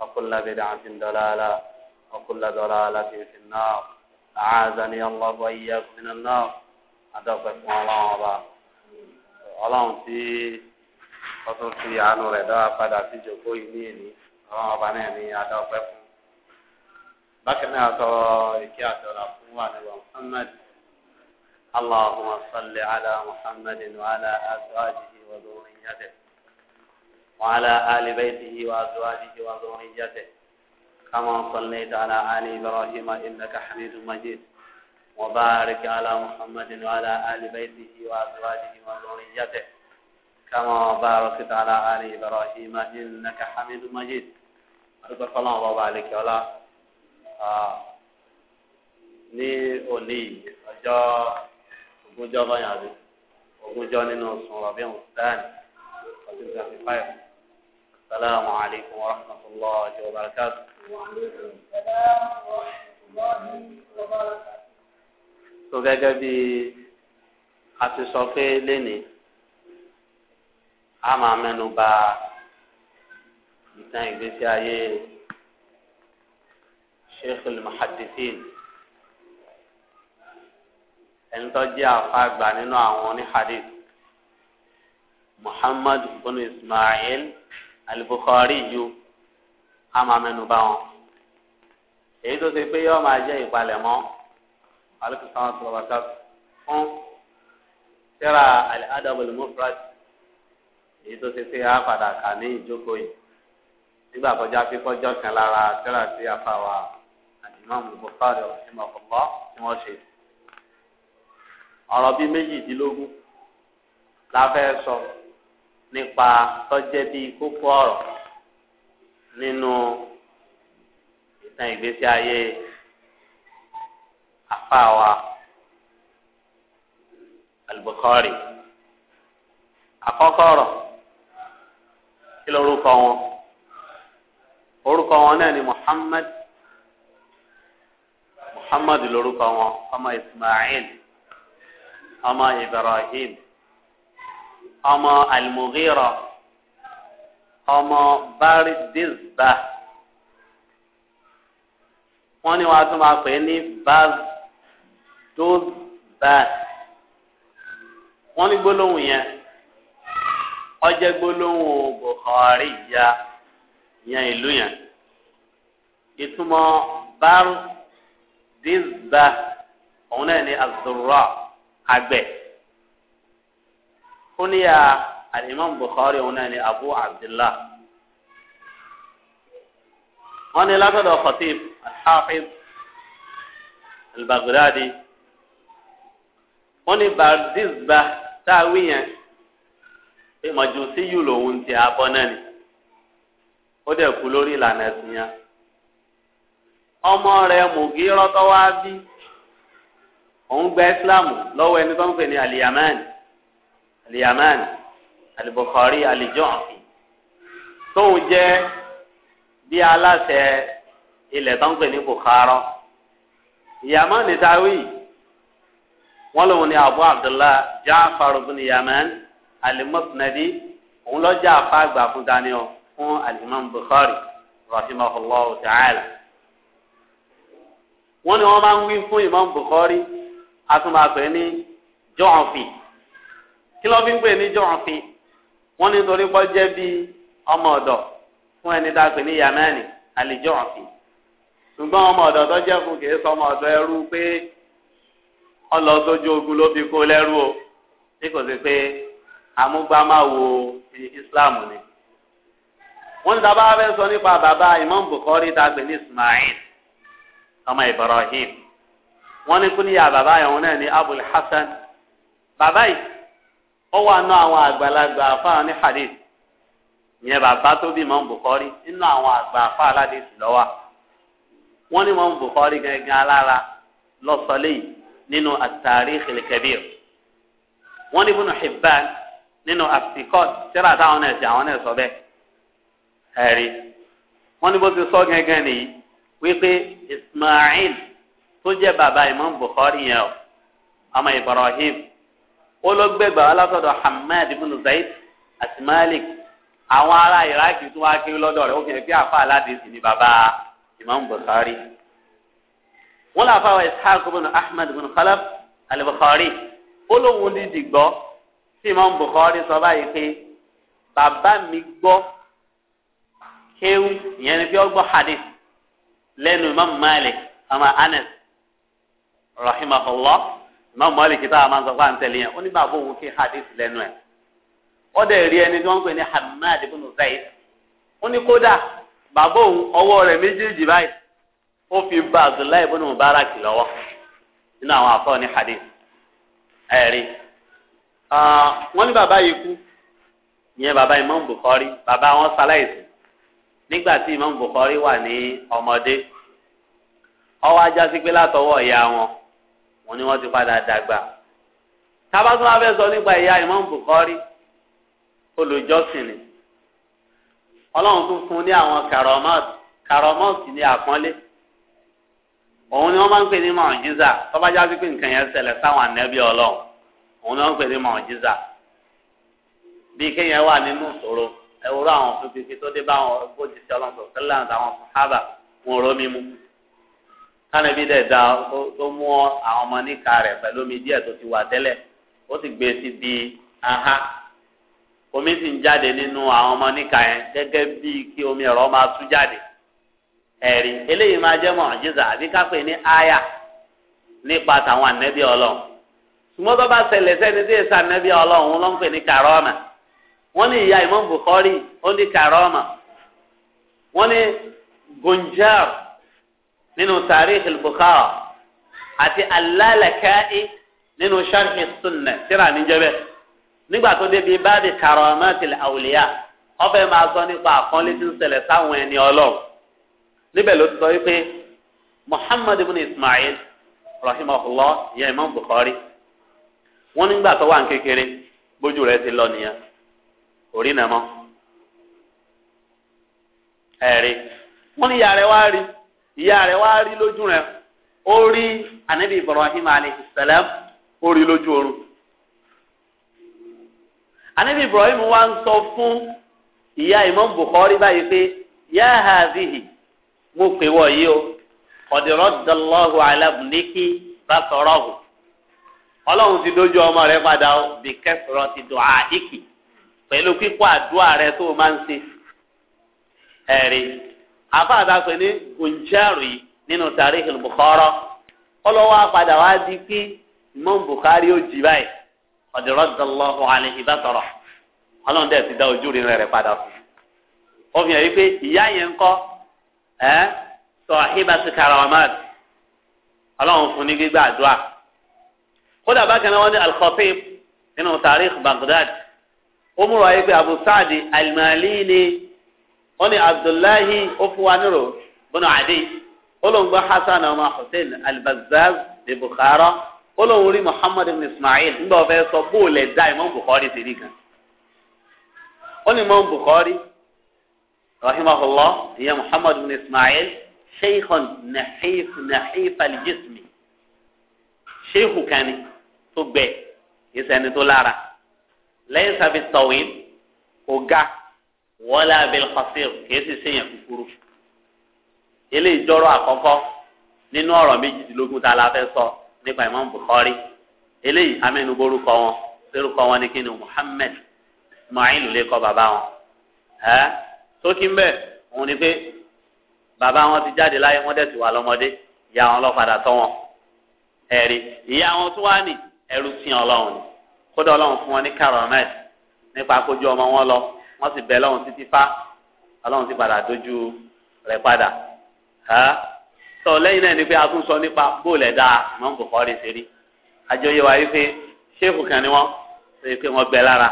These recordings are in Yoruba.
وكل بدعة ضلالة وكل ضلالة في النار أعاذني الله وإياكم من النار أدعوكم الله أبا ọlọ́run tí wọ́n tún fi àánú rẹ̀ dára padà sí ìjòkó yìí ní èní ọlọ́run ọba náà ní adáwọ̀pẹ́ fún bákan náà tọrọ ìkẹ́ àtọ̀rà fún wa nígbà Muhammad Allahumma salli ala Muhammadin wa ala azwajihi wa dhurriyyatihi. وعلى آل بيته وأزواجه وذريته كما صليت على آل إبراهيم إنك حميد مجيد وبارك على محمد وعلى آل بيته وأزواجه وذريته كما باركت على آل إبراهيم إنك حميد مجيد أرجو الله وبارك على ní òní ọjọ́ ogúnjọ́ lọ́yàn àbí ogúnjọ́ nínú oṣù rọ̀bí ọ̀hún sáà ní ọdún twenty five. السلام عليكم ورحمة الله وبركاته وعليكم السلام ورحمة الله وبركاته tó gẹ́gẹ́ bí a ti sọ pé lénìí a máa mẹ́nu bà ìtàn ìgbésí ayé sheikh al-muhaddithin ẹni tó jẹ́ àfáàgbà nínú àwọn oníhadith muhammad bin ismail alibukhari yu a máa mẹ́nu bà wọn èyí tó ṣe pé yọọ máa jẹ ìpalẹ̀mọ́ alikusan sọlọbàtà fún sẹra aladabul mufrad èyí tó ṣe pé a padà kà ní ìjókòó yìí nígbà kọjá pé kọjọ kan lára sẹra tí a fà bukhari ọ̀sìn ọ̀pọ̀lọ́ tí wọ́n ṣe ọ̀rọ̀ bíi méjìdínlógún la fẹ́ sọ nípa tọ́jẹ́ bíi kókó ọ̀rọ̀ nínú ìtàn ìgbésí ayé afáwa Al-Bukhari àkọ́kọ́ ọ̀rọ̀ kí lorúkọ wọn orúkọ wọn náà ni Muhammad Muhammad lorúkọ wọn ọmọ Ismail ọmọ Ibrahim ọmọ Al-Mughira ọmọ Baridizba wọn ni wọn a tún máa pè é ní Bazdozba wọn ní gbólóhùn yẹn ọjẹ gbólóhùn Bukhari ya yẹn ìlú yẹn ìtumọ̀ Baridizba òun náà ní azurra àgbẹ̀ kúníyà alimam Bukhari òun náà ni Abu Abdullah wọn ní látọ̀dọ̀ khatib alḥafid albaghdadi wọn ní bardizba tá a wí yẹn pé mọ̀jùsí yù lòun ti abọ́ náà ni ó dẹ̀ kú lórí ìlànà ẹ̀sìn yẹn ọmọ rẹ̀ mùgírọ́ tó wá bí òun gba Islam lọ́wọ́ ẹni tó ń pè ní aliyamani aliyamani alibukari alijọ́ọ̀fì tóun jẹ́ bí aláṣẹ ilẹ̀ tó ń pè ní bukhara yamani tawi wọn lòun ni abu abdullah jaafar bin yaman alimusnadi òun lọ jẹ afa àgbà fún dani o fún alimam bukhari rahimahullah ta'ala wọn ni wọn máa ń wí fún imam bukhari a tún máa pè ní jọ́ọ̀fì kí ló fi ń pè ní jọ̀ǹfin wọ́n ní torí kọ́ jẹ́ bí ọmọ ọ̀dọ̀ fún ẹni tá a pè ní yamani àlìjọ̀ǹfin ṣùgbọ́n ọmọ ọ̀dọ̀ tó jẹ́ fún kìí sọ ọmọ ọ̀dọ̀ ẹrú pé ọlọ sójú ogun ló fi kó lẹ́rú o bí kò sí pé amúgbámáwo Islam ni wọ́n ní sábà fẹ́ sọ nípa bàbá Imam Bukhari tá a pè ní Ismail ọmọ Ibrahim wọ́n ní kúníyà bàbá yẹn wọn náà ní Abul Hasan bàbá yìí. ó wà nù àwọn àgbàlagbà àfáà ní hadith ìyẹn bàbá tó bí mọ́ Bukhari nínú àwọn àgbà àfáà aládìsí lọ́wọ́ wọ́n ní mọ́ Bukhari gangan alára lọ́sọ̀lẹ̀ nínú at-Tarikh al ní Ibn Hibban nínú àfikọ́t síra táwọn náà àwọn náà sọ bẹ́ẹ̀ ẹ̀rí wọ́n ní bó ti sọ gangan nìyí wípé Ismail tó bàbá yẹn o ọmọ Ibrahim. ó ló gbẹgbà alásọdọ Hamad ibn Zaid àti Malik àwọn ará Iraki tún wá kiri lọ́dọ̀ rẹ̀ ó fi hàn pé àfa aládìsí ni bàbá Imam Bukhari wọn là fáwọn Ishaq ibn Ahmad ibn Khalaf al-Bukhari ó lóun dídì gbọ́ tí Imam Bukhari sọ báyìí pé bàbá mi gbọ́ kéwù ìyẹn ni bí ó gbọ́ hadith lẹ́nu Imam Malik ọmọ Anas rahimahullah ìmọ̀ mọ́lì kìtà àmà sọ fún àǹtẹ̀lẹ̀ yẹn ó ní bàbá òun fi hadith lẹ́nu ẹ̀ ó dẹ̀ rí ẹni tí wọ́n ń pè ní Hamad ibn Zayd ó ní kódà bàbá òun ọwọ́ rẹ̀ méjèèjì báyìí ó fi ba Abdullahi ibn Mubarak lọ́wọ́ nínú àwọn afọ́ ní hadith ẹ̀rí wọ́n ní bàbá yìí kú ìyẹn bàbá Imam Bukhari bàbá wọn ṣaláìsí nígbà tí Imam Bukhari wà ní ọmọdé ọwọ́ ajá pé látọwọ́ ìyá wọn wọn ni wọ́n ti padà dàgbà tábàtú wọn fẹ́ sọ nípa ìyá Imam Bukhari olùjọ́sìn ni ọlọ́run tún fún ní àwọn karomọ́ọ̀tì karomọ́ọ̀tì ní àpọ́nlé òun ni wọ́n máa ń pè ní mọ̀ọ́jíza tọ́bajá sí pé nǹkan yẹn ṣẹlẹ̀ sáwọn ànẹ́bí ọlọ́run òun ni wọ́n ń pè ní mọ̀ọ́jíza bí kéèyàn wà nínú ìṣòro ẹ̀wòrán àwọn fífi tó dé bá àwọn bójútì ọlọ́run tó kẹ́lẹ́ àtàwọn sábà wọn ò rómi kánàbí dẹ̀ da tó mú àwọn ọmọ níka rẹ̀ pẹ̀lú omi díẹ̀ tó ti wà tẹ́lẹ̀ ó sì gbé sí di aha omi sì ń jáde nínú àwọn ọmọ níka yẹn gẹ́gẹ́ bíi kí omi ẹ̀rọ máa tú jáde ẹ̀rí eléyìí máa jẹ́ mọ̀ọ́jísà àbí kápẹ́ ní áyà nípa tàwọn ànẹ́bí ọlọ́run ṣùgbọ́n bá ṣẹlẹ̀ sẹ́ni tí èsì ànẹ́bí ọlọ́run ló ń pè ní kàrọ́ọ̀mà wọ́n ní nínú tarikh al-Bukhari àti al-Lalaka'i nínú sharh sunnah tíra níjẹbẹ nígbà tó débi báàbí karamatil awliya ọbẹ̀ máa sọ nípa àkọ́lé tí ń ṣẹlẹ̀ sáwọn ẹni ọlọ́run níbẹ̀ ló ti sọ wípé Muhammad ibn Ismail rahimahullah ìyá Imam Bukhari wọn nígbà tó wà ń kékeré bójú rẹ̀ ti lọ nìyẹn orí nà mọ́ ẹ̀rí wọn ní ìyá rẹ̀ rí ìyá rẹ̀ wá rí lójú rẹ̀ ó rí anabi ibrahim alayhi salam ó rí lójú oorun anabi ibrahim wá ń sọ fún ìyá imam bukhari báyìí pé yá hazihi mo pè wọ yìí o kọdìrọ dàlọhù alábùníkì bá sọrọ hù ọlọ́run ti dójú ọmọ rẹ̀ padà ó bí kẹsìrọ ti dùn àhíkì pẹ̀lú kíkọ́ àdúrà rẹ̀ tó o máa ń ṣe ẹ̀rí àfáà tá a pè ní gùnjárì nínú tàríkì Bukhara ọlọ́wọ́ apàdà wá di pé Imam Bukhari ó jì báyìí ọ̀dẹ̀rọ̀dọ̀lọ́hu àlehi bá sọ̀rọ̀ ọlọ́run dẹ̀ ti dá ojú rí rẹ̀ padà fún un ó fi hàn yí pé ìyá yẹn ń kọ́ ẹ́ sọ ahibatu karamat ọlọ́run fún ní gbígbà àdúrà kódà bákan náà wọ́n ní al nínú tàríkì Baghdad ó múra yí pé Abu Sa'di al-Malini wọ́n ní abdullahi ofuwaniro bọ́nà adi olóńgbò hasan ọmọ hussein albazaz ní bukhara olóńgbò rí muhammad ibn ismail nígbà wọ́n fẹ́ sọ bóòlù ẹ̀dá imam bukhari ti rí kan wọ́n ní imam bukhari rahimahullah ìyẹn muhammad ibn ismail sheikhun nahif nahif aljismi sheikhu kan ni tó gbẹ ìsẹ̀ni tó lára lẹ́yìn sábẹ́ tọ̀wé kò ga wọ́lá abilkọ́sìr kìí sì séyàn kúkúrú eléyìí jọ́rọ̀ àkọ́kọ́ nínú ọ̀rọ̀ méjìdínlógún tá a la fẹ́ sọ nípa Imam Bukhari eléyìí amẹnuborúkọ wọn lórúkọ wọn ni kíni Muhammad Ismail lè kọ bàbá wọn ẹ sókí mbẹ òun ni pé bàbá wọn ti jáde láyé wọn dẹ̀ ti wà lọ́mọdé ìyá wọn lọ padà tọ́ wọn ẹ̀rí ìyá wọn tún wá ní ẹrú sí Ọlọ́run kódà Ọlọ́run fún wọn ní karomẹt nípa kójú ọmọ wọn lọ wọ́n sì bẹ̀ lọ́hùn títí fá ọlọ́hùn sì padà dojú rẹ̀ padà sọ lẹ́yìn náà ni pé a tún sọ nípa bóòlù ẹ̀dá ìmọ̀ bùkọ́rí ṣe rí àjọ yẹ wá wípé ṣéèkù kan ni wọ́n ṣe pé wọ́n bẹ lára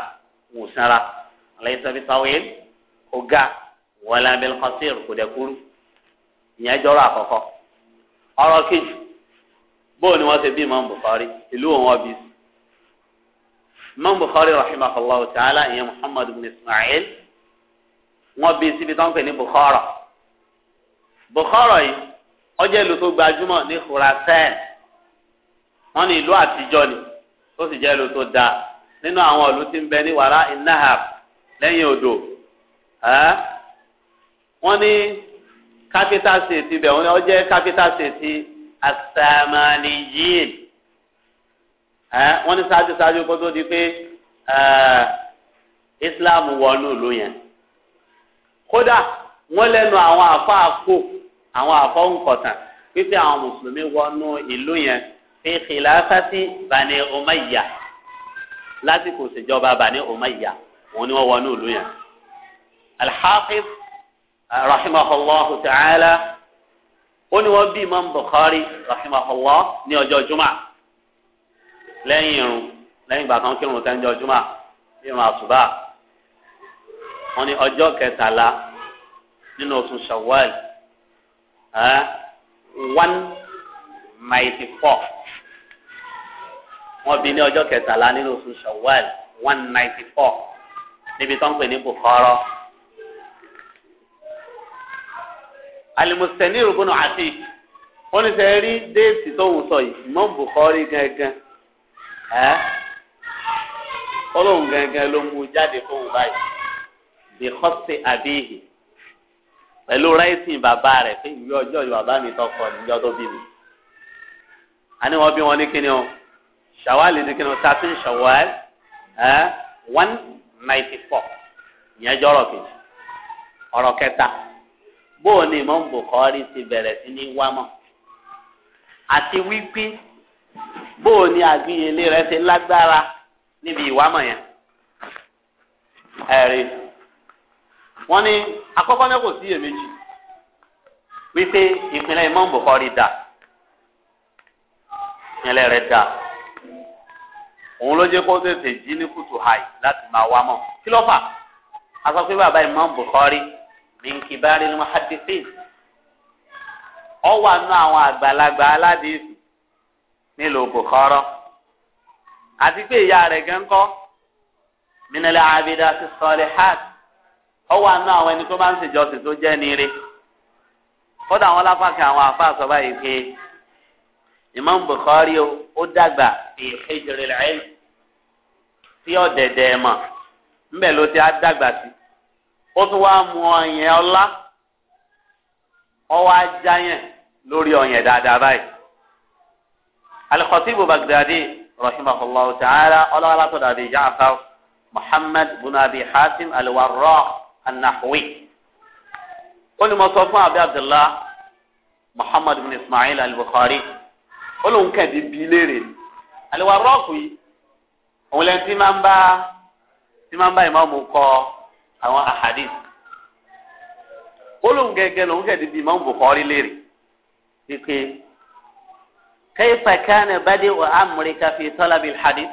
wò sanra ọ̀lẹ́yìn sọ fi sáwéé kó ga wọ́n lé abẹ́lẹ́ kan sí ìrùkù dẹ́kúrú ìyẹn jọ́rọ̀ àkọ́kọ́ ọ̀rọ̀ kejì bóòlù ni wọ́n ṣe bí ìmọ̀ bùkọ́rí ìlú òun ọ̀bí imam bukhari rahimahullah ta'ala ìyẹn muhammad bin ismail wọ́n bí síbi tó ń pè ní bukhara bukhara yìí ó jẹ́ ìlú tó gbajúmọ̀ ní khurasan wọ́n ní ìlú àtijọ́ ni tó sì jẹ́ ìlú tó dáa nínú àwọn ìlú tí ń bẹ ní wàrà inahab lẹ́yìn odò wọ́n ní capital city bẹ̀ wọ́n ní ó jẹ́ capital city asamaniyin wọ́n ní ṣáájú ṣáájú kó tó di pé Islam wọnú ìlú yẹn kódà wọ́n lẹ́nu àwọn àfa àpò àwọn àfa òǹkọ̀tàn pípẹ́ àwọn mùsùlùmí wọnú ìlú yẹn fi khilafati Bani Umayya lásìkò ìṣèjọba Bani Umayya òun ni wọ́n wọnú ìlú yẹn Al-Hafiz rahimahullahu ta'ala ó ní wọ́n bí Imam Bukhari rahimahullah ní ọjọ́ Jumaa lẹ́yìn irun lẹ́yìn ìgbà kan kírun tẹ́ńjọ́ júmọ́ irun àsùbà wọ́n ní ọjọ́ kẹtàlá nínú oṣù Shawwal one ninety four wọ́n bí ní ọjọ́ kẹtàlá nínú oṣù Shawwal one ninety four níbi tó ń pè ní Bukhara. alimusani rukunu ati wọ́n ní sẹ rí déètì tó wù sọ yìí Imam Bukhari gangan ẹ́ ọlọ́run gẹ́gẹ́ ló mú jáde fóun báyìí bí kọ́sì àbíyì pẹ̀lú rẹ́sìn bàbá rẹ̀ pé ìwé ọjọ́ ìlú bàbá mi tọkọ níjọ́ tó bí mi. a ní wọ́n bí wọn ní kíni o ṣàwálì ní kíni o thirteen ṣàwálì ẹ́ one ninety four ìyẹn jọ́rọ̀ kejì ọ̀rọ̀ kẹta bóò ni Imam Bukhari ti bẹ̀rẹ̀ sí ní wámọ̀ àti wípé. bóò ni àgbìyànlé rẹ ti lágbára níbi ìwámọ̀ yẹn ẹ̀rí wọn ní akọ́kọ́ náà kò sí wípé ìpínlẹ̀ Imam dà ìpínlẹ̀ rẹ̀ dà òun ló jẹ́ kó tètè jí ní kùtù hàì láti máa wá kí ló fà á sọ pé bàbá ọ wà nù àwọn àgbàlagbà nílò Bukhara àti pé ìyá rẹ̀ gan kọ́ minal abidati salihat ọwọ́ àná àwọn ẹni tó bá ń ṣèjọsìn tó jẹ́ níire kódà àwọn aláfàkẹ́ àwọn àfa sọ báyìí pé Imam Bukhari ó dàgbà fi hijril mọ̀ ńbẹ̀ ló ti á dàgbà sí ó tún wá mu ọyàn ọlá ọwọ́ ajá yẹn lórí ọyàn dáadáa báyìí. alikọsibu bagdadi rahimahullahu ta'ala ọlọ́wọ́lá tó dàbí jaafar muhammad bunabi hasim aliwarra anahwi olùmọ̀sọ fún abi abdullah muhammad bin ismail alibukhari olùkẹ́dì bíi léèrè aliwarra kù yìí òun lẹ́yìn tí máa ń bá tí máa ń bá ìmáàmù kọ àwọn ahadith olùkẹ́gẹ́ lòun kẹ́dì bíi ìmáàmù bukhari léèrè pípé. كيف كان بدء amrika في طلب الحديث؟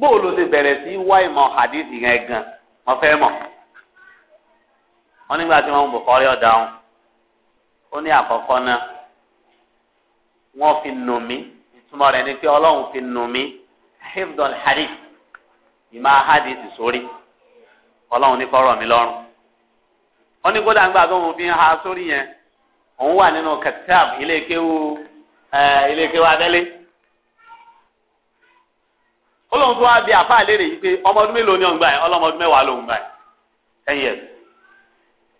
bóòlù ti bẹ̀rẹ̀ sí wá ìmọ̀ hadith yẹn gan wọ́n fẹ́ mọ̀ wọ́n nígbà tí wọ́n ń bùkọ́rí ọ̀dà wọn ó ní àkọ́kọ́ náà wọ́n fi nù mí ìtumọ̀ rẹ̀ ni pé ọlọ́run fi nù mí hifdol hadith ìmọ̀ hadith sórí ọlọ́run ní kọ́ rọ̀ lọ́rùn ó ní kódà ńgbà tó ń fi ha sórí yẹn. òun wà nínú katab ilé kéwu ilé kéwu abẹ́lé tó wá bí apá àlérè yìí pé ọmọdún mélòó ni òun gbà yẹn ọlọ́mọdún mẹ́wàá lòun gbà yẹn ten years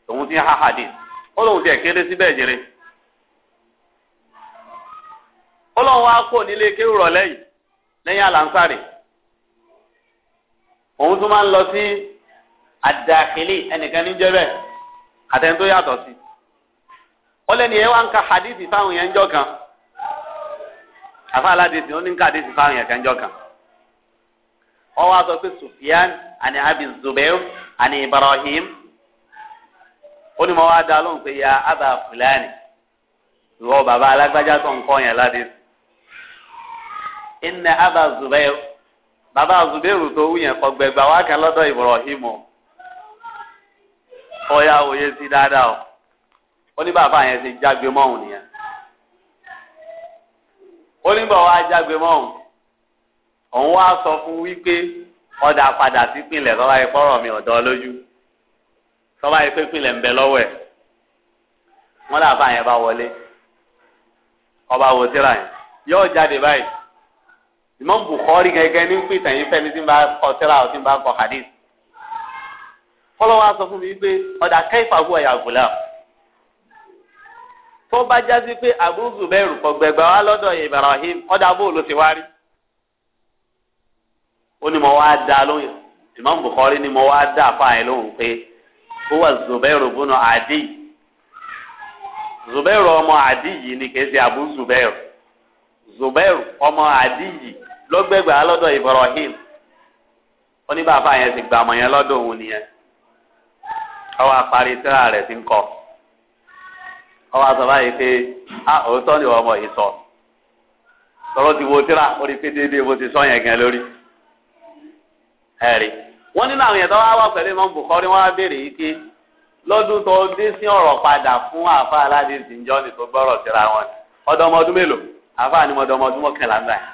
òun ti ha ha hadith olóhùn tiẹ̀ kéré síbẹ̀ jèrè olóhùn wa kò nílé kéwu rọ̀lẹ́ yìí lẹ́yìn àlàǹsàrè òun máa ń lọ sí àdàkìlì ẹnìkan ní jẹ́bẹ̀ àtẹ̀ńtó yàtọ̀ sí i. wọ́n lẹ́nu yẹn wá ń ka hadithi fáwọn yẹn jọ kan afa aladesi ó ní ń ka hadithi fáwọn yẹn kan jọ kan wọ́n wá sọ pé àni Zubair Ibrahim ó ní mo wá lóhùn pé ya aba fulani ìwọ bàbá alágbájá tó ń kọ́ yẹn ládesi inna aba Zubair bàbá Zubair tó wú yẹn kọ́ Ibrahim o ọ̀ya òye sí dáadáa o. ó ní bàbá yẹn ti jágbe mọ́hùn nìyẹn ó wa jágbe mọ́hùn òun wá sọ fún wípé ọ̀dà padà sí pinlẹ̀ tọ́ba yẹn pọ́rọ̀ mi ọ̀dọ́ lójú tọ́ba yẹn pé pinlẹ̀ ń bẹ lọ́wọ́ ẹ̀ wọ́n làbá yẹn bá wọlé ọba wo tíra yẹn yóò jáde báyìí Imam Bukhari gẹ́gẹ́ ní pìtàn yín fẹ́ni tí ń bá kọ tíra ọ̀ tí ń bá kọ hadith fọlọ́wọ́ sọ fún mi wípé ọ̀dà kẹ́fà wú ẹ̀yà gùlà tó bá jásí pé Abu Zubairu kò gbẹgbẹ wá lọ́dọ̀ Ibrahim ọdà bó ló ti wá rí ó ní mo wá dá lóyún Imam Bukhari ni mo wá dá fáyín lóhùn pé ó wà Zubairu bunu Adi Zubairu ọmọ Adi yìí ni kì í ṣe Abu ọmọ Adi yìí ló gbẹgbẹ lọ́dọ̀ Ibrahim ó ní bàbá yẹn ti gbàmọ yẹn lọ́dọ̀ òun nìyẹn ọwọ àparí tíra rẹ ti ń kọ. ọba sọ báyìí pé a ọmọ yìí sọ ti wo tíra déédéé bó ti sọ yẹn gan lórí ẹ̀rí wọ́n nínú àwọn yẹn tó wá pẹ̀lú ìmọ̀ bùkọ́rí wọ́n á béèrè lọ́dún tó dé sí ọ̀rọ̀ padà fún àfa aládé ni tó gbọ́rọ̀ síra wọn ni ọdọmọdún mélòó àfa ni ńlá yẹn.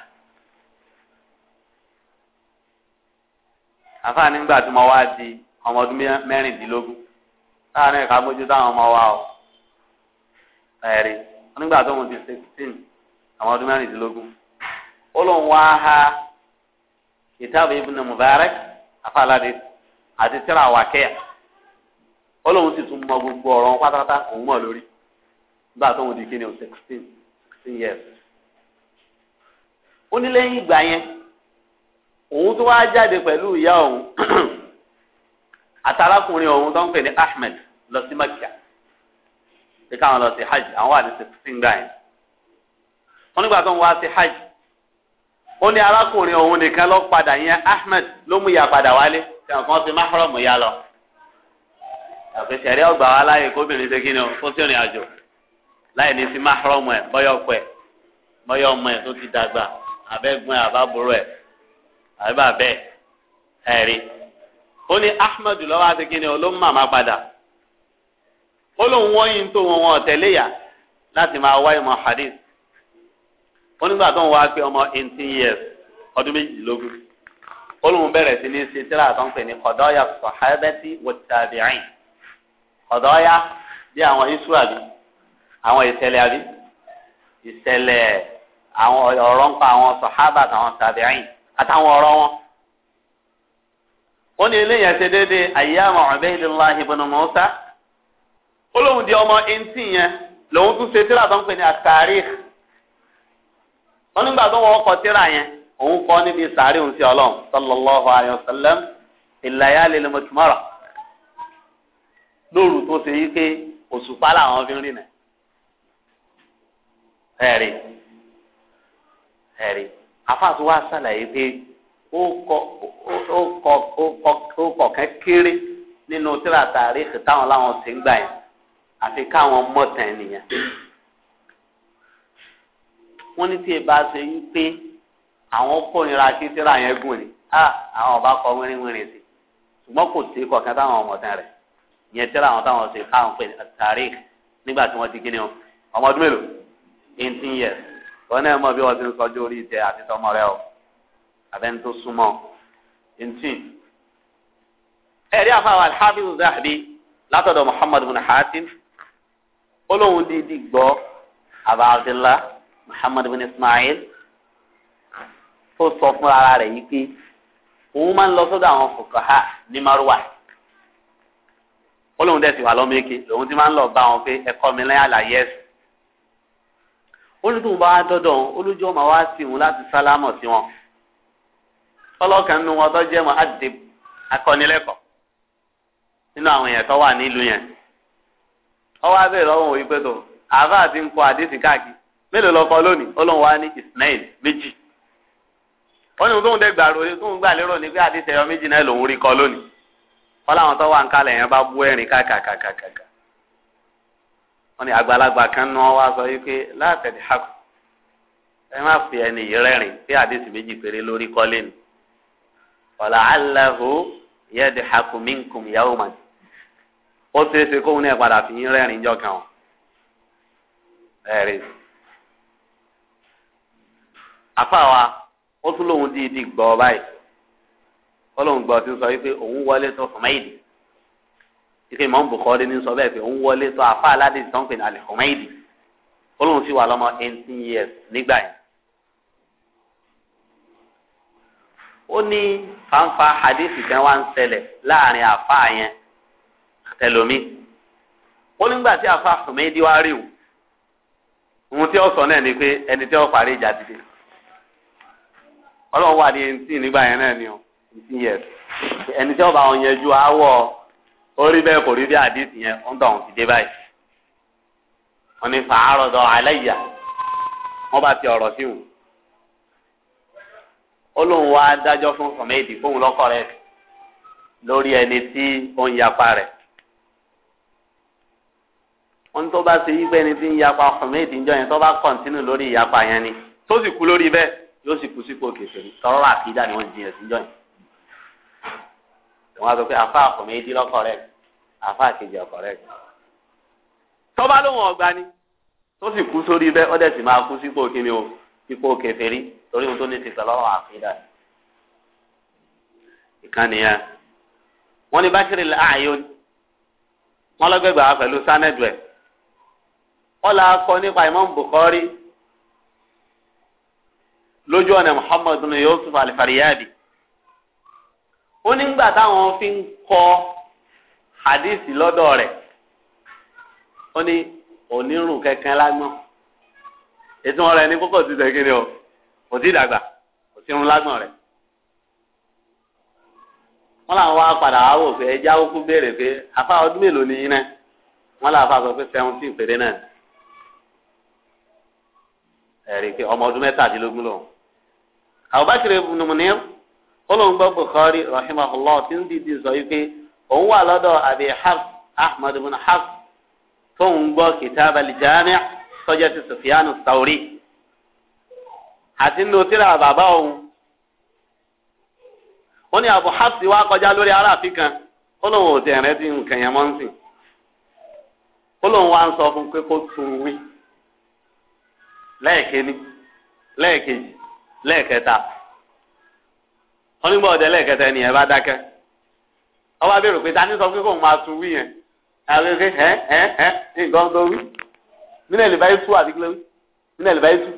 àfa nígbà tí mo wá di ìka ọmọ wa ẹ̀rí nígbà tó ń di sixteen àwọn ọdún mẹ́rìndínlógún ó lóun wá ha kìtàbù ibn Mubarak afáàládé àti tíra wákẹ́yà ó lóun sì tún mọ gbogbo ọ̀rọ̀ wọn pátápátá òun mọ̀ lórí nígbà tó ń di kíni o sixteen sixteen years. ó ní lẹ́yìn ìgbà yẹn òun tó wá jáde pẹ̀lú ìyá òun àtàlákùnrin òun tó ń pè ní Ahmed lọ sí Makkah pé káwọn lọ sí hajj àwọn wà ní sixteen gbà yẹn wọn nígbà tó ń wá sí hajj ó ní arákùnrin òun nìkan lọ padà yẹn Ahmed ló mú ìyá padà wálé tí àwọn kan fi mahram ya lọ àfi sẹ̀rí ọgbà wa láàyè kóbìnrin ṣe kíni o kó sí ìrìn àjò láì ní sí mahram ẹ̀ bọ́yọ̀ ọkọ ẹ̀ ọmọ ẹ̀ tó ti dàgbà àbẹ́gbọ́n ẹ̀ àbábòrò ẹ̀ àbẹ́bàbẹ́ ẹ̀rí ó ní Ahmed lọ́wọ́ àti kíni o ló mú màmá padà ó lóun wọ́n yín tó wọn wọn ọ̀tẹ̀lé yà láti máa wá ìmọ̀ hadith ó nígbà tó ń wá pé ọmọ eighteen years ọdún méjìlélógún ó lóun bẹ̀rẹ̀ sí ní ṣe tíra tó ń pè ní kọ̀dọ́yà sọ̀hábẹ́tì wọ̀tàbíìn kọ̀dọ́yà bí àwọn isu àbí àwọn ìṣẹ̀lẹ̀ àbí ìṣẹ̀lẹ̀ àwọn ọ̀rọ̀ ń pa àwọn sọ̀hábà àtàwọn tàbíìn àtàwọn ọ̀rọ̀ wọn ó ní eléyàn ṣe déédéé ayyam Ubaydillah ibn Musa ó lóun di ọmọ eighteen yẹn lòun tún ṣe tíra tó ń pè ní àtàrí wọn nígbà tó wọn kọ tíra yẹn òun kọ níbi sàárè òun sí Ọlọ́run sallallahu alayhi wa sallam ìlàyàlè lè mọtúmọrọ lóru tó ṣe yí pé òṣùpá làwọn fi ń rìn nà ẹrí ẹrí afáàtú wa ṣàlàyé pé ó kọ ó kọ ó kọ kẹkẹrẹ nínú tíra tàrí táwọn làwọn ti ń gbà yẹn àfi káwọn mọ̀tàn nìyẹn wọ́n ní tí ẹ bá ṣe yí pé àwọn kórìíra kí tíra yẹn gùn ni àwọn ọba kọ wírinwírin sí ṣùgbọ́n kò sí kọ̀ọ̀kan táwọn mọ̀tàn rẹ̀ yẹn tíra àwọn táwọn ṣe káwọn pè ní tariq nígbà tí wọ́n ti gíní o ọmọ ọdún mélòó eighteen years wọn náà mọ bí wọ́n ti ń sọjú orí ìtẹ àti tọmọ rẹ o abẹni tó súnmọ́ eighteen. ẹ̀rí àfàwọn alḥafiz zahabi látọ̀dọ̀ muhammad bin ó lóun dídì gbọ́ àbá abdullah muhammad bin ismail tó sọ fún ara rẹ̀ yìí pé òun máa ń lọ sọ́dọ̀ àwọn fòkàhà ní maruwa ó lóun dẹ̀ sì wà lọ́mẹ́kẹ́ lòun ti máa ń lọ bá wọn pé ẹ̀kọ́ mi lẹ́yìn àlàyé ẹ̀sùn olùdókòwò bá wá dọ́dọ̀ wọn olùjọ́ máa wá sí wọn láti sálámọ̀ sí wọn ọlọ́kan nu wọn tó jẹ́ mọ́ àdìb akọ́nilẹ́kọ̀ọ́ nínú àwọn èèyàn tó wà nílùú yẹn ọwọ́ abẹ́rẹ́ lọ́wọ́ òwe pẹ́ tó àbá àti ń kọ àdéhùn káàkiri mélòó lọ́kọ lónìí ọlọ́run wa ní ismail méjì wọ́n ní tóun dẹ́ gbàrú tóun gbà lérò ní pé àdéhùn ẹ̀yọ méjì náà lòún rí kọ lónìí wọ́n láwọn tó wà ń kalẹ̀ yẹn bá bú kàkàkàkàkà wọ́n ní àgbàlagbà kan sọ pé hàkù ẹ má fi ẹni rẹ́rìn pé àdéhùn méjì péré lórí ó ṣeé ṣe kóun náà padà fi rẹ́rìn jọ kan ẹ̀rí. àfàwa ó tún lóun dídì gbọ́ báyìí kọ́lóun gbọ́ ti sọ wípé òun wọlé tó fọmẹ́ìdì ike Imam Bukhari ní sọ bẹ́ẹ̀ pé òun wọlé tó àfa aládìsí tó ń pè ní alẹ́ fọmẹ́ìdì kọ́lóun sì wà lọ́mọ eighteen years nígbà yẹn. ó ní fanfa hadith kan wá ń ṣẹlẹ̀ láàrin àfa yẹn tẹlomi ó nígbà tí afa Hùmẹ́dì wá rí o ohun tí ó sọ náà ni pé ẹni tí ó parí ìjà dìde ọlọ́run wà ní etí nígbà yẹn náà ni o etí yẹ ẹni tí ó bá wọn yẹn ju awọ orí bẹ́ẹ̀ kò rí bí àdìsí yẹn ó ń tọ̀ ọ́n ti dé báyìí wọ́n ní fàárọ̀ dọ̀ àlẹ́yà wọ́n bá ti ọ̀rọ̀ sí wọn ó lóun wá dájọ́ fún Hùmẹ́dì fóun lọ́kọ̀ rẹ̀ lórí ẹni tí ó ń yapa rẹ̀ wọn tó bá ṣe yí pé ẹni tí ń yapa Ahmed ìjọ yẹn tó bá kọ̀ǹtínù lórí ìyapa yẹn ni tó sì kú lórí bẹ́ẹ̀ yóò sì kú sípò kèfèrí tọ́rọ́ àkídà ni wọ́n jiyàn sí ìjọ yẹn. wọ́n sọ pé àfa Ahmed lọ́kọ̀ rẹ̀ àfa àkejì ọkọ̀ rẹ̀. tó bá lóhùn ọ̀gbá ni tó sì kú sórí bẹ́ẹ̀ ó dẹ̀ sì máa kú sípò kíni o sípò kèfèrí torí ohun tó ní ti tọ́rọ́ àkídà ìkànnì yẹn wọ́n ní bákìrì láàyò wọ́n la kọ́ nípa Imam Bukhari lójú ọ̀nà Muhammad bin Yusuf al-Faryabi ó nígbà táwọn fi ń kọ́ hadith lọ́dọ̀ rẹ̀ ó ní onírùn kẹ̀kẹ́ lágbọ́n ètò wọn rẹ̀ ní kókò ti tẹ̀ kiri o kò tí ì dàgbà kò sí irun lágbọ́n rẹ̀ wọ́n làwọn wá padà wá wò pé ẹjẹ́ awókú béèrè pé afá ọdún mélòó ni yín náà wọ́n làwọn afá sọ pé seventeen péré náà. ẹ̀rí pé ọmọ ọdún mẹ́tàdínlógún lòun. Abubakar ibùnùmùnìyàn olóhùn gbọ́ Bukhari rahimahullah ti ń dìde sọ wípé òun wà lọ́dọ̀ Ahmad ibn gbọ́ àti bàbá òun. ó ní Abu wá kọjá lórí aráàfin kan ti nǹkan yẹn mọ́ lẹ́ẹ̀kẹ́ni lẹ́ẹ̀kejì lẹ́ẹ̀kẹta onígbà ọ̀dẹ lẹ́ẹ̀kẹta ẹni yẹn bá dákẹ́ ọba bèrè pé tani sọ pé kóun máa tún wí yẹn àgbẹ̀kẹ́ ẹ ẹ ẹ nǹkan tó wí nílẹ̀ lè báyìí tú àdìgbò wí nílẹ̀ lè báyìí tú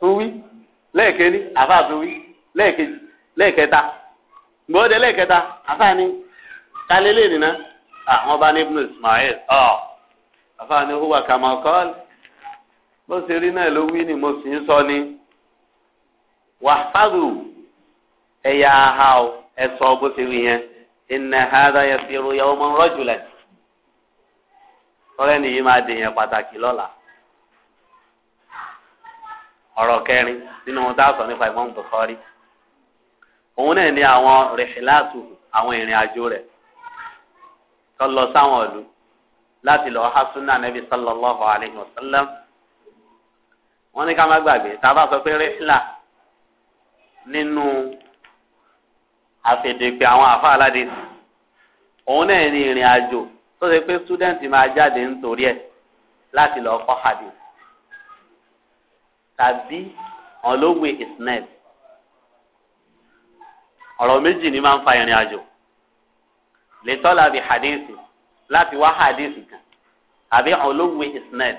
tún wí lẹ́ẹ̀kẹ́ni àfáà tún wí lẹ́ẹ̀kejì lẹ́ẹ̀kẹta gbọ́dẹ lẹ́ẹ̀kẹta àfáà ni kálẹ́lẹ́ nìna àwọn bá ní Ibn Ismail ọ àfáà ni huwa kàmákọ́ọ̀lì bó ṣe rí náà ló wí ni mo sì ń sọ ni wàhálù ẹ̀yà àhà ọ ẹ̀ sọ bó ṣe rí yẹn ìnà àhàdà yẹn fi ru yẹn ọmọ rọ́jù lẹ̀ ọ̀rẹ́ nìyí máa dèèyàn pàtàkì lọ́la ọ̀rọ̀ kẹrin nínú ohun tá a sọ nípa ìmọ̀ Bukhari òun náà ní àwọn rìhìláàtù àwọn ìrìn àjò rẹ̀ tó lọ sáwọn ìlú láti lọ́ọ́ hásúnà nàbì sallallahu alayhi wa sallam wọ́n ní ká má gbàgbé tá a bá sọ pé rẹ́sílà nínú àfẹ̀dẹ̀pẹ̀ àwọn àfa aládé òun náà ní ìrìn àjò tó ṣe pé túdẹ̀ǹtì máa jáde nítorí ẹ̀ láti lọ kọ́ hadith tàbí ọlọ́wẹ̀ isnet ọ̀rọ̀ méjì ni máa ń fa ìrìn àjò lè tọ́lá bí hadith láti wá hadith kan tàbí ọlọ́wẹ̀ isnet.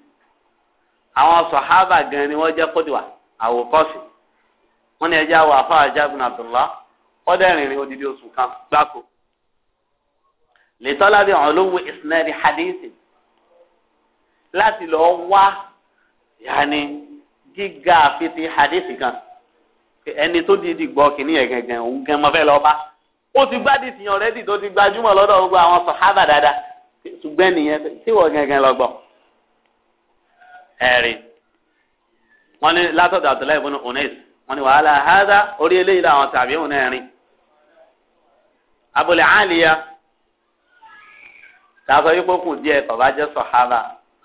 àwọn sọ̀hábà gan ni wọ́n jẹ́ kódìwà àwòkọ́sì wọ́n ní ẹjẹ́ àwọ̀ àfáà jágun Abdullah ọ̀dẹ́rìnrìn odidi oṣù kan gbáko. lẹ́tọ́lá bí àwọn olówó isnadi hadisi láti lọ wá yàní gíga àfitì hadisi kan ẹni tó dìídì gbọ́ kìíní yẹn gẹ̀gẹ̀ òun gan mọ́ fẹ́ lọ bá ó ti gbádìí tìyàn rẹ́dì tó ti gbajúmọ̀ lọ́dọ̀ gbogbo àwọn sọ̀hábà dáadáa ṣùgbẹ́ nìyẹn tí wọ́n gẹ̀gẹ̀ lọ gbọ́. Eri wọ́n ní látọ̀dọ̀ Abdullahi ibn Unais wọ́n ní wàhálà hádà orí eléyìí làwọn tàbí òun náà rìn tàbí yípo díẹ̀ bàbá jẹ́ sọ̀hábà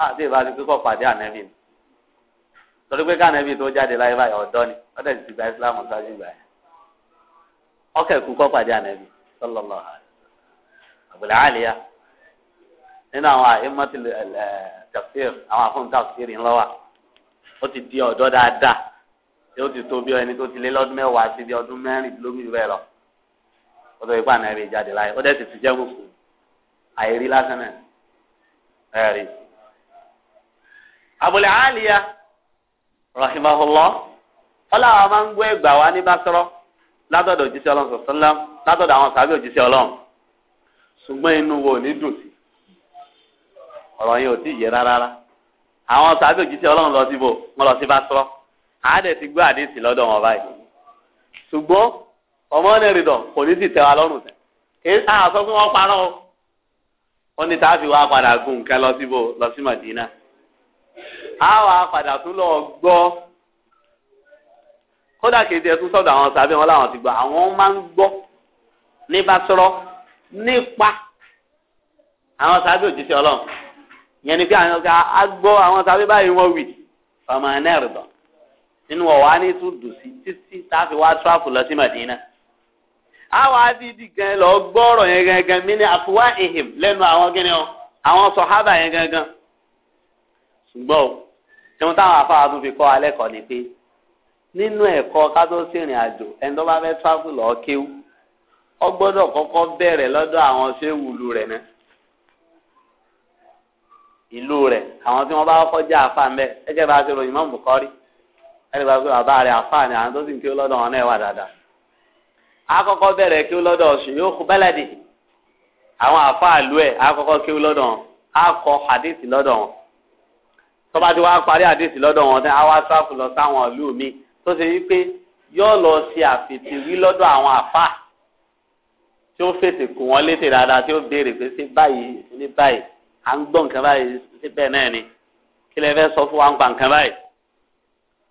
àti ìbáṣe kíkọ́ pàdé ànẹ́bí ni torí pé tó jáde láyé báyìí ọ̀dọ́ ni ọ̀dẹ̀ ti gba Islam kọ́ pàdé nínú àwọn àìmọ́tì eh, tafsir àwọn àfọ̀n tafsir wa, ó ti di ọ̀dọ́ dáadáa tí ó ti tó bí ẹni tó ti lé lọ́dún mẹ́wàá sí bí ọdún bẹ́ẹ̀ lọ ó ipá náà rí jáde láyé ó ti jẹ́ gbogbo àìrí lásán náà ẹ̀rí. Abul Aliya rahimahullah ọlá àwọn máa ń gbọ́ ẹgbà wa ní Basra látọ̀dọ̀ òjíṣẹ́ ọlọ́run sọ̀tún látọ̀dọ̀ àwọn sàbí inú wo ò ní ọ̀rọ̀ yẹn ò tí ì yẹ rárá àwọn sàbẹ̀ òjíṣẹ́ ọlọ́run lọ síbò wọn lọ sí bàtúrọ̀ àádẹ́ ti gbọ́ àdéhìsì lọ́dọ̀ wọn báyìí ṣùgbọ́n ọmọ ní rìndọ̀ kò ní sì tẹ́ wa lọ́rùn tẹ̀ kí a sọ fún wọn parọ́ o wọn ní táàfin wa padà gun nǹkan lọ síbò lọ sí Màdínà a wà tún lọ gbọ́ kódà kejì ẹtún sọ̀dọ̀ àwọn sàbẹ̀ wọn làwọn ti gbọ́ àwọn máa ń gbọ́ ní bàtúrọ̀ nípa àwọn sàbẹ̀ òjíṣẹ́ ọlọ́run ìyẹn ni pé àwọn ọ̀gá agbọ́ àwọn sábẹ́ báyìí wọ́n wì ọmọ ẹ̀ náà rìbọ̀ nínú ọ̀wá ní tún dùn sí títí táfi wá tíráfù lọ sí Màdínà. àwọn adídì gan lọ gbọ́rọ̀ yẹn gangan mí ní àfiwá ìhìm lẹ́nu àwọn kíni ọ àwọn sọ̀hábà yẹn gangan. ṣùgbọ́n o ṣéun táwọn afáwà tún fi kọ́ alẹ́ kọ́ ni pé nínú ẹ̀kọ́ ká tó sìnrìn àjò ẹni tó bá fẹ́ tíráfù lọ kéwú ọ gbọ́dọ̀ kọ́kọ́ bẹ̀rẹ̀ lọ́dọ̀ àwọn ṣéwùlù rẹ̀ náà ìlú rẹ̀ àwọn tí wọ́n bá kọjá àfa ń bẹ́ ẹgẹ́ bá a ṣe ròyìn mọ́mù bùkọ́rí ẹni bá pé bàbá rẹ̀ àfa ni àwọn tó sì ń kí ó lọ́dọ̀ wọn náà wà dáadáa. àkọ́kọ́ bẹ̀rẹ̀ kí ó lọ́dọ̀ ọ̀sùn yóò kú bẹ́lẹ̀dì àwọn àfa àlú ẹ̀ àkọ́kọ́ kí ó lọ́dọ̀ wọn akọ àdìsí lọ́dọ̀ wọn. tó bá ti wá parí àdìsí lọ́dọ̀ wọn tán á sáfù lọ sáwọn ìlú mi tó ṣe wípé yóò lọ ṣe àfètèwí lọ́dọ̀ àwọn àfa tí ó fètè kù wọn létè dáadáa tí ó béèrè pé ṣé báyìí ní báyìí à ń gbọ́ nǹkan báyìí síbẹ̀ náà ni kí lè fẹ́ sọ fún wa ń pa nǹkan báyìí.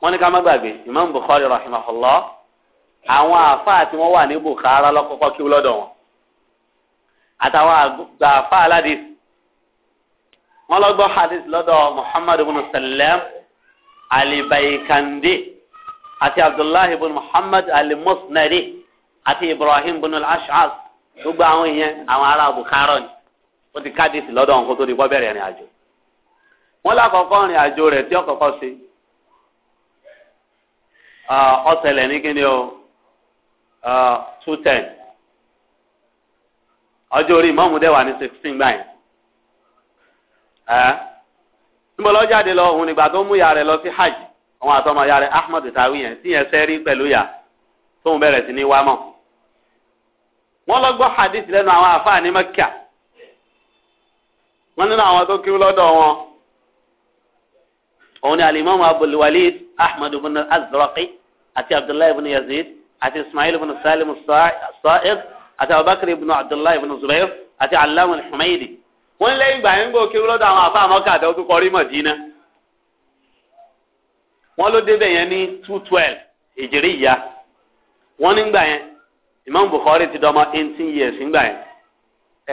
wọ́n ní ká má gbàgbé Imam Bukhari rahimahullah àwọn àáfàá tí wọ́n wà ní Bukhara lọ́kọ́kọ́ kí lọ́dọ̀ wọn àtàwọn àgbà àáfàá aládìs wọ́n lọ gbọ́ hadith lọ́dọ̀ Muhammad ibn Sallam alibaikandi àti Abdullahi ibn Muhammad alimusnadi àti Ibrahim ibn al-Ash'as gbogbo àwọn èèyàn àwọn ará Bukhara ni. ó ti kádìsì lọ́dọ̀ ọ̀hún kó tó di kọ́ bẹ̀rẹ̀ ìrìn àjò wọ́n lákọ̀ọ́kọ́ ìrìn àjò rẹ̀ tí ọ̀kọ̀ọ̀kọ́ ṣe ọ̀sẹ̀lẹ̀ ní kíni o two ten ọjọ́ orí ìmọ̀ọ́mù wà ní sixteen níbo lọ jáde lọ tó mú ya rẹ lọ sí hajj àtọmọ tawi yẹn tí yẹn pẹ̀lú tóun bẹ̀rẹ̀ sí ní wámọ̀ wọ́n hadith lẹ́nu àwọn àfáà ní wọ́n nínú àwọn tó kíw lọ́dọ̀ wọn òun ni alimami abul walid ahmed ibn azraqi àti abdullahi ibn yazid àti ismail ibn salim sa'id àti abubakar ibn abdullahi ibn zubair àti alamu alhumaydi wọ́n lẹ́yìn ìgbà yẹn ń gbọ́ kíw lọ́dọ̀ àwọn afáàmọ́ káàdé ọdún kọrí mọ̀dínà wọ́n ló débẹ̀ yẹn ní two twelve ìjìrí ìyá wọ́n nígbà yẹn imam bukhari ti dọ́mọ eighteen years nígbà yẹn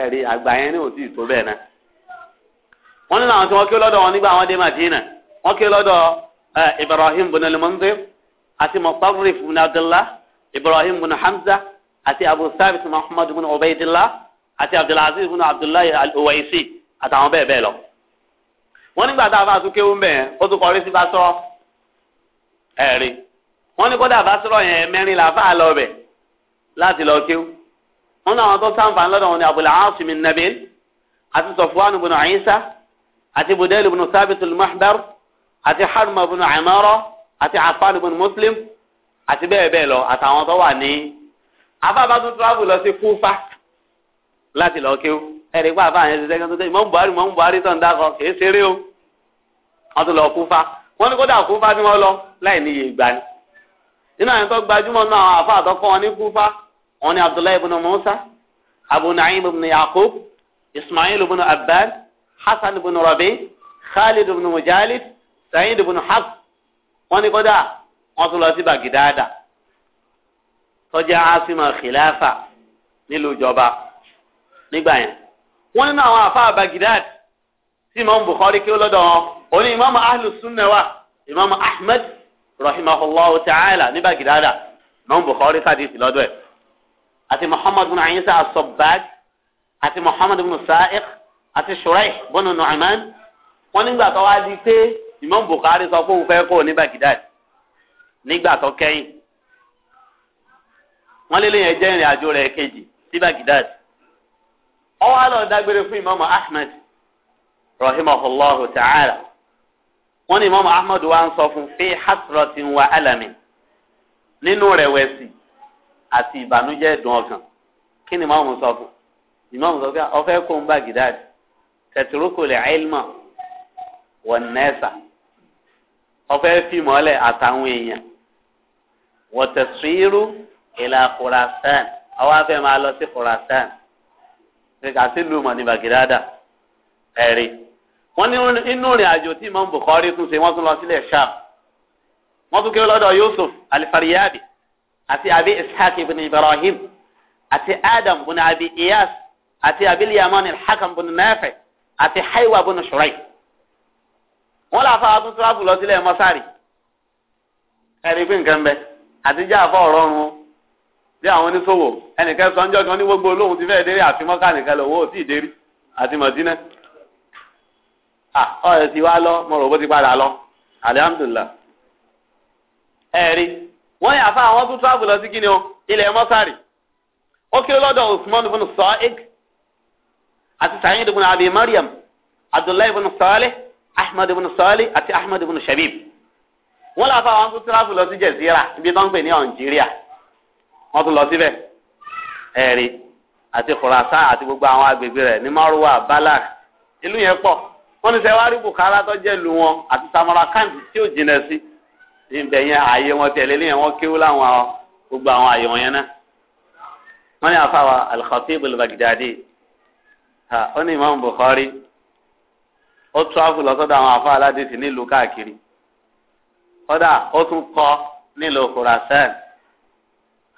ẹ̀rí àgbà yẹn ní òtí ìtó bẹ́ẹ̀ náà wọ́n ní làwọn tí wọ́n ké lọ́dọ̀ wọn nígbà àwọn dé Madina wọ́n ké lọ́dọ̀ Ibrahim bin al-Munzir àti Mutarrif bin Abdullah Ibrahim bin Hamza àti Abu Thabit Muhammad bin Ubaydillah àti Abdulaziz bin Abdullah al-Uwaisi àtàwọn bẹ́ẹ̀ bẹ́ẹ̀ lọ. wọ́n nígbà tá a bá tún kéwú mẹ́ẹ̀ ó tún kọrí sí Basra ẹ̀rí wọ́n ní kódà Basra yẹn mẹ́rin làfáà lọ bẹ̀ láti lọ kéwú wọ́n náà wọn tó sáǹfà ńlọ́dọ̀ wọn ni Abul Asim nabil àti Safwan bin Isa àti budayl ibn sábìt al-mahdar àti harma ibn amara àti afan ibn muslim àti bẹ́ẹ̀ bẹ́ẹ̀ lọ àtàwọn tó wà ní afáàbá tó travel lọ sí kúfà láti lọ kéwú ẹ̀rí pa àfáà yẹn ti sẹ́kẹ́ tó buhari mọ̀ buhari tó dákọ̀ kì ṣeré o wọ́n tún lọ kúfà wọ́n ní kódà kúfà tí wọ́n lọ láì ní iye ìgbà nínú àwọn gbajúmọ̀ náà àwọn àfáà tó wọn ní kúfà wọn ni abdullahi ibn musa abu na'im ibn yaqub ismail ibn abbad hasan ibn rabi khalid ibn mujalid sa'id ibn hafs wọ́n ní kódà wọ́n tún lọ sí bagidada tó jẹ́ asima khilafa nílùú ìjọba nígbà yẹn wọ́n nínú àwọn àfa bagidad tí imam bukhari kí ó lọ́dọ̀ wọn òní imam ahlu sunna wa imam ahmed rahimahullahu ta'ala ní bagidada imam bukhari sàdísì lọ́dọ̀ ẹ̀ àti muhammad bin ayinsa asọ̀bàg àti muhammad bin sa'iq. àti ṣùrẹ́ bọ́nù nùhàmán nígbà tó wá Imam Bukari sọ ní nígbà tó kẹ́yìn lé lẹ́yìn ẹjẹ́ ìrìn àjò rẹ̀ kejì sí Imam Ahmed ta'ala Imam Ahmed wa ń sọ fún fi wa alami nínú àti ìbànújẹ́ dùn ọkàn kí ni Imam sọ fún sọ fún tẹ̀tìrúkù lè àìlmọ̀ wọ̀n nẹ́ẹ̀sà ọfẹ́ fi mọ́lẹ̀ àtàwọn èèyàn wọ́n tẹ̀sírú ìlà Khurasan àwọn afẹ́ máa lọ sí Khurasan kíkà sí lùmọ̀ ní bàgídádà ẹ̀rí wọ́n ní inú rìn àjò tí Imam Bukhari tún ṣe wọ́n tún lọ sílẹ̀ Sham wọ́n tún kéré lọ́dọ̀ Yusuf al-Faryabi àti abi Ishaq ibn Ibrahim àti Adam ibn abi Iyas àti abil Yaman al-Hakam ibn Nafi' àti haiwa bọ́nà ṣọ́ráì wọ́n là fáwọn tún tíráfù lọ sílẹ̀ mọ́sárì ẹ̀rí pé nǹkan bẹ àtijọ́ àfọ ọ̀rọ̀run bí àwọn oníṣòwò ẹnìkan sọ ọjọ́ kan ní gbogbo olóhùn ti fẹ́ dérí àfi mọ́ká nìkan lọ owó ò tí ì dérí àti mọ̀dínà ọ̀rẹ́ ti wá lọ mo rò bó ti padà lọ alihamudulila ẹ̀rí wọ́n yà fáwọn tún tíráfù lọ sí kíni o ilẹ̀ mọ́sárì ó kí lọ́dọ̀ Usman ibn Sa'id àti Sa'id ibn Abi Maryam Abdullahi ibn Salih Ahmad ibn Salih àti Ahmad ibn Shabib wọ́n lọ fáwọn tó tíráfù lọ sí Jẹ̀zíra ibi tó ń pè ní Algeria wọ́n tún lọ síbẹ̀ ẹ̀rí àti Khurasan àti gbogbo àwọn agbègbè rẹ̀ ní Marwa Balak ìlú yẹn pọ̀ wọ́n ní sẹ́wárí Bukhara tó jẹ́ lu wọn àti Samarkand tí ò jìnà sí níbẹ̀ yẹn ààyè wọn tẹ̀lé lẹ́yìn wọn kéwú láwọn gbogbo àwọn ààyè wọn yẹn náà wọ́n ní àfàwà Al-Khatib Al-Baghdadi ó ní Imam Bukhari ó tíráfù lọ́sọ́dọ̀ àwọn afọ aládìsí nílùú káàkiri kódà ó tún kọ́ nílùú Khurasan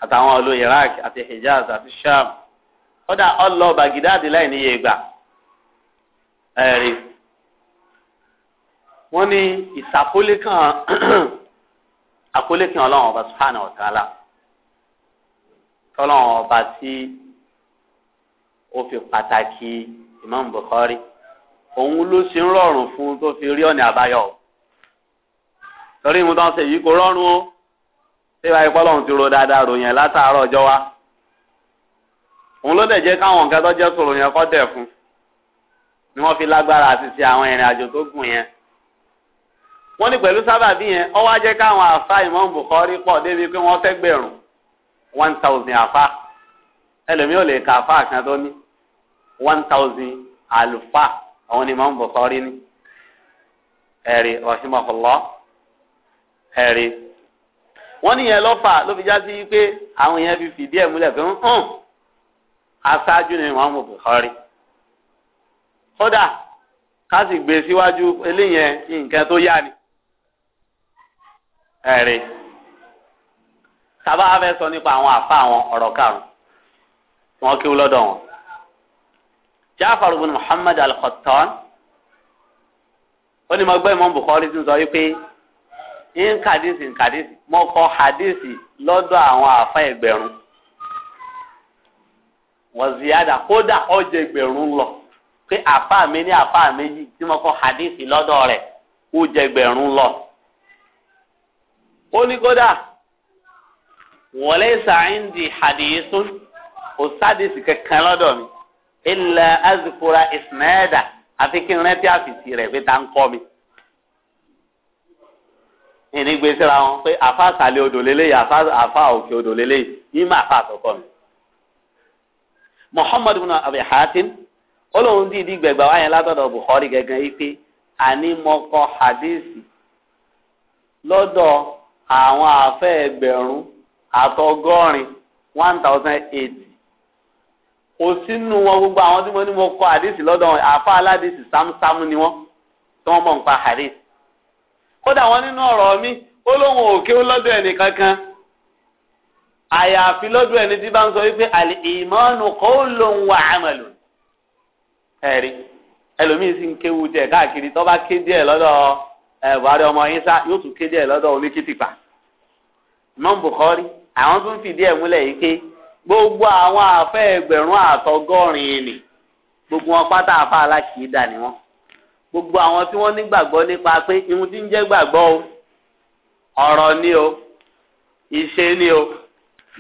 àtàwọn ìlú Iraq àti Hijaz àti Sham kódà ó lọ Baghdad láì níye ìgbà ẹ̀rí wọ́n ní ìsàkólé kan àkólé kan ọlọ́run ọba subhanahu wa ta'ala tọ́lọ́run ọba tí ó fi pàtàkì Imam Bukhari òun ló ṣe ń rọrùn fún un tó fi rí ọ̀nà àbáyọ torí mo tán ṣe yìí kò rọrùn o ṣé wàá ipá lọ́run ti ro dáadáa ròyìn látàárọ̀ ọjọ́ wa òun ló dẹ̀ jẹ́ káwọn nǹkan tó jẹ́ sòrò yẹn kọ́ dẹ̀ fún ni wọ́n fi lágbára àti ṣe àwọn ìrìn àjò tó gùn yẹn wọ́n ní pẹ̀lú sábàbí yẹn ó wá jẹ́ káwọn àfa Imam Bukhari pọ̀ débi pé wọ́n fẹ́ gbẹ̀rún one thousand àfa ẹlòmíì ò lè kà àfa kan tó ní one thousand alufa àwọn Imam Bukhari ni ẹ̀rí rahimahullah ẹ̀rí wọ́n níyẹn lọ́fà ló fi já sí pé àwọn yẹn fi fìdí ẹ̀ múlẹ̀ fún hàn aṣáájú ni Imam Bukhari kódà ká sì gbé síwájú eléyẹn nǹkan tó yá ni ẹ̀rí sábà fẹ́ sọ nípa àwọn àfa àwọn ọ̀rọ̀ karùn-ún wọn kí wọ́n lọ́dọ̀ wọn. Jafar ibn Muhammad al-Qattan ó ni mo gbọ́ Imam Bukhari ti ń sọ wípé nkàdísì nkàdísì mo kọ hadísì lọ́dọ̀ àwọn àfa ẹgbẹ̀rún wọ́n ziyada kódà ọjà ẹgbẹ̀rún lọ pé àfa mi ní àfa méjì tí mo kọ hadísì lọ́dọ̀ rẹ̀ ó jẹ ẹgbẹ̀rún lọ. ó ní kódà wọlé sàáyìn di hadísùn kò sádìsì kankan lọ́dọ̀ mi. ilẹ̀ azukura isnada àfi kí n rántí àfìsí rẹ̀ pé ta ń kọ́ mi. ìní gbèsè ra wọn pé àfa àsàlẹ̀ odò lélẹ́yìí àfa òkè odò lélẹ́yìí yìí má àfa àtọ́kọ́ mi. muhammadu bin abu hatim olóhùn dídí gbẹgbẹ wáyé látọ̀dọ̀ buhari gẹ́gẹ́ hadisi àwọn one thousand eight. osinu sínú wọn gbogbo àwọn tí mo ní mo kọ àdìsí lọdọ wọn aladisi aládìsí ni wọ́n tí wọ́n mọ̀ nípa àdìsí. kódà wọn nínú ọ̀rọ̀ mi ó lóun òkè ó lọ́dọ̀ kankan àyàfi lọ́dọ̀ ẹni tí bá ń sọ wípé àlè ìmọ̀ọ́nù kò lóun wà àmàlù. ẹ̀rí ẹlòmíín sì ń kéwu jẹ káàkiri tó bá ké díẹ̀ lọ́dọ̀ ẹ̀ buhari ọmọ yín sá yóò tún ké díẹ̀ lọ́dọ̀ oníkìtìpà. mọ́ǹbù kọ́rí àwọn fìdí ẹ̀ múlẹ̀ yìí ké gbogbo àwọn àfẹ ẹgbẹ̀rún àtọgọ́rin ni gbogbo wọn pátá àfa alákìídà ni wọn gbogbo àwọn tí wọn nígbàgbọ́ nípa pé irun tí ń jẹ́ gbàgbọ́ o ọ̀rọ̀ ni o ìṣe ni o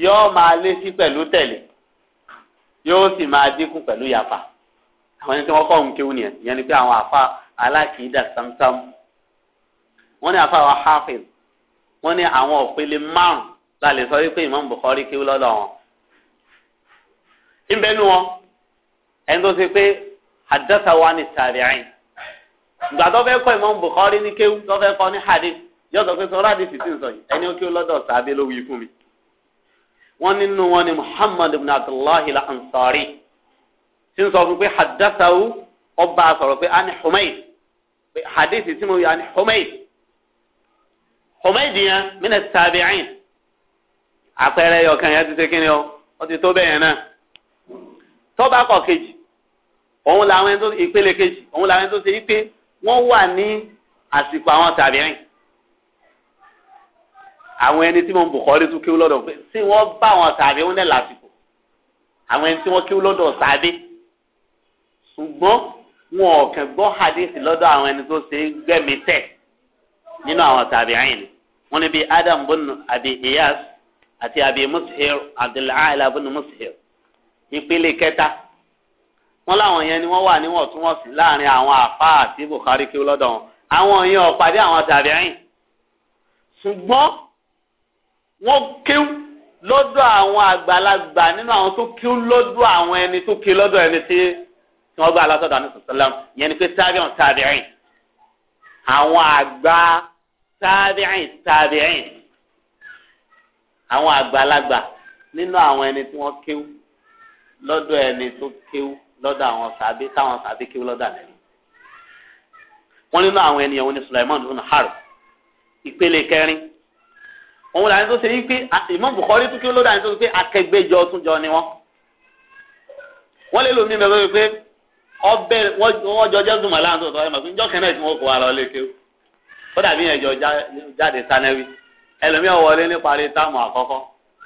yóò máa lé sí pẹ̀lú tẹ̀lé yóò sì máa dínkù pẹ̀lú yàfa àwọn ẹni tí wọn kọ́ òun kéwù nìyẹn ìyẹn ni pé àwọn àfa alákìídà sámsám wọn ní àfa àwọn hafiz wọn ní àwọn òpele márùn la lè sọ wípé Imam Bukhari kéwù lọ́dọ̀ wọn. ìbẹ́ ọ wọn ẹni tó ṣe pé àdásà wa ni tàbíàìn ìgbà tó fẹ́ kọ́ ìmọ̀ Bukhari ní kéwú tó fẹ́ kọ́ ní hadith yóò pé sọ́ra àdìsí ẹni ó kí ó lọ́dọ̀ mi wọn nínú wọn ni Muhammad ibn Abdullahi al-Ansari ti ń sọ fún pé àdásà wo ọba sọ̀rọ̀ pé ani pé tí mo ani na ti ṣe kí ni ọ ọ ti tó tọ́ba kọ̀ kejì òun làwọn ẹni tó ìpele kejì òun làwọn ẹni tó ṣe yí pé wọ́n wà ní àsìkò àwọn tàbíìn àwọn ẹni tí wọ́n bùkọ́rí tún kíw lọ́dọ̀ pé tí wọ́n bá àwọn tàbíìn náà lásìkò àwọn ẹni tí wọ́n kíw lọ́dọ̀ sáadé ṣùgbọ́n wọn ò kàn gbọ́ hadith lọ́dọ̀ àwọn ẹni tó ṣe gbẹ̀mí nínú àwọn tàbíìn ni wọ́n ní bíi adam bùnú àbí iyas àti àbí mushir abdullah ala bùnú ìpele kẹta wọn láwọn yẹn ni wọn wà níwọ̀ntúnwọ̀nsì láàrin àwọn àfa àti Bukhari kí ó lọ́dọ̀ wọn àwọn yẹn ò pàdé àwọn tàbíyìn ṣùgbọ́n wọ́n kéwú lọ́dọ̀ àwọn àgbàlagbà nínú àwọn tó kéwú lọ́dọ̀ àwọn ẹni tó kéwú lọ́dọ̀ ẹni tí wọ́n gbà látọ̀dọ̀ àní sọ̀tẹ́lẹ̀m yẹn ni pé tàbíyìn tàbíyìn àwọn àgbà tàbíyìn tàbíyìn àwọn àgbàlagbà nínú àwọn ẹni tí wọ́n kéwú lọ́dọ̀ ẹni tó kéwú lọ́dọ̀ àwọn sàbí táwọn sàbí kéwú lọ́dọ̀ àlẹ́ wọn nínú àwọn ènìyàn wọn ni Sulaiman ibn Harb ìpele kẹrin òun làwọn tó ṣe yí pé Imam Bukhari tún kéwú lọ́dọ̀ àwọn tó ṣe pé akẹgbẹ́jọ tún jọ ni wọn wọn lè lómi bẹ́ẹ̀ bẹ́ẹ̀ pé ọbẹ wọn jọ jẹ zuma láǹtọ tọ ẹ mọ pé njọ kẹnẹ tí wọn kọ wa lọ lé o ó dàbí yẹn jọ jáde sanẹwi ẹlòmíọ wọlé ní parí táàmù àkọ́kọ́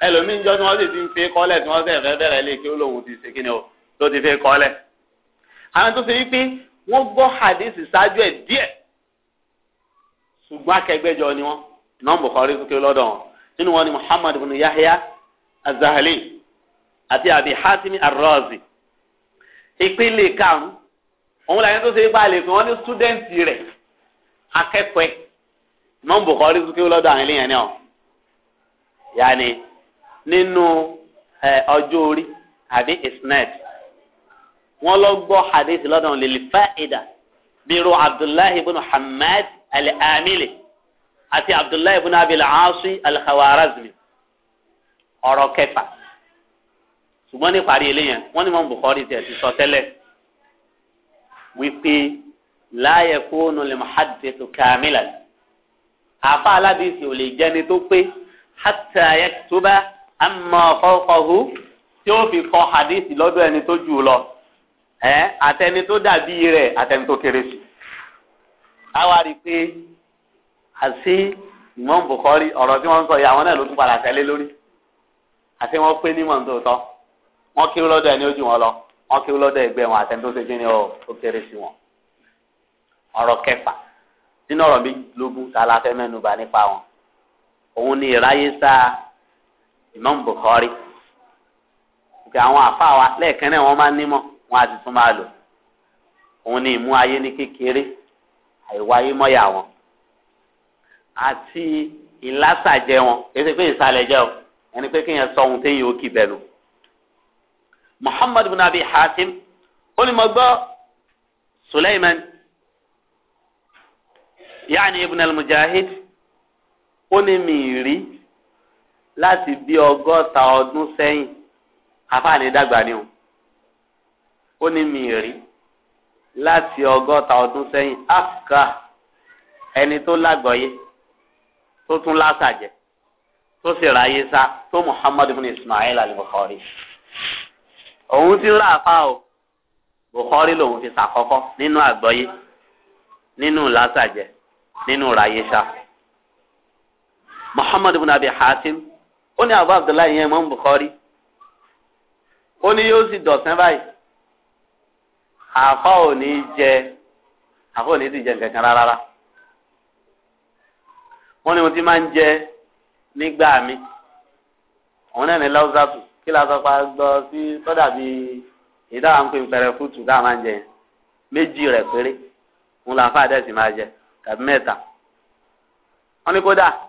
ẹlòmíín jọ ni wọ́n sì ti ń fi kọ́lẹ̀ tí wọ́n sì fẹ́ bẹ̀rẹ̀ lè kí ó lòun ti ṣe kíni o ló ti fi kọ́lẹ̀. àwọn tó ṣe wípé wọ́n gbọ́ hadisi ṣáájú ẹ̀ díẹ̀ ṣùgbọ́n akẹgbẹ́jọ ni wọ́n nọ́ọ̀mù kọ́rí kékeré lọ́dọ̀ wọn nínú wọn ni Muhammad bin Yahya azahali àti Abi Hatim arrozi ìpele karùn-ún òun làyẹn tó ṣe wípé àlè fún wọn ní stúdẹ̀ǹtì rẹ̀ akẹ́kọ̀ọ́ nọ́ọ̀mù kọ́rí kékeré lọ́dọ̀ àwọn eléyàn náà yáni nínú ọjọ́ orí àbí isnad wọ́n lọ gbọ́ hadith lọ́dọ̀ lil fa'ida bírò abdullahi ibn hamad al-amili àti abdullahi ibn abil aasi al-khawarazmi ọ̀rọ̀ kẹfà ṣùgbọ́n ní parí eléyẹn wọ́n ní mọ́ bukhari tiẹ̀ ti sọ tẹ́lẹ̀ wípé la yakunu lil muhaddith kamilan àfa aládìsí ò lè jẹ́ni tó pé hatta yaktuba amma fawqahu tí ó fi kọ hadith lọ́dọ̀ ẹni tó jù lọ ẹ àtẹni tó dàbí rẹ̀ àtẹni tó kéré sí. àwa rí i pé àti Imam Bukhari ọ̀rọ̀ tí wọ́n ń sọ yìí àwọn náà ló tún padà tẹ́lẹ̀ lórí àti wọ́n pé nímọ̀ tó tọ́ wọ́n kí lọ́dọ̀ ẹni ó wọn lọ wọ́n kí lọ́dọ̀ ẹgbẹ́ wọn àtẹni tó ṣe kí ni ó kéré sí wọn. ọ̀rọ̀ kẹfà nínú ọ̀rọ̀ méjìlélógún tá a la fẹ́ mẹ́nu bà nípa wọn òun ni ìráyé sáà Imam Bukhari ìgbà àwọn àfáà wa lẹ́ẹ̀kan náà wọ́n máa ń nímọ̀ wọ́n á ti tún máa lò òun ni ìmú ayé ní kékeré àìwáyé mọ́yà wọn àti ìlàsàjẹ wọn èsì pé ìsàlẹ̀ jẹ́ o ẹni pé kéèyàn sọ ohun téèyàn ó kì bẹ́ẹ̀ lò Muhammad bin Abi Hatim yaani ibn al-Mujahid ó láti bí ọgọ́ta ọdún sẹ́yìn afáàní dàgbà ni o ó ní mi rí láti ọgọ́ta ọdún sẹ́yìn áfíríkà ẹni tó lágbọ̀ọ́yé tó tún lásàjẹ́ tó sì ráyé sá tó Muhammadu bin Ismail al-Bukhari òun ti ń ráàfà o Bukhari lòun fi sàkọ́kọ́ nínú àgbọ́yé nínú lásàjẹ́ nínú ráyé sá Muhammadu bin Abi Hatim ó ní àbá abdullahi yẹn mọ́ ń Bukhari ó ní yóò sì dọ̀sán báyìí àfa ò ní jẹ àfa ò ní ti jẹ kankan rárá wọ́n ní mo ti máa ń jẹ nígbà mi òun náà ní lọ́sàtù kí la sọ pa gbọ́ sí sọ́dà bíi ìdáhà ń pè pẹrẹ fútù dáhà máa ń jẹ yẹn méjì rẹ̀ péré òun làǹfààní àdẹ́sì máa jẹ tàbí mẹ́ta wọ́n ní kódà.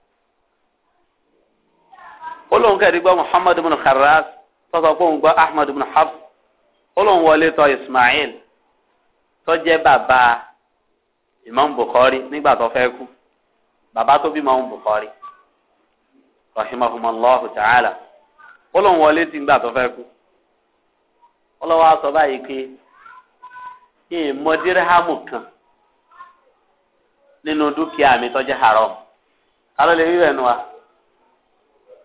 ó lóun kẹ́ẹ̀dí gbọ́ Muhammad bin Kharras tọ́sọ pé òun gbọ́ Ahmad bin Hafs wọlé Ismail tó jẹ́ bàbá Imam Bukhari nígbà tó fẹ́ kú bàbá tó bí Imam ta'ala ó wọlé tí nígbà tó fẹ́ kú ó aṣọ báyìí pé kí n mọ kan nínú dúkìá mi haram lè rí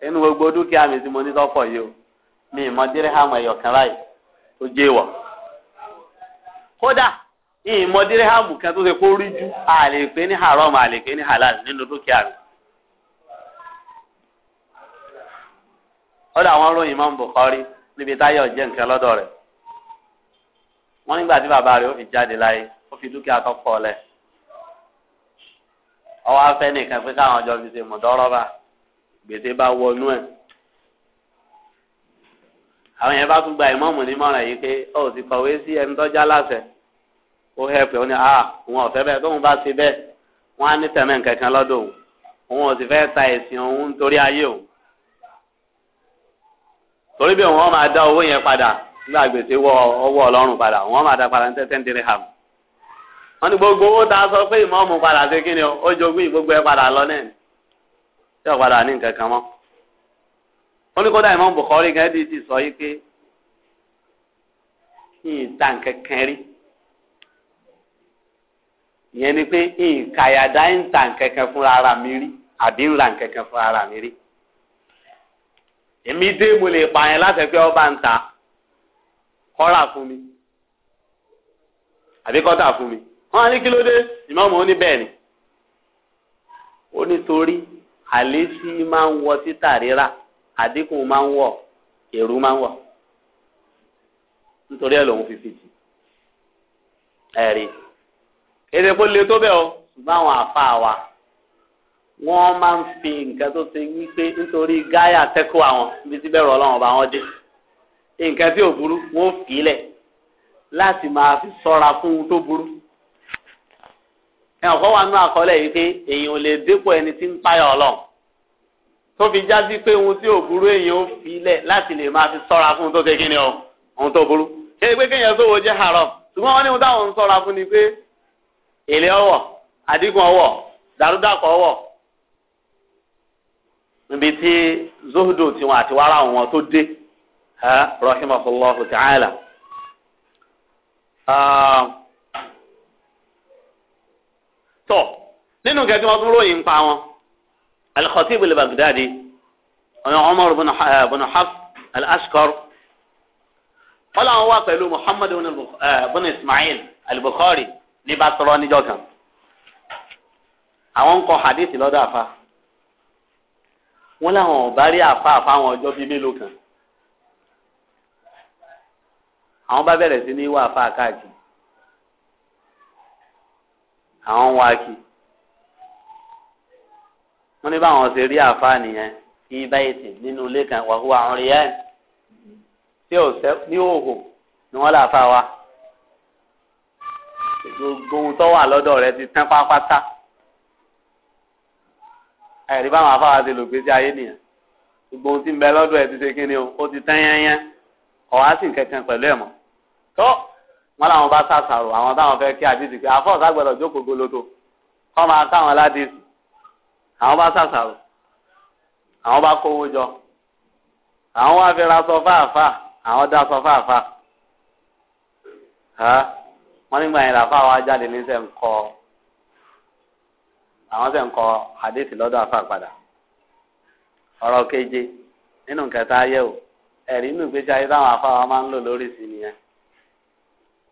inú gbogbo dúkìá mi tí mo ní tọ́pọ̀ yìí o mi ì mọ díríhàmù ẹ̀yọ̀ kan báyìí tó jẹ́ wọ̀. kódà ìmọ̀ díríhàmù kan tó ṣe kó rí jù àlè ní haram àlè ní halal nínú dúkìá mi. kódà wọ́n ròyìn mọ́ Bukhari níbi táyọ̀ jẹ́ nǹkan lọ́dọ̀ rẹ̀ wọ́n nígbà tí bàbá rẹ̀ ó fi jáde láyé ó fi dúkìá tọ́pọ̀ lẹ̀ ọwọ́ afẹ́ nìkan pé káwọn ọjọ́ fi ṣe mọ̀dọ́rọ́ bá gbèsè bá wọnú ẹ̀ àwọn yẹn bá tún gba ìmọ̀ọ́mù nímọ̀ràn yìí pé ó ti kọ̀wé sí ẹni tọ́já láṣẹ ó hẹ́pẹ̀ ó ní à òun ọ̀fẹ́ bẹ́ẹ̀ tóun bá ṣe bẹ́ẹ̀ wọ́n á ní tẹ̀mẹ́ nkankan lọ́dọ̀ òun òun ò sì fẹ́ ta ẹ̀sìn òun nítorí ayé òun torí bí òun máa dá owó yẹn padà nígbà gbèsè wọ ọwọ́ ọlọ́run padà òun máa dá padà ní tẹ́tẹ́ ndéré hàm wọ́n ní gbogbo owó tá a sọ pé ìmọ̀ọ́mù padà ṣe kí tí ọ̀padà ní nǹkan kan mọ́. ó ní kódà ìmọ̀ bùkọ́rí gan ẹ̀dí ti sọ yìí pé ìta nǹkan kan rí ìyẹn ni pé ìkàyàdá ń ta nǹkan kan fúnra ara mi rí àbí ń ra nǹkan kan fúnra ara mi rí èmi dé mo lè pààyàn láti ẹgbẹ́ ọba ń ta kọ́ra fún mi àbí kọ́ta fún mi wọ́n á ní kí ló dé ìmọ̀ mọ́ ó ní bẹ́ẹ̀ ni ó ní torí àlésí máa ń wọ títà rírà àdínkù máa ń wọ èrú máa ń wọ nítorí ẹ lòun fi fìtì ẹrí èdè kò le tó bẹ́ẹ̀ o ṣùgbọ́n àwọn àfa wa wọ́n máa ń fi nǹkan tó ṣe wípé nítorí gáyà tẹ́kọ̀ọ́ àwọn bí ti bẹ̀rù ọlọ́run ọba wọn dé nǹkan tí ò burú wọn ò fi lẹ̀ láti máa fi sọ́ra fún un tó burú ẹ ọ̀kọ́ wa nú àkọọ́lẹ̀ yìí pé èyàn ò lè dépò ẹni tí ń páyà ọlọ́run tó fi já sí pé ohun tí ò burú èyàn ó fi lẹ̀ láti lè máa fi sọ́ra fún tó ṣe kí ni ọ ohun tó burú ṣé pé kéèyàn sówó jẹ́ haram ṣùgbọ́n wọ́n ní ohun táwọn ń sọ́ra fún ni pé èlé ọwọ́ àdínkù ọwọ́ dàrúdàpọ̀ ọwọ́ níbi tí zohdo tiwọn àti wàrà wọn tó dé rahimahullahu ta'ala. Uh, tọ̀ nínú kẹ́kẹ́ wọn tún ròyìn pa wọn al-Khatib al-Baghdadi ọ̀nà Umar bin eh, Hafs al-Ashqar wọn làwọn wà pẹ̀lú Muhammad bin eh, Ismail al-Bukhari ní Basra níjọ́ kan àwọn ń kọ hadithi lọ́dọ̀ àfa wọn làwọn ò bá rí àfa àfa àwọn ọjọ́ bíi mélòó kan àwọn bá bẹ̀rẹ̀ sí ní wá àfa káàkiri àwọn wá kí wọ́n ní báwọn ṣe rí àfa nìyẹn fi báyìí tì nínú ilé kan wàhùn àwọn rí ẹ̀ tí ò sẹ́ ní òhò ni wọ́n là fa wa gbogbo ohun tó wà lọ́dọ̀ rẹ ti tán pátápátá ẹ̀rí báwọn afáwa ti lò gbèsè ayé nìyẹn gbogbo ohun tí ń bẹ lọ́dọ̀ ẹ ti ṣe kí ni o ó ti tán yányán ọ̀hásìn kankan pẹ̀lú ẹ̀ mọ́ tó. wọn làwọn bá sàṣàrò àwọn táwọn fẹ́ kí àdìsí pé àfọ̀ọ́sá gbọ́dọ̀ jókòó golodo kọ́ máa káwọn aládìsí àwọn bá sàṣàrò àwọn bá kówó jọ àwọn wá fi ra sọ fáàfà àwọn dá sọ fáàfà wọn nígbà yẹn làfà wa jáde ní àwọn àdìsí o ìgbésí ayé táwọn àfà wa máa ń lò lórí sí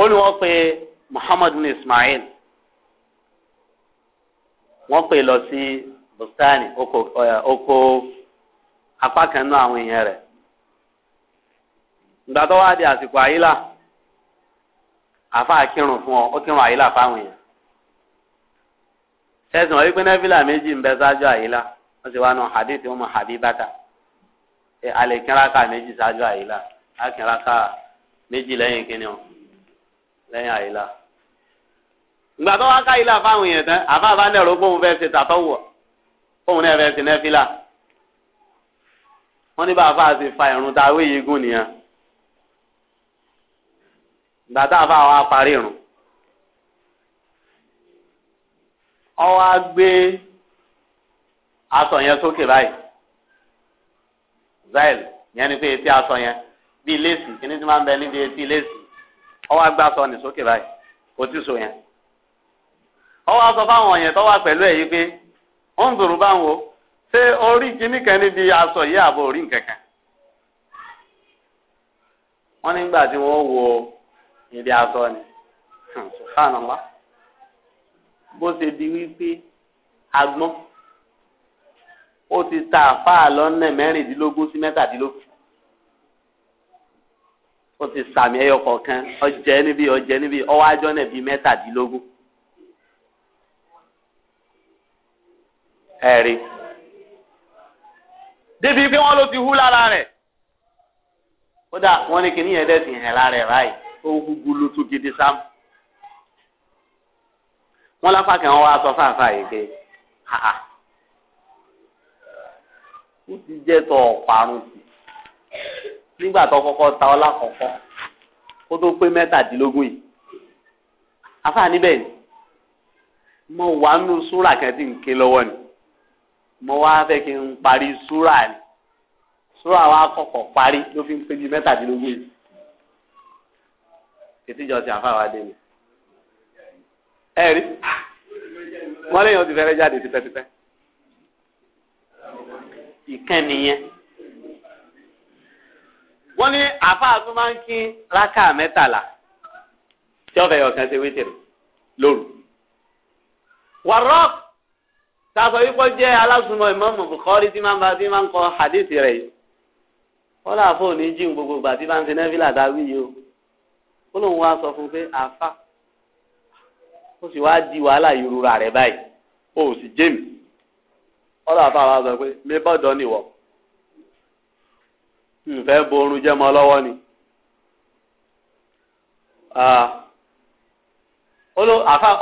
ó ní wọ́n pe muhammadu Ismail wọ́n pe lọ sí bustani oko eh, apá kan náà àwọn èèyàn rẹ̀ di àsìkò àyílà kírun fún ọ ó kírun àyílà fáwọn èèyàn ẹsùn wọn wípé nẹ́fìlà méjì ń bẹ ṣáájú àyílà wọ́n sì wá nu hadith ọmọ habibata alẹ́ kínraka méjì ṣáájú àyílà akínraka méjì lẹ́yìn o. lẹ́yìn àyílà ìgbà tó wá ká ilà fáwọn èèyàn tán àfa bá nẹ̀rọ pé òun fẹ́ ṣe tàtọ́wọ̀ òun náà fẹ́ ṣe nẹ́fìlà wọ́n ní bàbá àti fa ìrun tá a wé yegun nìyẹn ìgbà tá a fa àwọn apárí ọwọ́ á gbé aṣọ yẹn sókè báyìí zail yẹn ni pé etí aṣọ yẹn bíi léèsì kí ni ti máa ń bẹ níbi etí léèsì ọwọ́ agbá sọ ní sókè báyìí kò tí so yẹn ọwọ́ aṣọ fáwọn yẹn tó wà pẹ̀lú ẹ̀ yìí pé ó ń dòrò báwọn o ṣé orí kíní kan níbi aṣọ yìí àbò orí nkankan wọ́n nígbà tí wọ́n wo ibi aṣọ ni sùkánàlá bó ṣe di wípé agbọ́n ó ti ta àfáà lọ́nà mẹ́rìndínlógún sí mẹ́tàdínlógún ó ti sàmì ẹyọ kọ̀ọ̀kan ọjẹ́ níbi ọjẹ́ níbi ọwọ́ ajọ́ náà bíi mẹ́tàdínlógún. ẹ̀rí. débi pé wọ́n ló ti hú lára rẹ̀. kódà wọ́n ní kíní yẹn dẹ̀ ti hàn lára rẹ̀ báyìí ó gbúgbú ló tún gidi sáà. wọ́n lápá kan wọ́n wá sọ fáfá yìí pé ó ti jẹ́ tọ̀ ọ̀parun sí i nígbà tó kọ́kọ́ ta ọlá kọ̀ọ̀kan kó tó pé mẹ́tàdínlógún yìí afa níbẹ̀ ni mo wà nù súrà kan tí n ké lọ́wọ́ ni mo wá fẹ́ kí n parí súrà ni súrà wa kọ́kọ́ parí ló fi ń pé bí mẹ́tàdínlógún yìí ètìjọ ti àfa wa dé ni ẹ rí wọ́n léèyàn ti fẹ́rẹ́ jáde tipẹ́tipẹ́ ìkànnì yẹn wọ́n ní àáfàá tún máa ń kí rákà mẹ́tàlá tí ọ̀fẹ́ ọ̀kan ṣe wítìrì lóru. warraq tàbí wípé jẹ́ alásùnmọ̀ ìmọ̀mù Bukhari tí máa ń bá tí máa ń kọ hadith rẹ̀ yìí. wọ́n lọ àfọ̀ òní jíun gbogbo ìgbà tí bá ń ṣe nẹ́fìlà dáwí yìí o. ó lóun wá sọ fún un pé àáfà ó sì wá di wàhálà ìrora rẹ̀ báyìí ó sì jẹ́ mi. wọ́n lọ àfọ̀ àwọn sọ pé mi bọ́dọ̀ nìwọ̀n nfẹ́ borun jẹ́ mọ́ lọ́wọ́ ni.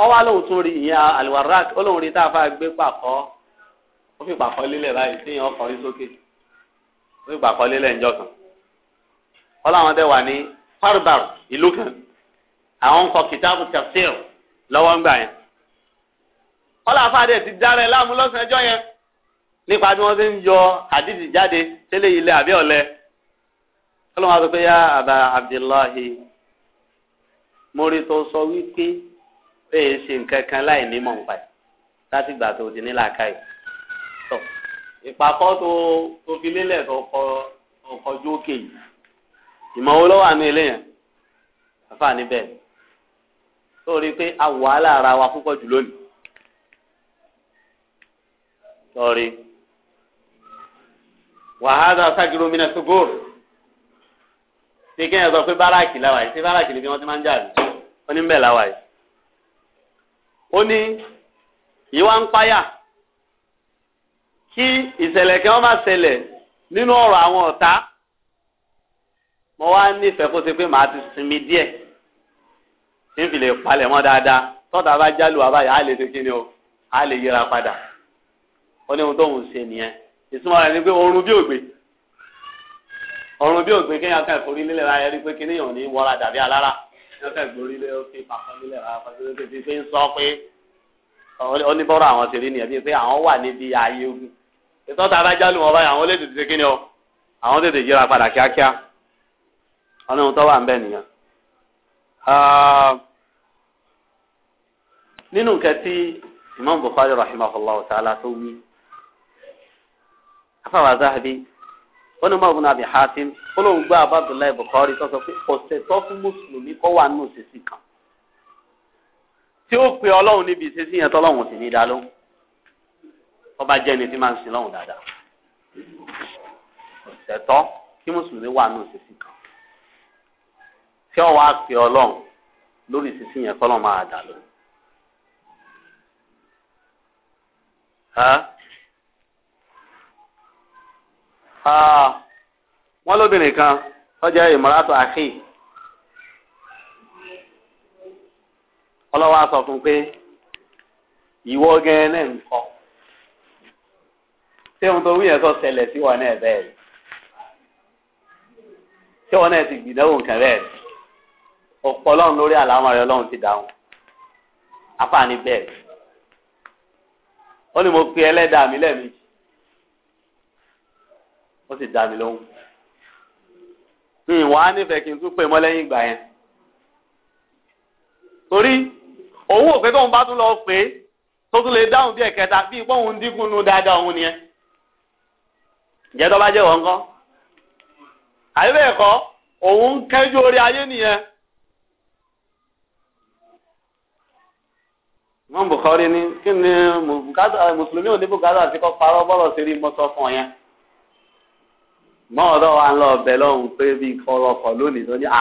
ọwọ́ alóhùn tún rí ìyẹn àlùwárák olóhùn rí tá a fà gbé pàkọ́ ó fi pàkọ́ lélẹ̀ báyìí téèyàn ọkọ̀ rí sókè ó fi pàkọ́ lélẹ̀ ńjọ kan. ọlọ́run tẹ wà ní farbar ìlú kan àwọn ń kọ kìtàbù tafsir lọ́wọ́ ń gbà yẹn. ọlọ́run fàdé ti dára ẹ̀ láàmú lọ́sàn-án ẹjọ́ yẹn nípa bí wọ́n ti ń yọ àdìsí jáde tẹ́lẹ̀ ilé àbí ọ̀lẹ́ ọlọ́run àti pé yá àbá abdullahi mórí tó sọ wípé pé é e ṣe nǹkan kan láì ní mọ̀ nípa ẹ̀ láti ìgbà tó ti ní làákàyè tó ìpàkọ́ tó tó fi lélẹ̀ tó kọ ọkọjú òkè yìí ìmọ̀ wo ló wà ilé yẹn àfa níbẹ̀ tó rí i pé a wàhálà wa púpọ̀ jù lónìí sọrí wàhálà sájúrò mi náà tó góòrò ṣé kí ẹ sọ pé báràkì làwà yìí ṣé báràkì ni bí wọ́n ti máa ń jàre ó ní mbẹ̀ làwà yìí. ó ní ìwà ń páyà kí ìṣẹ̀lẹ̀ kí wọ́n má ṣẹlẹ̀ nínú ọ̀rọ̀ àwọn ọ̀tá mo wá nífẹ̀ẹ́ kó ṣe pé màá ti sinmi díẹ̀ tí n fi lè palẹ̀ mọ́ dáadáa tọ́ta bá jálù àbáyà á lè ṣe kí ni o á lè yíra padà ó ní ohun tóun ṣe nìyẹn ìsúnmọ́ ni pé oorun bí ògbé ọrùn bí òpin kéèyàn kàn forí lélẹ̀ rárá rí pé kíní òní wọra dàbí alára yóò kàn gborí lé ó fi pàpọ̀ lélẹ̀ rárá pàṣẹ tó ti fi ń sọ pé oníbọ̀rọ̀ àwọn ti rí nìyẹn bíi pé àwọn wà níbi ààyè ogun ìtọ́ta abájálù wọn báyìí àwọn lè tètè kíni o àwọn tètè yíra padà kíákíá ọ̀nà tó wà ń bẹ̀ nìyẹn. nínú nǹkan tí Imam Bukhari rahimahullah ta'ala tó wí afáwà Zahabi wọn ni mo àbùnà àbí hatim ó lóun gbọ́ abdullahi bukhari tó sọ pé ọ̀sẹ̀ tó fún mùsùlùmí kọ́ wà nù sísì kan tí ó pe ọlọ́run níbi ìṣesí yẹn tọ́lọ́run sì ní dá lóhùn ọba jẹ́ ẹni tí máa ń sin lọ́hùn dáadáa ọ̀sẹ̀ tó kí mùsùlùmí wà nù sísì kan tí ọwọ́ á pe ọlọ́run lórí ìṣesí yẹn kọ́lọ́run máa dá lóhùn wọ́n lóbìnrin kan ọjà ìmọ̀ràtọ̀ àkè ọlọ́wọ́ a sọ fún pé ìwọ gẹ́gẹ́ náà ń kọ́ ṣé ohun tó wí yẹn sọ ṣẹlẹ̀ sí wọn náà bẹ́ẹ̀ ni ṣé wọn náà ti gbìdánwò nǹkan bẹ́ẹ̀ ni ọ̀pọ̀ ọlọ́run lórí àlámọ̀ rẹ ọlọ́run ti dáhùn afáàní bẹ́ẹ̀ ó ní mo pe ẹlẹ́dàá mi lẹ́ẹ̀mejì ó sì dá mi lóhùn ìwọ̀n á nífẹ̀ẹ́ kí n tún pè mọ́ lẹ́yìn ìgbà yẹn torí òun òpè tóun bá tún lọ pè é tó tún lè dáhùn bí ẹ̀kẹta bí ipò òun dínkù nu dáadáa òun nìyẹn ǹjẹ́ tó bá jẹ́ wọ́n kọ́ àbí bẹ́ẹ̀ kọ́ òun kẹ́jú orí ayé nìyẹn. wọ́n Bukhari ni kí ni mùsùlùmí ò ní bùkátà àti kọ́ parọ́ bọ́lọ̀ sí rí mọ́tò fún ọ yẹn mọ́ ọ̀dọ́ wa ń lọ ọbẹ̀ lọ́hùn pé bí nǹkan ọrọ̀kọ̀ lónìí ló ní à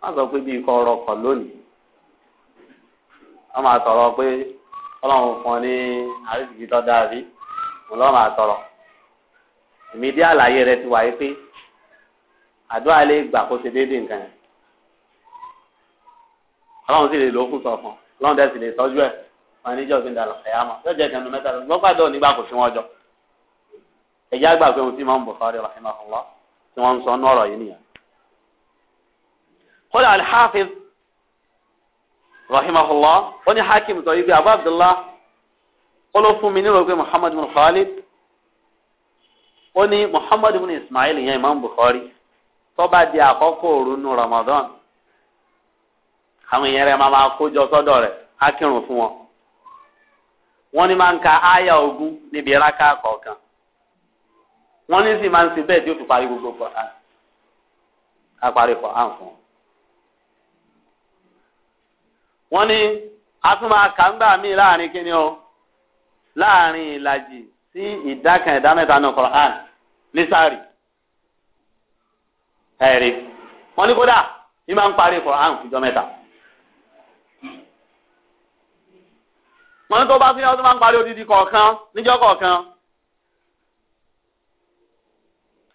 má sọ pé bí nǹkan ọrọ̀kọ̀ lónìí wọ́n máa tọrọ pé ọlọ́run fún ọ ní àrísìkí tó dáa bí òun lọ́ọ́ máa tọrọ èmi dé àlàyé rẹ ti wáyé pé àdúrà lè gbà kó ṣe déédéé nǹkan yẹn ọlọ́run sì lè lò fún sọ̀kan ọlọ́run dẹ̀ sì lè tọ́jú ẹ̀ wọn níjọ́ fi ń dàlọ́ ẹ̀yà mọ́ yóò jẹ́ kẹ́nu mẹ́ta lọ́gbọ́n pàdé kò sí wọn jọ ẹ̀já gbà pé mo ti máa ń Bukhari rahimahullah tí wọ́n ń sọ nọ́ọ̀rọ̀ yìí nìyẹn. kódà al-Hafiz rahimahullah ó ní hakim tó yí pé abu abdullah ó ló fún mi nírò pé muhammad bin khalid ó ní muhammad bin ismail yẹn imam Bukhari tó bá di àkọ́kọ́ òru nu ramadan àwọn èèyàn rẹ̀ máa máa kójọ sọ́dọ̀ rẹ̀ á kírun fún wọn wọ́n ní máa ń ka áyà ogún níbi rákà kọ̀ọ̀kan. wọ́n ní sì máa ń ṣe bẹ́ẹ̀ tí ó fi parí gbogbo Quran apárí Quran fún un. ka ní atúmọ̀ kàńgbà míì láàrin kíni o láàrin ìlàjì sí ìdá kan ìdá mẹ́ta náà Quran ní sáré ẹ̀rí wọ́n ní kódà ní máa ń parí Quran fúnjọ́ mẹta wọn ní tó bá ọdún máa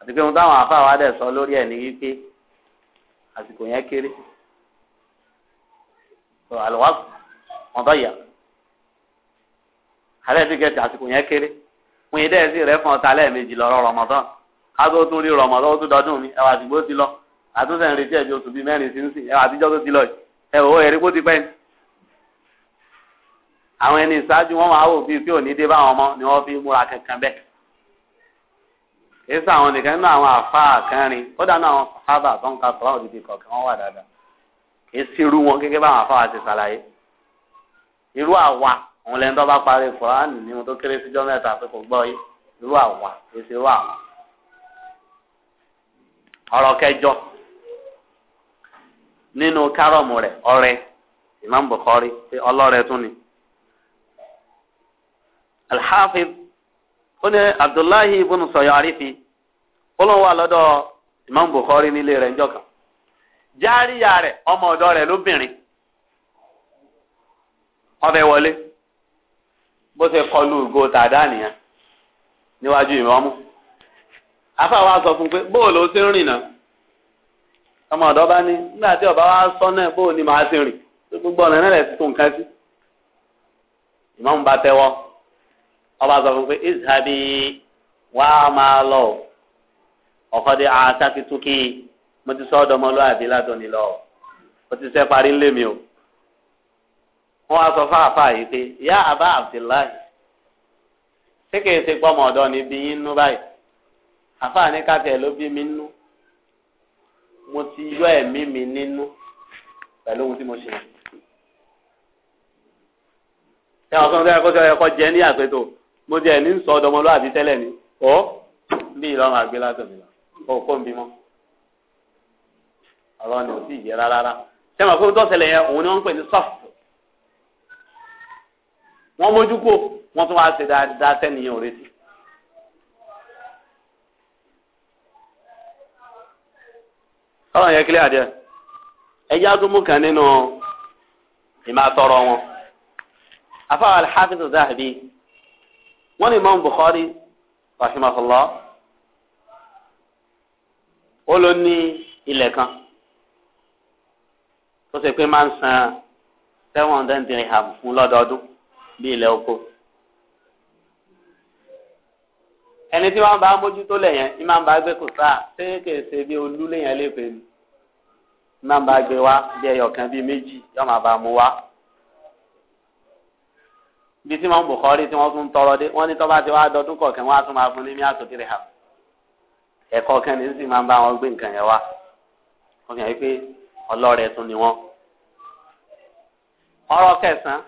àti pé ohun táwọn àfáà wa dẹ̀ sọ lórí ẹ̀ ní wípé àsìkò yẹn kéré tó àlùwá wọn bá yà àlẹ́ ti gẹ̀ẹ́sì àsìkò yẹn kéré wọn yìí dẹ́ẹ̀sì rẹ̀ fún ọ̀tá lẹ́ẹ̀mejì lọ́rọ̀ Ramadan káàtó tún rí Ramadan ó tún dọdún mi ẹwà àtìgbó ti lọ àtúnṣe ń retí ẹ̀jẹ̀ oṣù bíi mẹ́rin sí ń sìn ẹwà àtijọ́ tó ti lọ ẹ̀wọ̀ ẹ̀rí kó ti pẹ́ ni àwọn ẹni ìṣáájú wọn máa wò bíi pé òní dé báwọn ọmọ ni wọ́n fi múra kankan bẹ́ẹ̀ èsì àwọn nìkan nínú àwọn àfa àkànrin ó dáná àwọn sábà tó ń ka sọ̀rọ̀ òdìdí kọ̀ọ̀kan wọn wà dáadáa kì í sí irú wọn gẹ́gẹ́ báwọn àfa àti ṣàlàyé irú àwa òun lẹ́nu tó bá parí Kùránì ní mo tó kéré síjọ́ mẹ́ta pé kò gbọ́ yìí irú àwa kì í sí irú àwọn. ọ̀rọ̀ kẹjọ nínú kárọ̀mù rẹ̀ ọrẹ Imam ọlọ́rẹ tún ni. al ó ní abdullahi ibùn sọyọ àrífi wa wà imam bukhari nílé rẹ̀ njọkan járíyà rẹ ọmọ ọ̀dọ̀ rẹ̀ lóbìnrin ọbẹ wọlé bó ṣe kọlu ìgò tàdá nìyẹn níwájú ìmọ̀ọ́mú wa sọ fún pé bóòlù ó ti ń rìn náà ọmọ ọ̀dọ̀ bá ní nígbà tí ọba wa sọ náà bóòlù ni màá ti rìn gbogbo ọ̀nà náà lẹ̀ ti ọba sọ fún pé izhabi wá máa lọ ọkọdé àtàkìtúkì mo ti sọ ọdọmọlúwàbí látọni lọ o ti sẹ parí ńlẹ mi o wọn wá sọ fáfá yìí pé ya aba abdullahi ṣé kìí ṣe gbọmọ ọdọ ni bí yín nú báyìí àfààní kàtẹ ló bí mi nú mo ti yọ ẹ̀mí mi nínú pẹ̀lú ohun tí mo ṣe. ṣé àwọn sọ́nà tó yẹ kó jẹ ní àpètò. mo jẹ ní sọ ni ọ bí ìlọrin àgbẹ látọmí lọ ọ kó n bímọ ọ̀rọ̀ ni ò sì yẹ rárá sẹmọ pé tó yẹn òun ni wọ́n ń pè ní sọfù wọn mójú kó wọ́n tún wáá ṣe dáadáa sẹniyàn ò retí. yẹn kílẹ̀ àdìẹ ẹjẹ́ kan nínú ìmọ̀ àtọ̀rọ̀ wọn wọ́n ní Imam Bukhari rahimahullah ó ló ní ilẹ̀ kan tó ṣe pé máa ń san seven hundred dirham fún lọ́dọọdún bí ilẹ̀ oko. ẹni tí wọ́n bá mójútó lẹ̀ yẹn ní máa ń bá gbé kò sáà ṣé bí olú lè yẹn lè máa ń bá gbé wá bí ẹyọ kan bí méjì yóò máa bá mú wá bí tí wọn Bukhari tí wọn tún tọrọ dé wọn ní tọ́ba ti wá dọdún kọ̀ọ̀kan wọn á tún máa fún ní míàtò kiri ha ẹ̀kọ́ kan ní sì máa ń bá wọn gbé nǹkan yẹn wá wọn fi hàn yí pé ọlọ́rẹ̀ tún ni wọn. ọ̀rọ̀ kẹsàn-án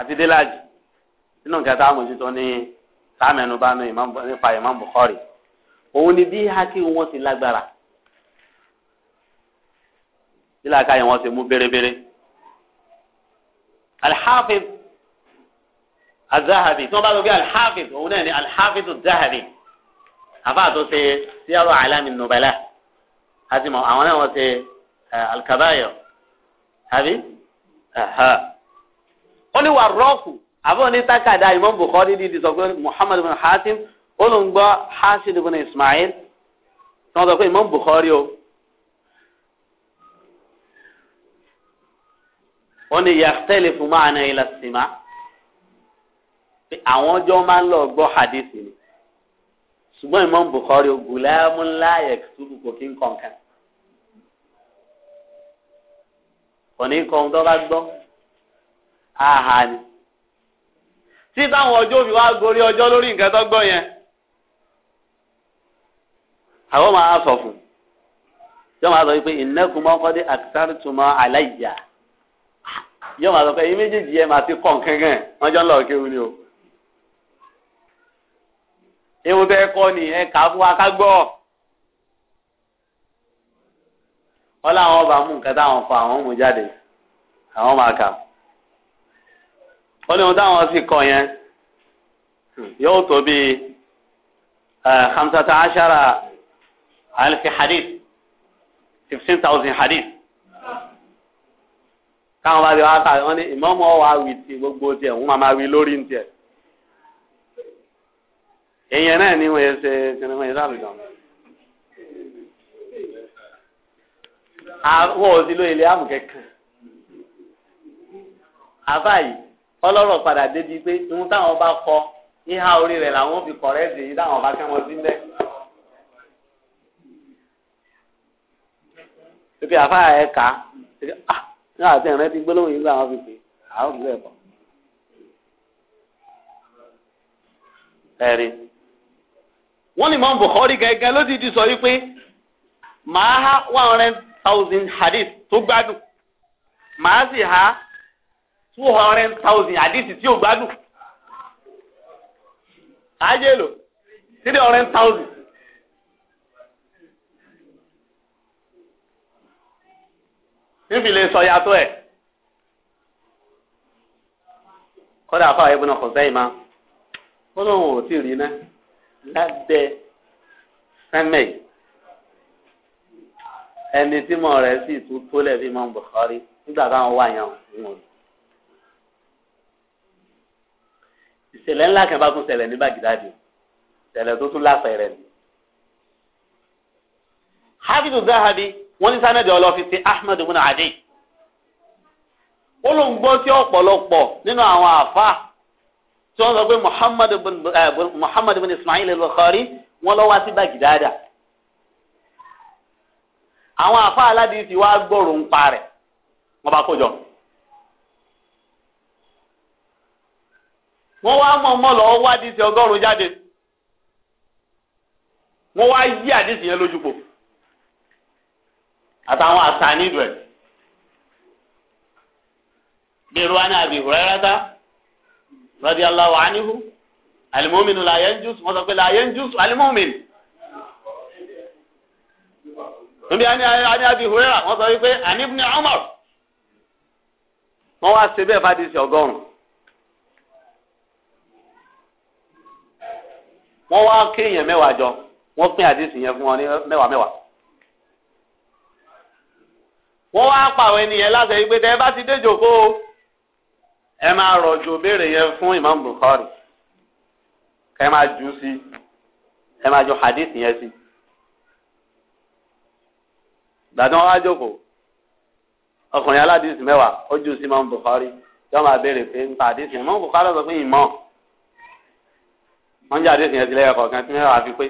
àti délájì nínú nǹkan tá a ní sáàmẹnubá nípa Imam Bukhari òun ni bí hákì wọn ti lágbára bí làákàyè wọn ti mú bérebére. al azahabi tí wọn bá sọ pé alhafiz òun náà ni alhafiz zahabi àfa tó ṣe síyàrá alami nubala àti mọ àwọn náà wọn ṣe eh, alkabayọ àbí ó ní wà rọ́ọ̀kù àbọ̀ ní takada imam bukhari di sọ pé muhammad bin hatim ó hasid bin ismail tí wọn sọ pé imam bukhari o. ó ní yàtẹ̀lẹ̀ fún máa ní ilẹ̀ pé àwọn jọ máa ń lọ gbọ́ hadith ni ṣùgbọ́n Imam Bukhari gùlámù ńlá yẹ̀kùtùbù kò kí ń kọ̀ǹkan òní kan tó bá gbọ́ àhà ni tí táwọn ọjọ́ òbí wa gorí ọjọ́ lórí nǹkan tó gbọ́ yẹn àwọn máa sọ fún yóò máa sọ wípé ìnákùn kọ́dé àkìtárìtùmọ̀ àláìyá yóò máa sọ pé ẹ̀yin méjèèjì máa ti kọ̀ǹkan gan wọ́n jọ ń lọ kéwu ni o ewu tẹ kọ ni ẹ kà fún wa ká gbọ́ wọn làwọn ọba mú nǹkan táwọn fa àwọn mú jáde àwọn máa kà wọn ní ohun táwọn sì kọ yẹn yóò tó bí hamsata ashara alfi hadith fifteen thousand hadith káwọn bá ti wá kà wọn ní ìmọ̀ọ́mọ́ wa wì tí gbogbo tiẹ̀ wọn máa wí lórí tiẹ̀ èèyàn náà ni wọ́n yẹ ṣe kíni wọ́n yẹ sálùjọ́ àwọn òsì ló ilé àmù kẹkàn àbá yìí ọlọ́rọ̀ padà débi pé ohun táwọn bá kọ ìhà orí rẹ̀ làwọn fi kọ̀rẹ́ dè yìí táwọn bá kẹ́ wọn sí mbẹ́. pípẹ́ àfa ẹ̀ ká ní àti ẹ̀rẹ́ ti gbólóhùn yìí láwọn fi pè àwọn fi bẹ̀ bọ̀. ẹ̀rí. wọ́n ní Imam Bukhari gẹ́gẹ́ lódìdí sọ wípé màá há one hundred thousand hadith tó gbádùn màá sì há two hundred thousand hadith tí ò gbádùn ayé lò three hundred thousand. níbi lè sọ yàtọ̀ ẹ̀ kọ́dà fáwọn ẹgbẹ́ náà kò sẹ́yìn máa ó lóun ò tí ì rí náà. lábẹ́ sẹ́mẹ̀ yìí ẹni tí mo rẹ̀ sì tún tó lẹ̀ bí mo ń Bukhari nígbà táwọn wà yàn wọ́n. ìṣẹ̀lẹ̀ ńlá kan bá tún ṣẹlẹ̀ ní Bàgídádì ìṣẹ̀lẹ̀ tó tún lápẹ̀rẹ̀ ni. Hafidu Zahabi wọ́n ní sanadi ọlọ́fin Ahmed ibn Adi. ó sí ọ̀pọ̀lọpọ̀ nínú àwọn àfáà tí wọ́n sọ pé muhammad bin eh, muhammad bin ismail al-bukhari wọ́n lọ wá sí bagidada àwọn àfa aládìsí wa gbòòrò ń pa rẹ̀ wọ́n bá kó jọ. wọ́n wá mọ̀ọ́mọ́ lọ́wọ́ wá àdìsí ọgọ́rùn jáde wọ́n wá yí àdìsí yẹn lójúpọ̀ àtàwọn àṣà nídùú ẹ̀. bí irú wa ní àbí ìhùrẹ́rẹ́ta radiyallahu anhu alimominu la yanjus wọn sọ pé la yanjus alimomin níbi ani ani abi hurera wọn sọ wípé ani ibn umar wọn wá ṣe bẹ́ẹ̀ bá di ṣe ọgọ́rùn wọn wá kéèyàn mẹ́wàá jọ wọn pín àdìsí yẹn fún wọn ní mẹ́wàá mẹ́wàá wọn wá pàwọn ènìyàn láṣẹ wípé tẹ ẹ bá ti dé jòkó o. ẹ máa rọ̀jò béèrè yẹn fún Imam Bukhari kẹ máa jù sí ẹ máa jọ hadith yẹn sí gbàdán wá jókòó ọkùnrin aládìsí mẹ́wàá ó jù sí Imam Bukhari yọ máa béèrè pé nípa hadith yẹn Imam Bukhari sọ pé ìmọ̀ wọ́n hadith yẹn sílẹ̀ ẹ̀kọ́ kan fi pé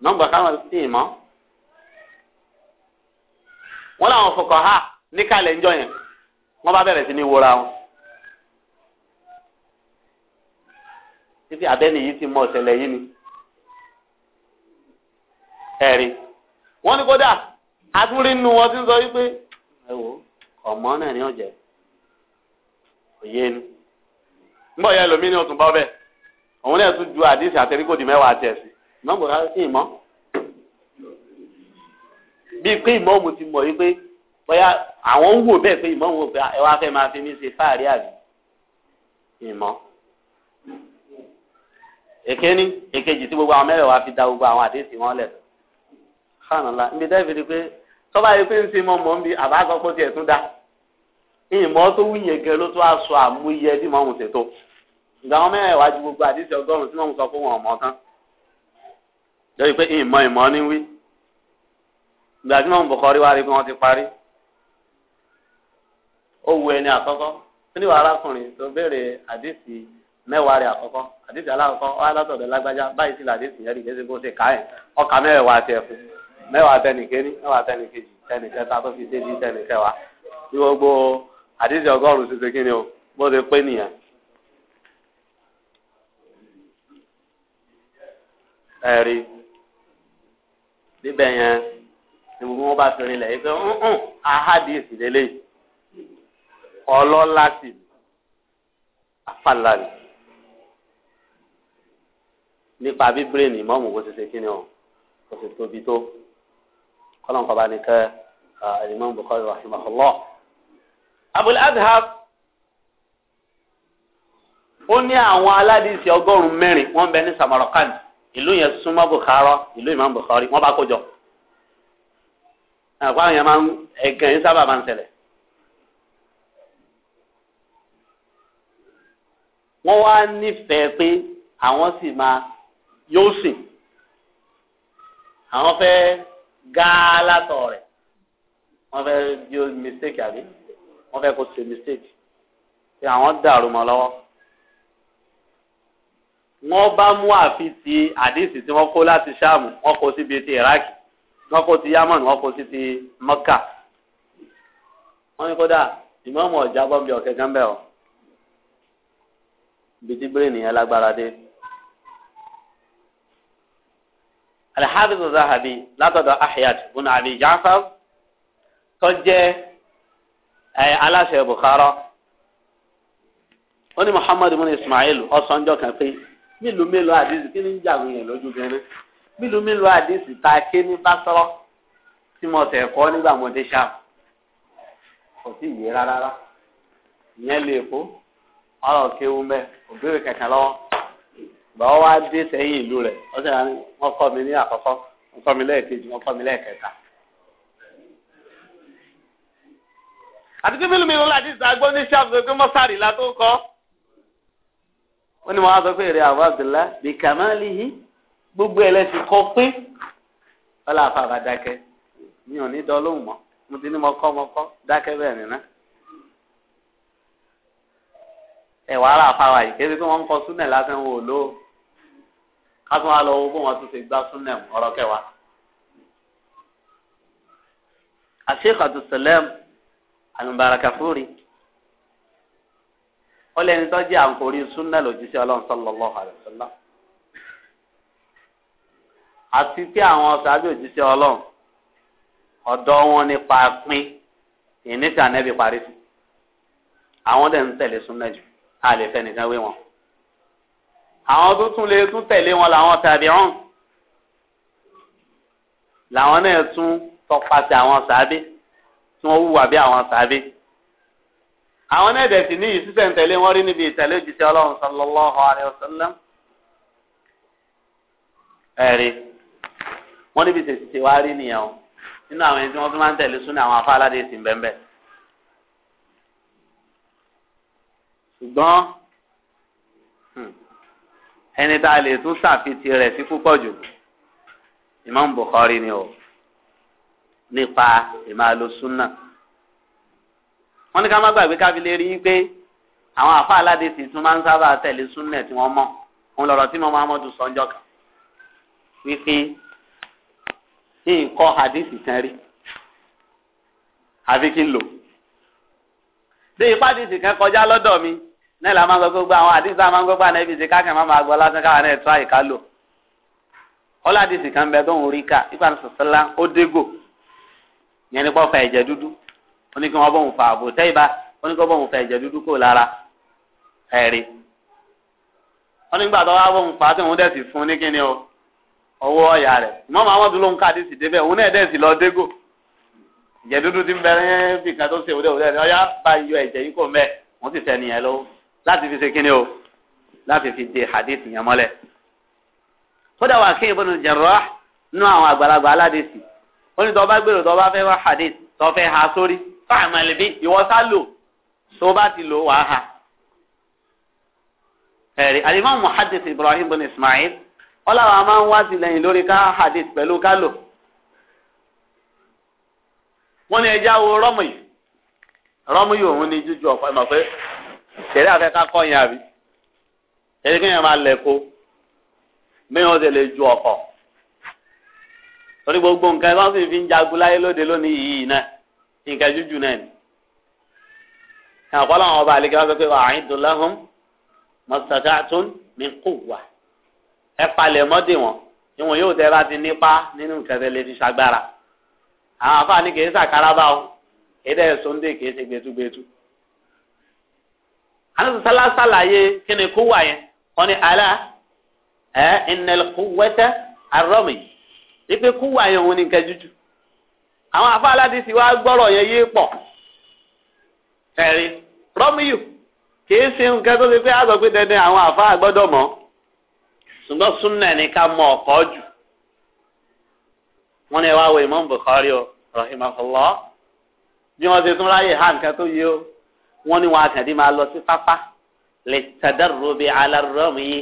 Imam Bukhari ìmọ̀ làwọn fọkàn ha níkàlẹ̀ ńjọ yẹn bá bẹ̀rẹ̀ sí ní wọn. títí abẹ́ni yìí ti mọ ọ̀sẹ̀lẹ̀ yìí ni. ẹ̀rí wọ́n ní kódà atúrí nínú wọn ti ń sọ wípé ẹ wò ọmọ náà ní ọ̀jẹ̀ òye ni. nígbà yẹn lomi ni ọ̀tún bá bẹ́ẹ̀ òun náà tún ju àdìsí àtẹríkòdì mẹ́wàá tẹ̀ sí nọ́mbà rárá sí ìmọ̀ bíi pé ìmọ̀ọ́mù ti mọ̀ wípé bóyá àwọn ń wò bẹ́ẹ̀ pé ìmọ̀ọ́mù ẹ wá fẹ́ máa fi mí ṣe fáàrí àbí ìmọ̀ Ekeni, ekeji tí gbogbo àwọn mẹ́rẹ̀ẹ̀wá fi da gbogbo àwọn àdéhùn wọn lẹ̀ sànàlá níbi dẹ́ẹ̀ fi di pé tọ́ba yìí pé ń sin mọ́ mọ́ ń bi àbá sọ pé tiẹ̀ tún da ìmọ̀ tó wù yẹn gẹ́gẹ́ ló tó aṣọ àmúyẹ bí mọ̀ ń ṣètò ìgbà wọn wa ju gbogbo àdéhùn ọgọ́rùn-ún tí wọ́n sọ fún wọn ọ̀mọ́ tán lórí pé ìmọ̀ ìmọ̀ ní wí ìgbà tí wọ́n bọ̀kọ́ rí wá rí pé wọ́n ti parí ó wu ẹni àkọ́kọ́ tó ní tó béèrè àdéhùn mẹwàá rẹ̀ àkọ́kọ́ àdìsí alákọ̀ọ́kọ́ ọ́ alátọ̀dọ̀ lágbájá báyìí sí làdìsí yẹn lè kéṣe bó ṣe ọkà mẹ́wàá tẹ̀ fún mẹ́wàá tẹni mẹ́wàá tẹnìkejì tẹnìkẹta tó fi débi ní gbogbo àdìsí ọgọ́rùn-ún kí ni o bó ṣe pé nìyẹn. ẹ̀rí bíbẹ̀ yẹn ni bá fi rinlẹ̀ nípa bí brain ìmọ̀ọ́mù kò ti ṣe kí ni o kò sì tóbi tó kọ́lọ́n kọ́ba ní kẹ́ ẹ̀ẹ́dìmọ́ Bukhari rahimahullah. Abul Adham ó ní àwọn aládìsí ọgọ́rùn-ún mẹ́rin wọ́n bẹ ní Samarkand ìlú yẹn súnmọ́ Bukhara ìlú Imam Bukhari wọ́n bá kó jọ. àpá àwọn yẹn máa ń ẹ̀gàn yín sábà máa ń ṣẹlẹ̀. wọ́n wá nífẹ̀ẹ́ pé àwọn sì máa yóò sìn àwọn fẹ́ gaalátọ̀ rẹ̀ wọ́n fẹ́ bí o mistake àbí wọ́n fẹ́ kó ṣe mistake ṣe àwọn dàrú mọ́ lọ́wọ́ wọ́n bá mú àfi ti àdísì tí wọ́n kó láti ṣáàmù wọ́n kó síbi ti iraki wọ́n kó ti yamani wọ́n kó sí ti mọ́kà wọ́n ní kódà ìmọ̀ọ́mọ̀ ọ̀jà bọ́m̀bì ọ̀kẹ́ kan bẹ́ẹ̀ o bìtí bírèèni yẹn lágbára dé. الحافظ الذهبي látọ̀dọ̀ ahyad bin abi jaafar tó jẹ́ aláṣẹ bukhara ó ní muhammad bin ismail ọ̀sánjọ́ kan pé mélòó mélòó àdìsí kí ni ń jàgbé yẹn lójú gẹ́rẹ́ mélòó mélòó àdìsí ta ké ní bàtọ́rọ́ tí mo tẹ̀ kọ́ nígbà mo báwo wá dé sẹ́yìn ìlú rẹ̀ ọ̀sẹ̀ wọn kọ́ mi ní àkọ́kọ́ wọn kọ́ mi lẹ́ẹ̀kejì wọn kọ́ mi lẹ́ẹ̀kẹta. àti tí fílùmù ìrọ̀lá àti ìsàgbọ́n ní sàbùsọ̀ pé mọ́sàrì la tó kọ́. wọ́n ní mo wá sọ pé èrè àwọn àbdùlá bí kàmáàlì yìí gbogbo ẹ̀ lẹ́sìn kọ́ pé wọ́n là fà bá dákẹ́ mi ò ní dán lóhùn mọ́ mo ti ní mo kọ́ mo kọ́ dákẹ́ bẹ́ẹ̀ nínú. ẹ̀ wàhálà fáwa yìí kébí pé wọ́n ń kọ súnẹ̀ kátó wa lọ wo bó wọn tún ṣe gbá súnlẹ̀ ọ̀rọ̀ kẹwàá. Sheikh Abdulsalam Al-Barakafuri ó lé ní tọ́jú àǹkórí súnlẹ̀ lòjíṣẹ́ ọlọ́run sallallahu alaihi wasallam. àti pé àwọn ọ̀sáájú òjíṣẹ́ ọlọ́run ọ̀dọ́ wọn nípa pín ìníṣà nẹ́bí parí sí àwọn dẹ̀ ń tẹ̀lé súnlẹ̀ jù a lè fẹ́ nìkan wé wọn àwọn tó tún lè tún tẹ̀lé wọn làwọn tàbí hàn làwọn náà tún tọpasẹ̀ àwọn sàábé tí wọ́n hùwà bí àwọn sàábé àwọn náà dẹ̀ sì ní yìí sísẹ̀ ń tẹ̀lé wọn rí níbi ìtẹ̀lé òjíṣẹ́ ọlọ́run sallallahu alayhi ẹ̀rí wọ́n níbi tètè ṣe wá rí nìyẹn o nínú àwọn ẹni tí wọ́n tún máa ń tẹ̀lé sún ní àwọn afá aládé bẹ́ẹ̀ ṣùgbọ́n. Hmm, ẹni tá a lè tún ṣàfihàn rẹ̀ sí púpọ̀ jù Imam Bukhari ni o nípa ìmáàlú súnà wọ́n ní ká má gbàgbé kábílẹ̀ rí i pé àwọn àfa aládèsí tún máa ń sábà tẹ̀lé súnà tí wọ́n mọ̀ òun lọ̀rọ̀ tí Muhammadu sọ́njọ́ kan wípé kí n kọ́ hadisi kan rí àfi kí n lò dé ipá hadisi kan kọjá lọ́dọ̀ mi náà la máa ń gbọ́ gbogbo àwọn àdìsí tá a máa ń gbọ́ gbà náà ibi tí káàkiri máa máa gbọ́ lásán káwa náà tó àyíká lò ọlá àdìsí kan bẹ tó ń rí ká ipa sọ̀sọ́lá ó dégò yẹn ní kó fa ẹ̀jẹ̀ dúdú ó ní kí wọ́n fa àbò tẹ́yìnbá ó ní kó fa ẹ̀jẹ̀ dúdú kó lára ẹ̀rí ó ní gbà tó fa tí òun dẹ̀ sì fún ní kíni o ọwọ́ ọ̀yà rẹ̀ ìmọ̀mọ́ àwọn tó ló ń ká àdìsí débẹ̀ òun náà dẹ̀ sì lọ dégò ẹ̀jẹ̀ dúdú ti ń bẹ bìkan tó ṣe láti fi ṣe kíni o láti fi de hadith yẹn mọ́lẹ̀ kódà wà kí ibùdó jẹrọ nú àwọn àgbàlagbà aládèsì ó ní tọ́ba gbèrò tọ́ba fẹ́ wá hadith tọ́fẹ́ ha sórí fáàmù ẹlẹ́bí ìwọ sá lò tó bá ti lò wàá ha. ẹ̀rí alimami muhaddith ibrahim bin ismail ọlọ́wà máa ń wá sílẹ̀yìn lórí ká hadith pẹ̀lú ká lò. wọ́n ní ẹja wo rọ́mù yìí òun ni jújù ọ̀pọ̀ ẹ̀ mọ̀ pé ìṣẹ̀rí àfẹ́ ká kọ́ yẹn àbí ẹni kéèyàn máa lẹ̀kọ́ mẹ́wọ́n ti lè ju ọkọ̀ torí gbogbo nǹkan ẹ bá sì fi ń jagun láyé lóde lónìí yìí náà nǹkan jújù náà ni àpọ́lọ́ àwọn ọba àlekè wá sọ pé a'iddu lahum mastata'tum min quwwa ẹ palẹ̀ mọ́dé wọn ìwọ̀n yóò tẹ́ bá ti nípa nínú nǹkan tẹ́ fi ṣagbára àwọn afáàní kìí sàkárà báwọn èdè ẹ̀sùn dè kìí ṣe gbẹtugbẹtu. anisala ṣàlàyé kíni kó wà yẹn ni ala ẹ ìnẹlẹ arọmi ipe kó wà yẹn òun ni nǹkan ala àwọn afa aládìsí wa gbọ́rọ̀ yẹn eri pọ̀ ẹ̀rí rọmiyù kìí ṣe to tó ṣe pé àgbọ̀ afọ dandan afa mọ Imam Bukhari rahimahullah o. wọ́n ní wọn àkàndí máa lọ sí pápá lè tàdáròbí alárọ̀mù yìí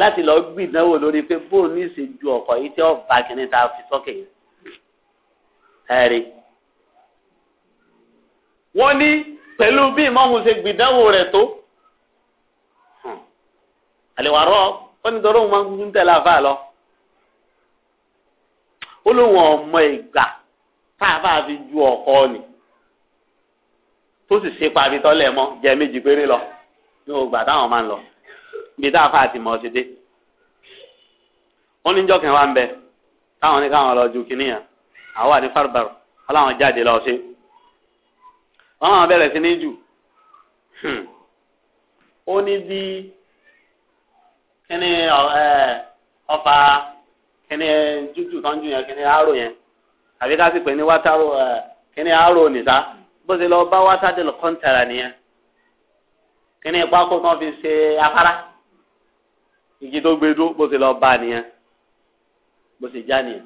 láti lọ gbìdánwò lórí pé bóun ní ìṣèjú ọkọ̀ yìí tí ọba kìíní ta fi sọ́kè yẹn. ẹ̀rí wọ́n ní pẹ̀lú bí ìmọ̀hún ṣe gbìdánwò rẹ̀ tó hmm. àlèwàrọ̀ ó ní dọ́rọ́ òun ń tẹ̀lé àfa lọ ó ọmọ ìgbà tá a bá fi ju ọkọ ni tó sì ṣe pàbí tọ́lẹ̀ mọ́ jẹ méjì péré lọ ní ògbà táwọn máa ń lọ ibi tá a fà ti ṣe dé. ó ní jọ́kìn wa ń bẹ táwọn ní káwọn lọ ju kínní yẹn àwọn àti fárúbàrù ọláwọn jáde lọ ṣe. wọ́n máa bẹ̀rẹ̀ sí ní jù hmm. ó ní bí kíní ọfà kíní tútù kan jù yẹn kíní àárò yẹn àbí ká sì pè ní wátárò kíní àárò nìta bó ṣe lọ bá wásádì lọ kọ́ńtàrà nìyẹn kíní pákó kan fi ṣe afárá igi tó gbé dúró bó ṣe lọ bá nìyẹn bó ṣe já nìyẹn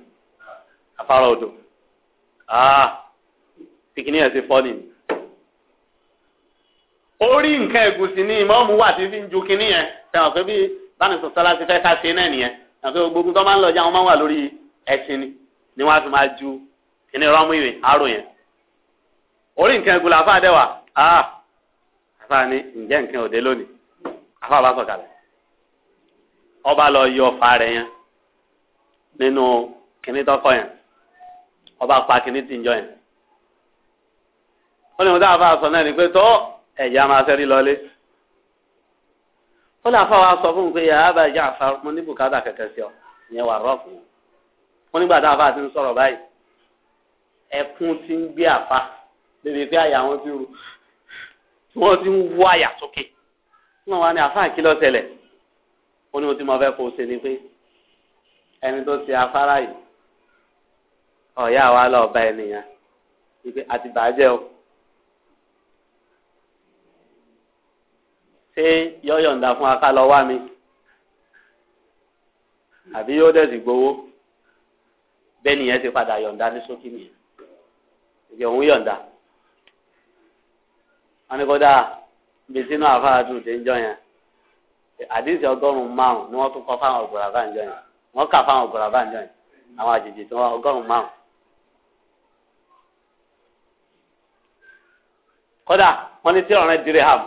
afárá odò ah, tìkíní ẹ̀ ṣe fọ́ nìyẹn orí nǹkan ẹ̀gúsí ni ìmọ̀ọ́mù wà tí fi ń ju kíní yẹn fẹ́ràn pé bí báni sọ̀tọ́ láti fẹ́ ká ṣe náà nìyẹn àti gbogbo tó máa ń lọ jẹ́ àwọn máa ń wà lórí ẹ̀sìn ni wọ́n á fi máa ju kíní rọ́mú ìwé àárò yẹn orí nǹkan ẹ̀gùn làáfà dẹ̀ wà áà àfà ni ǹjẹ́ nǹkan òde lónìí àfà bá sọ̀kalẹ̀ ọba lọ yọ ọ̀fà rẹ̀ yẹn nínú kìnní tọkọ yẹn ọba pa kìnní tì ń jọ yẹn ó ní mo dáhà fà sọ náà ni pé tó ẹ̀yà máa fẹ́ rí lọlé ó làáfà wa sọ fún mi pé yàrá bá yà àfà mo ní bùkátà kẹ̀kẹ́ sí ọ ìyẹn wà rọ́ọ̀kù yẹn ó nígbà tá a ti ń sọ̀rọ̀ báyìí ẹkún ti ń gbé àfà débi pé àyà wọn ti rù wọn ti ń wú àyà sókè wọn wá ní àfáà kí ló ṣẹlẹ̀ ó ní mo ti mọ fẹ́ kó o ṣe ni pé ẹni tó ṣe afárá yìí ọ̀yá wa lọ bá ènìyàn wípé àti bàjẹ́ o ṣé yọ̀yọ̀ǹda fún aká lọ wá mi àbí yóò dẹ̀ sì gbowó bẹ́ẹ̀ nìyẹn ti padà yọ̀ǹda ní ṣókí nìyẹn ìgbà òun yọ̀ǹda. wọn ní kódà bíi sínú àfáà tún ṣe ń jọ yẹn àdìsí ọgọ́rùn-ún márùn-ún ni wọ́n tún kọ́ fáwọn ọ̀gọ̀rọ̀ àbá ń yẹn wọ́n kà fáwọn ọ̀gọ̀rọ̀ àbá yẹn àwọn àjèjì tí wọ́n ọgọ́rùn-ún márùn-ún. kódà wọ́n ní tí ọ̀rẹ́ dị. hàm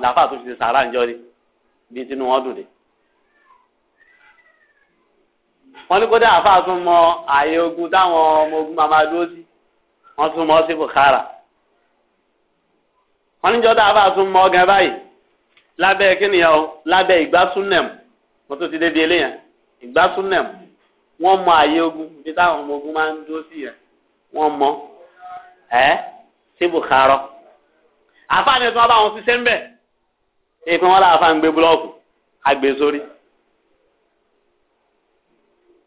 ṣe sàárà ni bíi sínú wọn mọ ààyè ogun ọmọ ogun máa máa dúró sí wọ́n tún wọn níjọ́ tá a bá tún mọ ọgàn báyìí lábẹ́ kínìyàn o lábẹ́ ìgbásúnẹ̀mù mo tún ti débi eléyàn ìgbásúnẹ̀mù wọ́n mọ àyè ogun bí táwọn ọmọ ogun máa ń dúró sí yẹn wọ́n mọ ẹ́ sí bùkárọ́ àfáàní tí wọ́n bá wọn ṣiṣẹ́ ń bẹ̀ ìpín wọn láàfáà ń gbé búlọ́ọ̀kù àgbè sórí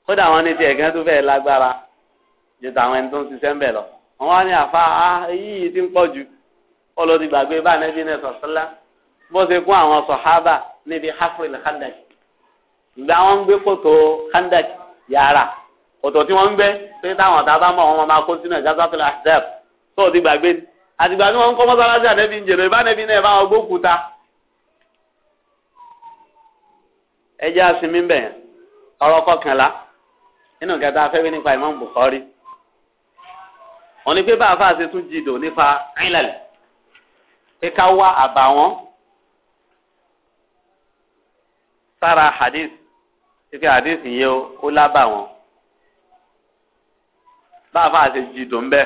kódà wọn ní tiẹ̀ gẹ́gẹ́ tó fẹ́ lágbára ju tàwọn ẹni tó ń ṣiṣẹ́ ń bẹ̀ lọ wọn wá ní àfa ah èyí ti ń pọ̀ jù olódìgbàgbé bá nẹ́bí náà sọ̀sọ́lá bó ṣe kún àwọn sọ̀hábà níbi hafril khandak ìgbà wọn ń gbé kòtò khandak yàrá kòtò tí wọ́n ń gbé pé táwọn ọ̀tá bá mọ̀ wọn máa kó sínú ẹ̀já sọ́tìlá àṣẹ́f tó o ti gbàgbé ni àtìgbà tí wọ́n ń kọ́ mọ́sálásí ànẹ́bí ń jèrè bá nẹ́bí náà bá wọn gbókúta ẹjẹ́ àsinmi bẹ̀yẹn ọ̀rọ̀ kọkànlá nínú kẹta afẹ́wé nípa Imam Bukhari òní pé bá a fà ṣe tún jìdò nípa ìlàlẹ̀ pé ká wá àbàwọ́n sára hadith pé hadith yẹn ó lábàwọ́n báàfà àti jìdò ń bẹ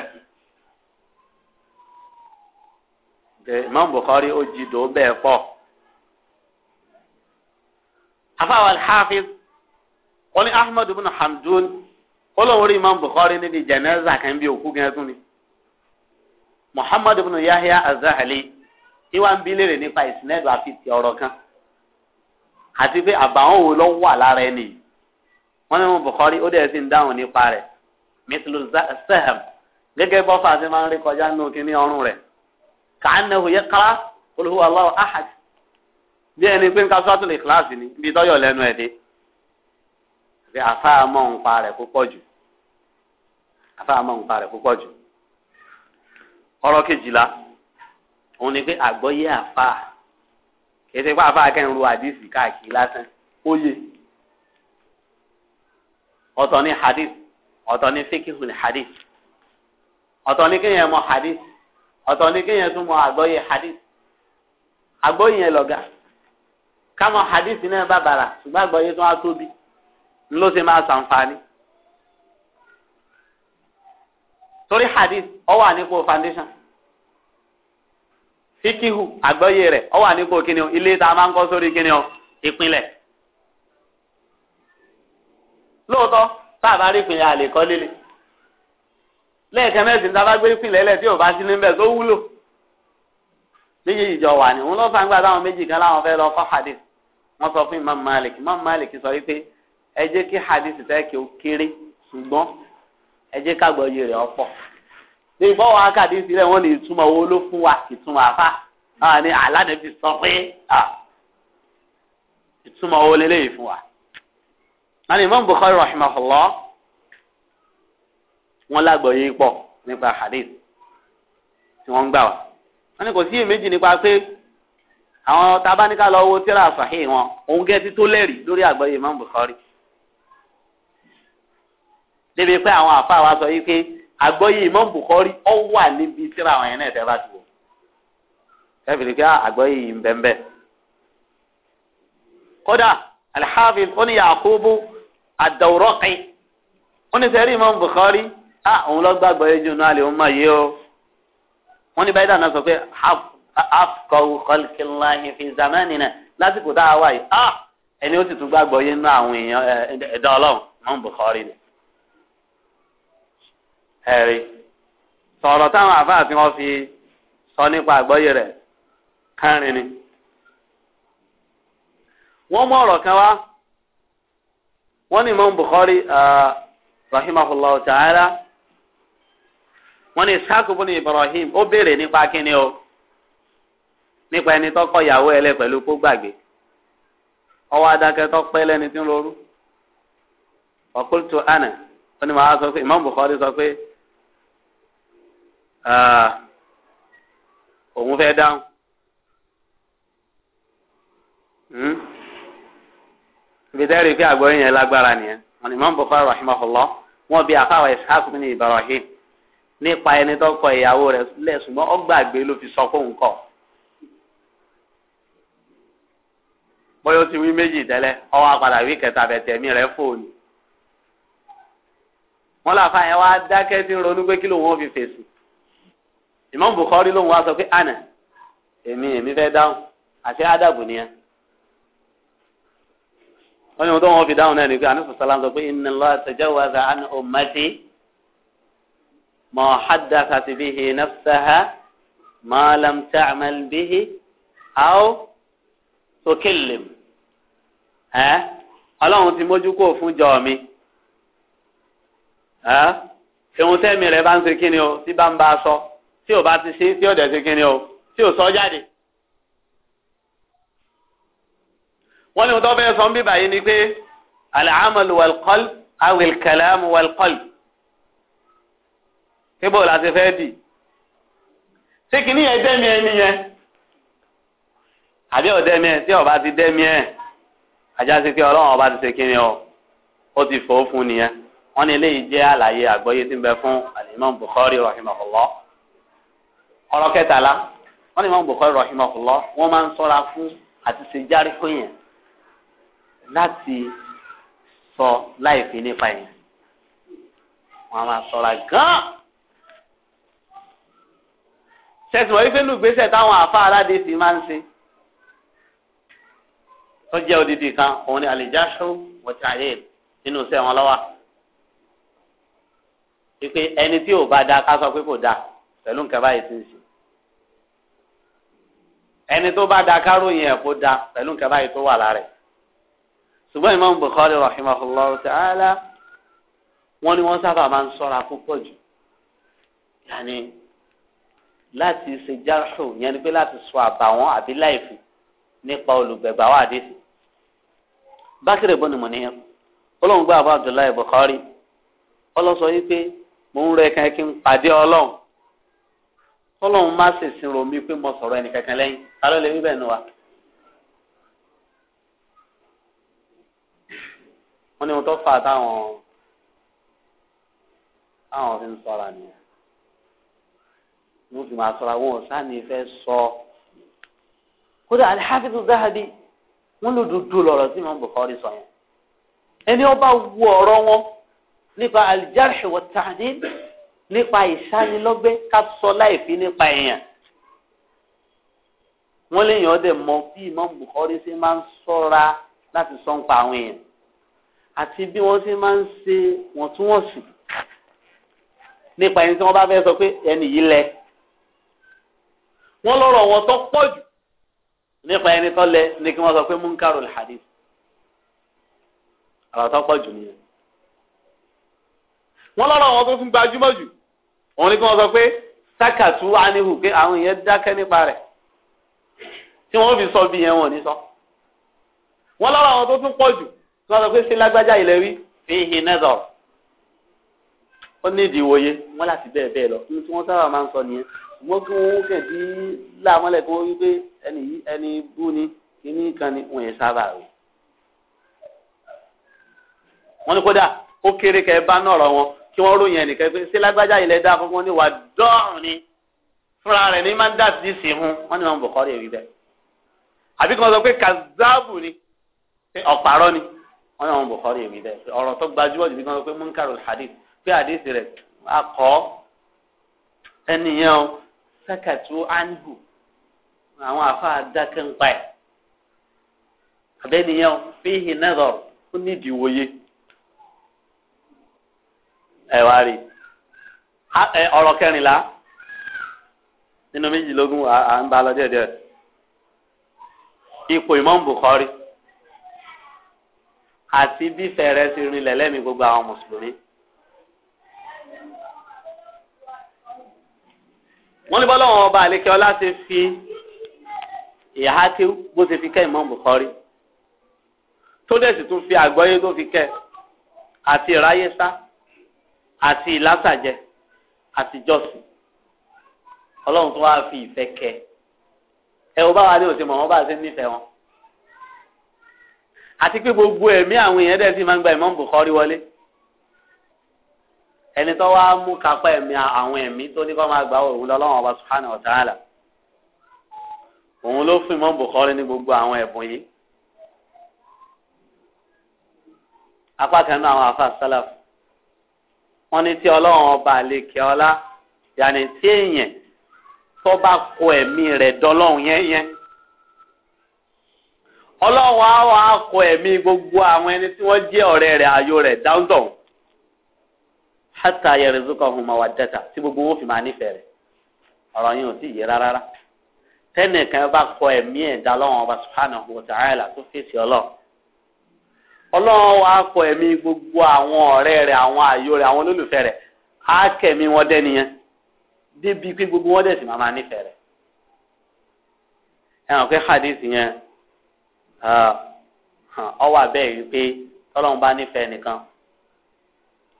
Imam Bukhari ó jìdò bẹ́ẹ̀ pọ̀ afáwọn al-Hafiz wọn ni Ahmad ibn Hamdun olórí Imam Bukhari níbi jẹnẹza kan bí òkú gẹ́gẹ́ tún ni Muhammad ibn Yahya az ìwà ń bi léèrè nípa ìsìnẹ́dù àfi ti ọ̀rọ̀ kan àti pé àbàwọn wo ló wà lára ẹni wọn ní wọn Bukhari ó dẹ̀ sì ń dáhùn nípa rẹ̀ mithlu saham gẹ́gẹ́ bọ́fà ti máa ń rí kọjá nínú kíní ọrùn rẹ̀ ka'annahu yaqra qul huwa Allahu ahad bí ẹni pé nǹkan sọ́tún lè kíláàsì ni ibi tọ́yọ̀ lẹ́nu ẹ̀ dé pé àfáàmọ́ ń rẹ̀ púpọ̀ jù àfáàmọ́ ń rẹ̀ púpọ̀ jù ọ̀rọ̀ kejìlá òun ni pé àgbọ́yé àfa kẹsẹ̀ pé àfa kẹ́hìn ru àdìsí káàkiri lásán ó yẹ ọ̀tọ̀ ni hadith ọ̀tọ̀ ni fíkìhùn hadith ọ̀tọ̀ ni kéèyàn mọ hadith ọ̀tọ̀ ni kéèyàn tún mọ àgbọ́yé hadith àgbọ́yé yẹn lọ̀gá kámọ hadith náà bá bàrà ṣùgbọ́n àgbọ́yé tó wá tóbi ló ṣe máa ṣàǹfààní. torí hadith ó wà nípò foundation fíkìhù àgbọ́yé rẹ̀ ọ wà nípò kíni o ilé tá a máa ń kọ́ sórí kíni o ìpínlẹ̀. lóòótọ́ tá a bá rí ìpínlẹ̀ àlè kọ́ líle lẹ́ẹ̀kan mẹ́sìn tá a bá gbé ìpínlẹ̀ ẹlẹ́ tí ò bá sí níbẹ̀ tó wúlò méjèèjì jọ wà ní òun lọ́ọ́ fàǹgbà táwọn méjì kan láwọn fẹ́ lọ kọ́ hadith wọ́n sọ fún Imam Malik Imam Malik sọ wípé ẹ jẹ́ kí hadith tẹ́ kí ó kéré ṣùgbọ́n ẹ jẹ́ kágbọ́yé rẹ̀ ọ̀pọ̀ ní ìbọn wa kàdé sílẹ̀ wọ́n ní ìtumọ̀ owó ló fún wa ìtumọ̀ àfa náà ní aládẹ́bí sọ pé ìtumọ̀ owó lélẹ́yìí fún wa. wọ́n ní Imam Bukhari rahimahullah wọ́n lágbọ̀ọ́yé pọ̀ nípa hadith tí wọ́n ń gbà wá. wọ́n ní kò sí èméjì nípa pé àwọn tabaníkà lọ wo tíra sàhí wọn òun gẹ́tí tó lẹ́rìí lórí àgbọ̀ọ́yé Imam Bukhari. débi pé àwọn àfa wa sọ yìí pé àgbọ́yé Imam Bukhari ọ wà níbi tíra àwọn yẹn náà tẹ́ bá ti wò ẹ̀fìrí ká àgbọ́yé yìí ń bẹ́ẹ̀ bẹ́ẹ̀. kódà Al-Hafiz ó ní Yakubu Ad-Dawraqi ó ní sẹ́rí Imam Bukhari á òun lọ gbàgbọ́ yẹn jùlọ àlè òun máa yé o wọ́n ní báyìí dáná sọ pé afqahu khalqillahi fi zamanina lásìkò tá a wà ẹni ó sì tún gbàgbọ́ yẹn nínú àwọn èèyàn ẹ̀dá ọlọ́run Imam Bukhari ni. ẹ̀rí sọ̀rọ̀ táwọn àfáà tí wọ́n fi sọ nípa àgbọ́yé rẹ̀ kárin ni. wọ́n mú ọ̀rọ̀ kan wá wọ́n ní Imam Bukhari rahimahullah ta'ala wọ́n ní sákòbó ní Ibrahim ó béèrè nípa kíni o nípa ẹni tọkọ ìyàwó ẹlẹ pẹ̀lú kó gbàgbé ọwọ́ pẹ́ lẹ́ni tí ń lorú Ana. wọ́n ní màá sọ pé Imam Bukhari sọ Ah, òun fẹ́ dáhùn. Hmm? bidari fi àgbọ̀yìn yẹn lágbára nìyẹn wọn ni imam bukhari rahimahullah wọn bi àfàwọ̀ ishaq bin ibrahim nípa ẹni tó ìyàwó rẹ̀ lẹ̀ ṣùgbọ́n ó ló fi sọ fóun kọ. bóyá ó ti wí méjì tẹ́lẹ̀ ọwọ́ apàdà wí kẹta fóònù. yẹn wá dákẹ́ tí ń ronú pé kí ó fi fèsì. Imam Bukhari ló ń wá sọ pé àná èmi èmi fẹ́ dáhùn àti ádàbù nìyẹn wọ́n ní wọ́n tó wọ́n fi dáhùn náà ni pé ànífò sálám sọ pé inna Allah tajawaza an ummati ma haddathat bihi nafsaha ma lam ta'mal bihi aw tukallim ẹ́ ọlọ́run ti mójú kó fún jọ mi ẹ́ ṣéun tẹ́mi rẹ̀ bá ń ṣe kí ni o tí bá ń bá a sọ tí o bá ti ṣe tí o dẹ̀ ṣe kíni o tí o sọ jáde. wọ́n ní wọ́n fẹ́ sọ ń bí báyìí ni pé al-amal wal-qalb aw al-kalam wal-qalb. síbò la ti fẹ́ dì. ṣé kìíní yẹn dẹ́mi ẹ nìyẹn? àbí ọ̀dẹ́mi ẹ tí o bá ti dẹ́mi ẹ ajá pé ọlọ́run ọba ti ṣe kíni o ó ti fò fún nìyẹn wọ́n ní eléyìí jẹ́ àlàyé àgbọ́yé tí ń bẹ fún al Bukhari rahimahullah ọ̀rọ̀ kẹtàlá wọ́n ní Imam Bukhari rahimahullah wọ́n máa ń sọ́ra fún àti ṣe járí kó yẹn láti sọ láìfi nípa yẹn wọ́n á máa sọ́ra gan-an. sẹ́sìn wọ́n wípé lùgbésẹ̀ táwọn àfa aládé ti máa ń ṣe tó jẹ́ odidi kan òun ni àlèjáṣó wọ̀tí nínú iṣẹ́ wọn lọ́wọ́ wípé ẹni tí ò bá dáa ká sọ pé kò dáa pẹ̀lú nǹkan báyìí ti ń ṣe ẹni tó bá da káròyìn ẹ̀ kó da pẹ̀lú nǹkan báyìí tó wà lára ẹ̀ ṣùgbọ́n Imam Bukhari rahimahullah ta'ala wọ́n ní wọ́n sábà máa ń sọ́ra púpọ̀ jù yàní láti ṣe jáṣù yẹn ni pé láti sọ àbàwọ́n àbí láìfù nípa olùgbẹ̀gbà wà dé sí. Bákìrì bọ́ni mọ̀ nìyẹn Ọlọ́run gbọ́ àbá Abdullahi Bukhari ọlọ́sọ yìí pé mò ń rẹ kan pàdé Ọlọ́run kọlọ́hún má ṣèṣin rò mí pé mo sọ̀rọ̀ ẹnì kankan lẹ́yìn ta ló lè wí bẹ́ẹ̀ nu wa. wọ́n ní ohun tó fà á táwọn táwọn fi ń sọ̀ra nìyẹn wọ́n fi máa sọ̀ra wọn ò sáni fẹ́ sọ. kódà alihafidu zahabi wọ́n ló dúdú lọ́rọ̀ tí wọ́n Bukhari sọ yẹn ẹni ọba wú ọ̀rọ̀ wọn nípa aljarh wa tahdid nípa ìsánilọ́gbẹ́ ká sọ láìfi nípa èèyàn wọ́n lè yàn ọ́ dẹ̀ mọ bí Imam Bukhari ṣe máa ń sọ́ra láti sọ nípa àwọn èèyàn àti bí wọ́n ṣe máa ń ṣe wọ̀ntúnwọ̀nsì nípa ẹni tí wọ́n bá fẹ́ sọ pé ẹni yìí lẹ wọ́n lọ́rọ̀ wọn tó pọ̀ jù nípa ẹni tó lẹ ni kí wọ́n sọ pé munkarul hadith ọ̀rọ̀ tó pọ̀ jù nìyẹn wọ́n lọ́rọ̀ wọn tó tún gbajúmọ̀ jù òun ni kí wọ́n sọ pé sákàtú anihu pé àwọn èèyàn dákẹ́ nípa rẹ̀ tí wọ́n fi sọ bí yẹn wọn ò ní sọ wọ́n lọ́rọ̀ wọn tó tún pọ̀ jù tí wọ́n sọ pé sí lágbájá ilẹ̀ rí fi hin nẹ́tọ̀ ó ní ìdíwòye wọ́n láti bẹ́ẹ̀ bẹ́ẹ̀ lọ tí wọ́n sábà máa ń sọ nìyẹn wọ́n kí wọ́n kẹ̀ dí làmọ́lẹ̀ kí wọ́n wí pé ẹni yìí ẹni bú ni kíní kan ni wọ́n yẹn sábà rò wọ́n ní kódà ó kéré kẹ́ ẹ bá náà rọ wọn kí wọ́n ròyìn ẹnìkan pé ṣé lágbájá ilẹ̀ dá fún ní wà dọ́ọ̀rùn ni fúnra rẹ̀ ní máa ń dà sí ìsìn fún wọ́n ní wọn bọ̀ kọ́rí èrí bẹ́ẹ̀ àbí kí wọ́n sọ pé kazabu ni ọ̀pàrọ̀ ni wọ́n ní wọn bọ̀ kọ́rí èrí bẹ́ẹ̀ ọ̀rọ̀ tó gbajúmọ̀ jù bí wọ́n sọ pé munkarul hadith pé hadith rẹ̀ akọ ẹnìyẹn sakatu anhu àwọn afa adákẹ́ ń pa ẹ̀ àbẹ́nìyẹn o fíhìn nadhar nídìí wòye. ẹ rí ọ̀rọ̀ kẹrìnlá nínú méjìlélógún à ń bá lọ díẹ̀díẹ̀ ipò Imam Bukhari àti bí fẹ̀rẹ̀ ti gbogbo àwọn mùsùlùmí. wọ́n ní bọ́lá wọn ọba àlekẹ́ ti fi ìhá tí bó ti fi kẹ́ tó dẹ̀ sì àti ìlàsàjẹ àti jọ́sìn ọlọ́run tó wáá fi ìfẹ́ kẹ ẹ wo báwa lè òsè mọ̀ wọ́n bá ṣe nífẹ̀ẹ́ wọn àti pé gbogbo ẹ̀mí àwọn èèyàn dẹ̀ sì máa ń gba ìmọ̀ bùkọ́rí wọlé ẹni tó wáá mú kápá ẹ̀mí àwọn ẹ̀mí tó ní kó máa gbà òun lọ́lọ́wọ́n ọba subhanahu wa òun ló fún ìmọ̀ bùkọ́rí ní gbogbo àwọn ẹ̀bùn yìí apá kan náà àwọn afa sálàfù wọ́n ní tí ọlọ́run ọba àlekè ọlá yàní tí èèyàn tó bá kó ẹ̀mí rẹ̀ dọ́lọ́run yẹn ọlọ́run á wà á kó ẹ̀mí gbogbo àwọn ẹni tí wọ́n jẹ́ ọ̀rẹ́ rẹ̀ àyò rẹ̀ dáńtọ̀hún hátà yarzuqahum gbogbo wọn fi máa nífẹ̀ẹ́ rẹ̀ ọ̀rọ̀ ò tí yé rárá tẹ́nìkan bá ọba tó fèsì ọlọ́run wa kọ ẹ̀mí gbogbo àwọn ọ̀rẹ́ rẹ̀ àwọn àyò rẹ̀ àwọn olólùfẹ́ rẹ̀ á kẹ̀mí wọn dẹ́ni yẹn débi pé gbogbo wọn dẹ̀ sì máa máa nífẹ̀ẹ́ rẹ̀ ẹ̀hàn pé hadith yẹn ọ wà bẹ́ẹ̀ wípé tọ́lọ́run bá nífẹ̀ẹ́ nìkan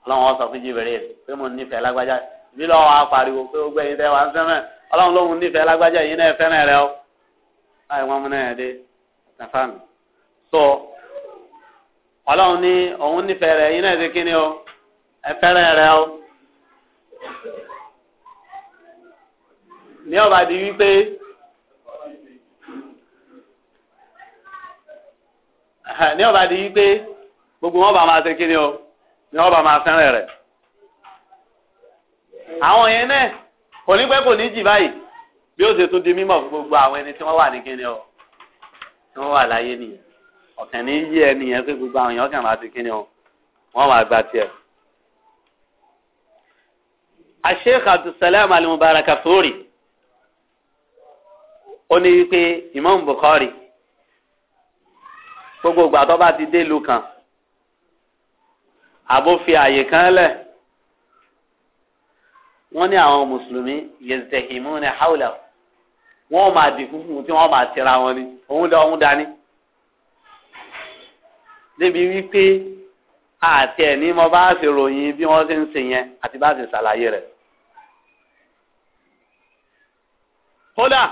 ọlọ́run sọ fún jìbìrì pé mo nífẹ̀ẹ́ lágbájá ìbí lọ́wọ́ wa pariwo pé ó gbẹ̀yìn tẹ́ wà ń fẹ́ràn ọlọ́run lóhun nífẹ̀ẹ́ lágbájá yìí náà fẹ́ràn rẹ o ọlọ́run ní òun nífẹ̀ẹ́ rẹ̀ yín náà ṣe kíni o ẹ rẹ̀ o. ní ọba di wípé ní gbogbo wọn bá máa ṣe kíni o ní ọba máa fẹ́rẹ̀ rẹ̀. àwọn kò ní pẹ́ ní jì báyìí bí ó ṣe tún di mímọ̀ gbogbo àwọn ẹni tí wọ́n wà ní ọ̀kàn ní yí ẹni yẹn pé gbogbo àwọn èèyàn kàn máa ti kíni o wọ́n máa gba tiẹ̀. Sheikh Abdulsalam Al-Mubarak Fori ó ní wípé Imam Bukhari gbogbo ìgbà tó bá ti dé ìlú kan àbó fi àyè kan lẹ̀ wọ́n ní àwọn mùsùlùmí yezdehimu ní hawla wọ́n máa dìkú fún un tí wọ́n máa tẹ̀ra wọn ni òun dá òun dání débi wípé àti ẹni mo bá ṣe ròyìn bí wọ́n ṣe ń ṣe yẹn àti bá ṣe ṣàlàyé rẹ̀. kódà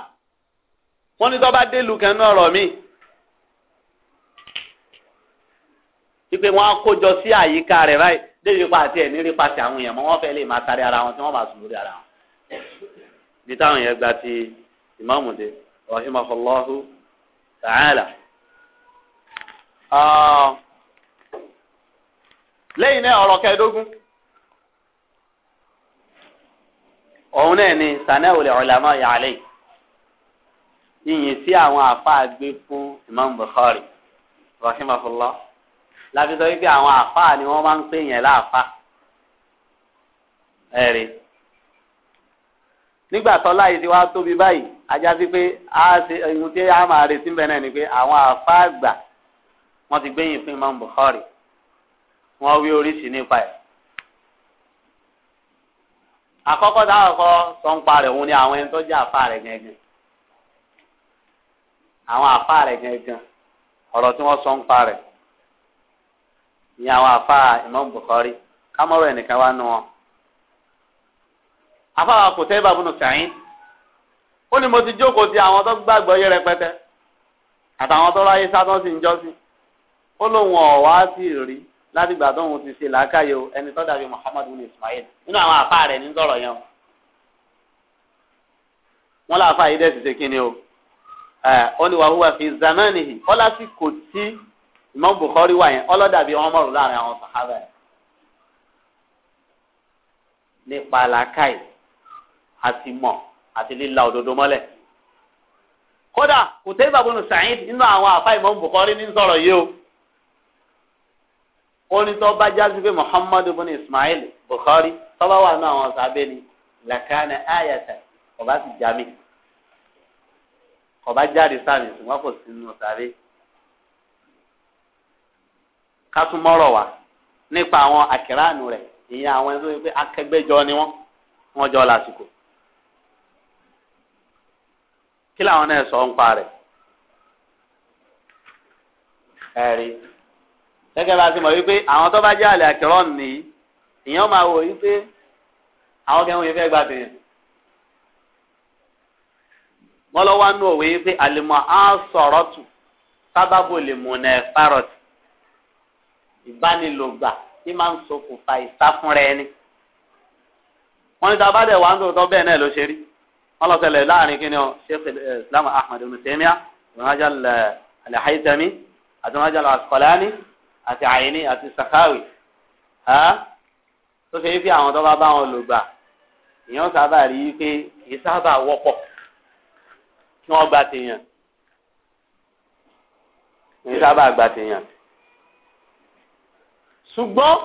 wọ́n ní tó bá délu kan náà ọ̀rọ̀ mi wípé wọ́n á kójọ sí àyíká rẹ̀ báyìí débi pa àti ẹni rí pàṣẹ àwọn èèyàn mọ́ wọ́n fẹ́ lè máa sáré ara wọn tí wọ́n máa sùn lórí ara wọn. bí táwọn yẹn gba ti ìmáàmù dé ta'ala. Ah. lẹ́yìn náà ọ̀rọ̀ kẹẹ̀ẹ́dógún òun náà ni sanáwòlè ọ̀làmọ́ yàlẹ́ yìnyín sí àwọn àfáà gbé fún Imam Bukhari rahimahullah láti sọ wípé àwọn àfáà ni wọ́n máa ń pè yẹn láàfáà ẹ̀rí nígbà tó láyé ti wá tóbi báyìí ajá sí pé a ṣe ohun tí a máa retí bẹ́ẹ̀ náà ni pé àwọn àfáà gbà. wọ́n ti gbẹ̀yìn fún Imam Bukhari wọ́n wí oríṣi nípa ẹ̀. àkọ́kọ́ táwọn kọ́ sọ ń ni àwọn ẹni tó jẹ́ àfa rẹ̀ àwọn àfa rẹ̀ ọ̀rọ̀ tí wọ́n sọ ń àwọn àfa Imam Bukhari kámọ́rọ̀ wá nu wọn. àfa wa kò bàbá sàyìn ó ní àwọn tó gbàgbọ́ ó lóun ọ̀wá sí rí látìgbà tóun ti ṣe làákàyè o ẹni tó dàbí Muhammad bin Ismail nínú àwọn àfa rẹ̀ ní sọ̀rọ̀ yẹn o wọn láfa yìí dẹ̀ ti ṣe kíni o ó ní wàhùwà fi zamanihi ó lásìkò tí Imam Bukhari wà yẹn ọlọ́dàbí wọn mọ̀rún láàrin àwọn sàhábà yẹn nípa làákàyè àti mọ̀ àti líla òdodo mọ́lẹ̀ kódà Qutayba bin Sa'id nínú àwọn àfa Imam Bukhari ní sọ̀rọ̀ yìí o orin tó bá jásí pé muhammad ibn ismail bukhari tọ́ba wà ní àwọn sábẹ́ ni làkàna ayata ọba sì jámi ọba jáde sáàmì ṣùgbọ́n kò sí nínú sáré ká tún mọ́rọ̀ wá nípa àwọn àkìránù rẹ̀ ìyẹn àwọn ẹni tó yẹ pé ni wọ́n wọ́n jọ lásìkò kí làwọn náà sọ ń pa rẹ̀ ẹ̀rí gẹ́gẹ́ bá a ti mọ̀ wípé àwọn tó bá jẹ́ àlẹ́ àkìrọ̀ nìyí ìyẹn máa wò wípé àwọn kẹ́hìn yẹn fẹ́ gba tèèyàn. wọ́n lọ wá nú òwe wípé àlèmọ̀ á sọ̀rọ̀ tù sábàbò lè mọ̀nà ẹ̀fárọ̀tì ìbánilògbà tí máa ń ṣokùnfà ìsáfúnra ẹni. wọ́n ní sábà dẹ̀ wá ń tòótọ́ bẹ́ẹ̀ náà ló ṣe rí wọ́n lọ ṣẹlẹ̀ láàrin kí ni ọ Sheikh Islam àti àyíní àti sàkáwì tó ṣe wípé àwọn tó bá bá wọn lò gbà èèyàn sábà rí i pé kì í sábà wọ́pọ̀ kí wọ́n gba tèèyàn kì í sábà gba tèèyàn. ṣùgbọ́n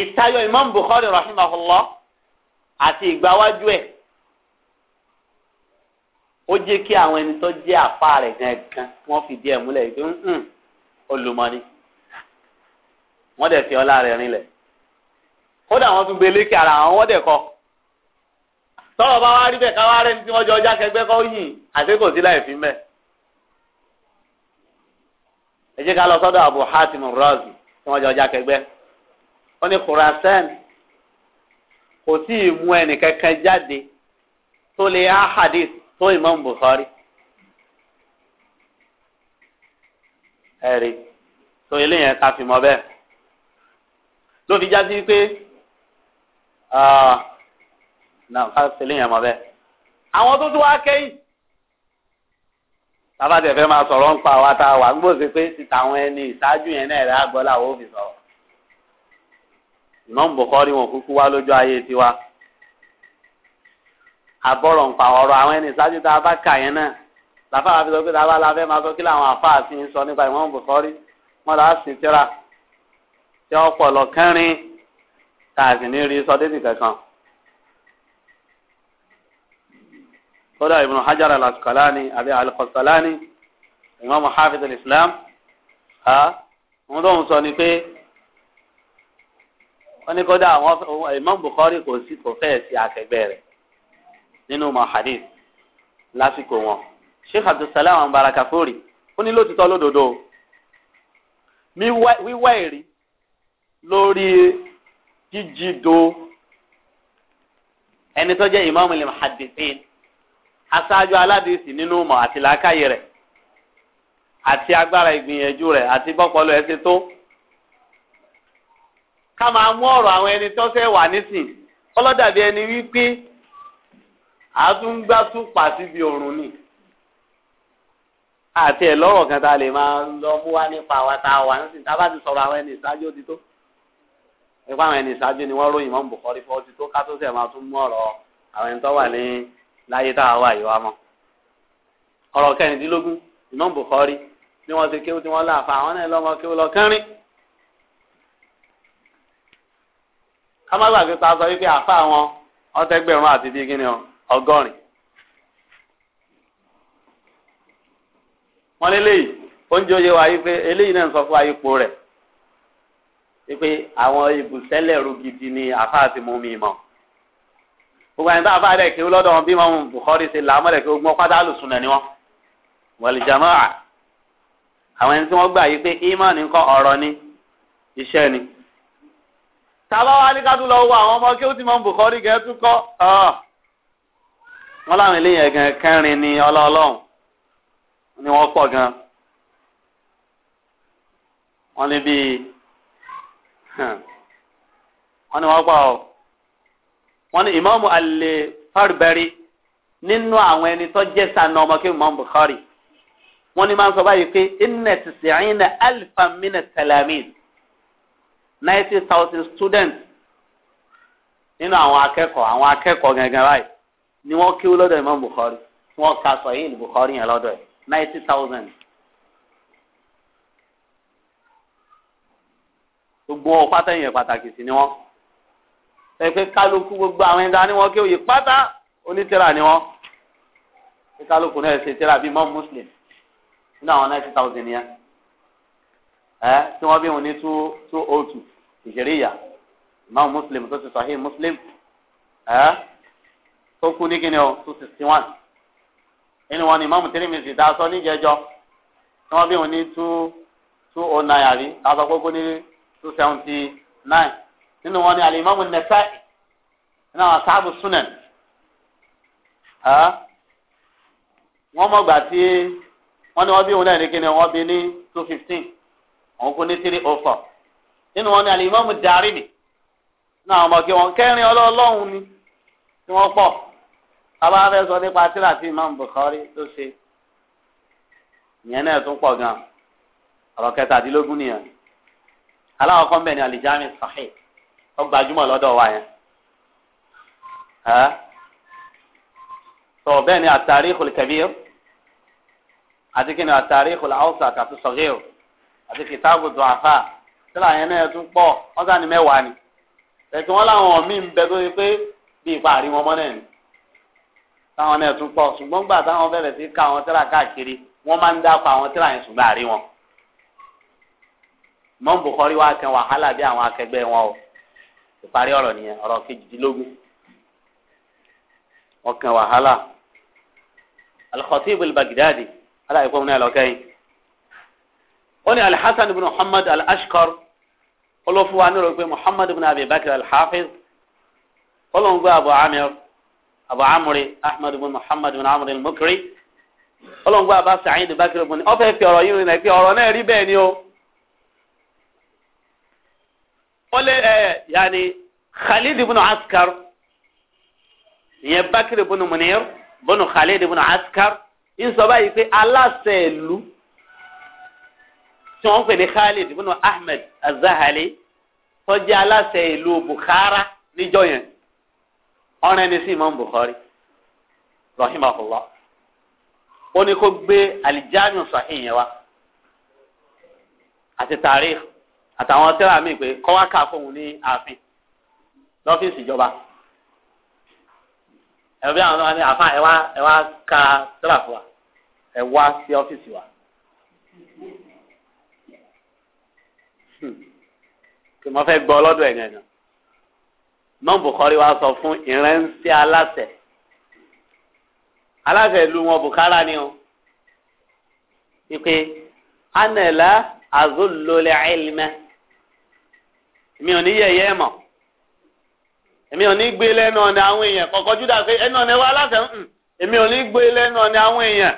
ìtayọ Imam Bukhari rahimahullah àti ìgbàwájú ẹ̀ ó jẹ́ kí àwọn ẹni tó jẹ́ àfa rẹ̀ gangan wọ́n fìdí ẹ̀ múlẹ̀ yìí pé olùmọ̀ni wọ́n dẹ̀ fi ọlá rẹ̀ rinlẹ̀ kódà wọ́n tún gbé lékè ara àwọn wọ́n dẹ̀ kọ́ tọ́rọ̀ bá wá rí bẹ́ẹ̀ ká wá rẹ́ni tí wọ́n jọ ọjà kẹgbẹ́ kọ́ yìn àti kò sí láì fi mẹ́ ẹ jẹ́ ká lọ sọ́dọ̀ Abu Hatim Razi tí wọ́n jọ ọjà kẹgbẹ́ wọ́n ní Khurasan kò tí ì mú ẹnì kankan jáde tó lè á hadith tó Imam Bukhari. ẹ̀rí tó ilé yẹn ká fi mọ bẹ́ẹ̀ ló fi já sí pé náà ká tẹ̀lé yẹn mọ́ bẹ́ẹ̀. àwọn tó tún wá kẹ́yìn tábàtì ẹ̀fẹ́ máa sọ̀rọ̀ ń pa wa tá a wà gbọ́dọ̀ sí pé ti tàwọn ẹni ìṣáájú yẹn náà rẹ̀ àgbọ̀ làwọn ò fi sọ̀rọ̀. ìmọ̀ Bukhari wọn kúkú wá lójú ayé tiwa. àbọ̀rọ̀ ń pa ọ̀rọ̀ àwọn ẹni ìṣáájú tá a bá kà yẹn náà làfáà fi pé tá fẹ́ máa sọ kí làwọn àfáà ti ń sọ nípa ìmọ̀ Bukhari wọn làá sìn tíra tí ọpọlọ kẹrin tá a sì ní rí sọ débì kankan. kódà Ibn Hajar al-Asqalani àbí al-Qasqalani Imam Hafiz al-Islam ha wọn tó ń sọ ni pé wọn ní kódà àwọn Imam Bukhari kò sí kò fẹ́ẹ̀ sí akẹgbẹ́ rẹ̀ nínú mọ lásìkò wọn Sheikh Abdulsalam Barakafori ó lótìtọ́ lódodo wíwá ẹ̀rí lórí jíjìdo ẹni tó jẹ́ ìmáàmù lè muhaddithin aṣáájú aládìsí nínú ọmọ àti làákàyè rẹ̀ àti agbára ìgbìyànjú rẹ àti bọ́pọlọ ẹ̀ ti tó ká máa mú ọ̀rọ̀ àwọn ẹni tó fẹ́ wà nísìn ọlọ́dàbí ẹni wípé àtúngbàtúpà síbi òrùn ni àti ẹ̀ lọ́rọ̀ kan tá a lè máa lọ mú wá nípa àwa tá a wà nísìn tá a bá ti sọrọ àwọn ẹni ìṣáájú ó ti tó. ipa àwọn ẹni ìṣáájú ni wọ́n ròyìn mọ́ Bukhari fọ́ ti tó kátó máa tún mú ọ̀rọ̀ àwọn ẹni tó wà ní láyé tá a wà yìí wá mọ́. ọ̀rọ̀ kẹrìndínlógún Imam Bukhari bí wọ́n ti kéwú tí wọ́n láàfa àwọn náà lọ́mọ kéwú lọ kẹ́rin. ká má gbàgbé pa sọ wípé àfa àwọn ọ̀tẹ́gbẹ̀rún àti bíi kíni ọgọ́rin. wọ́n lé léyìí oúnjẹ oyè wa yìí pé pé àwọn ibùsẹ́lẹ̀ ru gidi ni àfáà ti mú mi mọ̀ gbogbo àyìnbá àfáà rẹ̀ kí lọ́dọ̀ wọn bí wọn Bukhari ṣe là á mọ̀lẹ̀ kí ogun ọpá dálù sunà ni wọn wal jamaa àwọn ẹni tí wọ́n gbà yí pé ìmọ̀ ní nǹkan ọ̀rọ̀ ni iṣẹ́ ni tàbá wa ní kátó lọ wọ àwọn ọmọ kí ó ti mọ Bukhari gẹ̀ tún kọ́ wọn láwọn eléyìí gan kẹrin ni ọlọ́ọ̀lọ́hún ni wọ́n pọ̀ gan wọ́n ní bíi wọ́n ní wọ́n pa ọ́ wọ́n ní ìmáàmù alẹ́ fárúbẹ́rí nínú àwọn ẹni tó jẹ́ sànà ọmọ kí ìmáàmù Bukhari wọ́n ní máa ń sọ báyìí pé inna tis'ina alfa min at-talamid ninety thousand students nínú àwọn akẹ́kọ̀ọ́ àwọn akẹ́kọ̀ọ́ gangan báyìí ni wọ́n kí lọ́dọ̀ ìmáàmù Bukhari wọ́n ka sọ yìí ní Bukhari yẹn lọ́dọ̀ ẹ̀ ninety thousand. gbogbo wọn pátá yẹn pàtàkì sí ni wọn ẹgbẹ kálukú gbogbo àwọn ẹ̀dá ni wọn kí òye pátá onítìrà ni wọn kí kálukú náà ṣe tìrà bíi mọ muslim nínú àwọn ninety thousand yẹn ẹ tí wọn bí wọn ní two two oh two ìṣẹ̀ríyà mọ muslim tó ti sahih muslim ẹ tó kú ní kíni o two sixty one nínú wọn ni mọ Tirmidhi dá sọ níjẹjọ tí wọn bí wọn ní two two oh nine àbí ká sọ pé two seventy nine nínú wọn ni alimami nẹsẹ nínú àwọn sáàbù sunan wọn mọ gbà tí wọn ni wọn bí òun náà ní kíni wọn bí ní two fifteen òun kú ní three oh four nínú wọn ni alimami darimi nínú àwọn ọmọ kí wọn kẹrin ọlọ́ọ̀lọ́hún ni tí wọ́n pọ̀ bàbá fẹ́ sọ nípa tírà tí Imam Bukhari ló ṣe ìyẹn náà tún pọ̀ gan-an kẹtàdínlógún nìyẹn aláwọ̀ kan bẹ̀ ni alijami sahih ó gbajúmọ̀ lọ́dọ̀ wa yẹn tó bẹ́ẹ̀ ni at-tarikhul kabir àti kí ni at-tarikhul awsat àti saghir àti kitabu du'afa sílẹ̀ yẹn náà tún pọ̀ wọ́n sá ni mẹ́wàá ni ẹ̀sùn wọn làwọn míì ń bẹ tó ṣe pé bí ipa wọn mọ́ náà ni táwọn náà tún pọ̀ ṣùgbọ́n gbà táwọn bẹ̀rẹ̀ sí ká àwọn tíra káàkiri wọ́n máa ń dápa àwọn tíra yẹn ṣùgbọ́n àrí wọn mọ́n bùkọ́rí wá kan wàhálà bí àwọn akẹgbẹ́ wọn o ìparí ọ̀rọ̀ nìyẹn ọ̀rọ̀ kejìdínlógún wọ́n kan wàhálà al-Khatib al-Baghdadi aláìkọ́ mi náà lọ́kẹ́yìn wọ́n ní al-Hasan ibn Muhammad al-Ashqar olófin wa nírò pé Muhammad ibn Abi Bakr al-Hafiz olóńgbé Abu Amir Abu Amri Ahmad ibn Muhammad ibn Amri al-Mukri olóńgbé Abu Sa'id Bakr ibn fi ọ̀rọ̀ yìí rìn náà pé ọ̀rọ̀ náà rí bẹ́ẹ̀ ni o ọlẹ ẹ yanni Khalid ibn Askar ìyẹn Bakr ibn Munir ibn Khalid ibn Askar ń sọ báyìí pé aláṣẹ ìlú tí wọ́n pè ní Khalid ibn Ahmed Az-Zahali tó jẹ́ aláṣẹ ìlú Bukhara níjọ́ yẹn ọ̀rẹ́ ni sí Imam Bukhari rahimahullah ó ní kó gbé alijami sahih yẹn wá àti àtàwọn tẹ́lá mi pé kọ́wá kà fóun ní ààfin lọ́fíìsì ìjọba ẹ̀rọ bí àwọn ọmọ ní àfa ẹ̀wá ẹ̀wá ka tẹ́lá fún wa ẹ̀wá sí ọ́fíìsì wa. Hmm. kí mo fẹ́ gbọ́ lọ́dọ̀ ẹ̀yàn ẹ̀yàn nọ́ọ̀bù kọ́rí wa sọ fún ìrẹ́nsẹ́ aláṣẹ aláṣẹ ìlú wọn bùkárà ni o wípé anẹ̀lá azulolẹ̀ ẹ̀lmẹ́ mi ò ní yẹ̀yẹ́ mọ̀ èmi ò ní gbé lẹ́nu ọ̀nà àwọn èèyàn kọ̀ọ̀kan júdà pé ẹnu ọ̀nà wa aláfẹ́ ń mm, èmi ò ní gbé lẹ́nu ọ̀nà àwọn èèyàn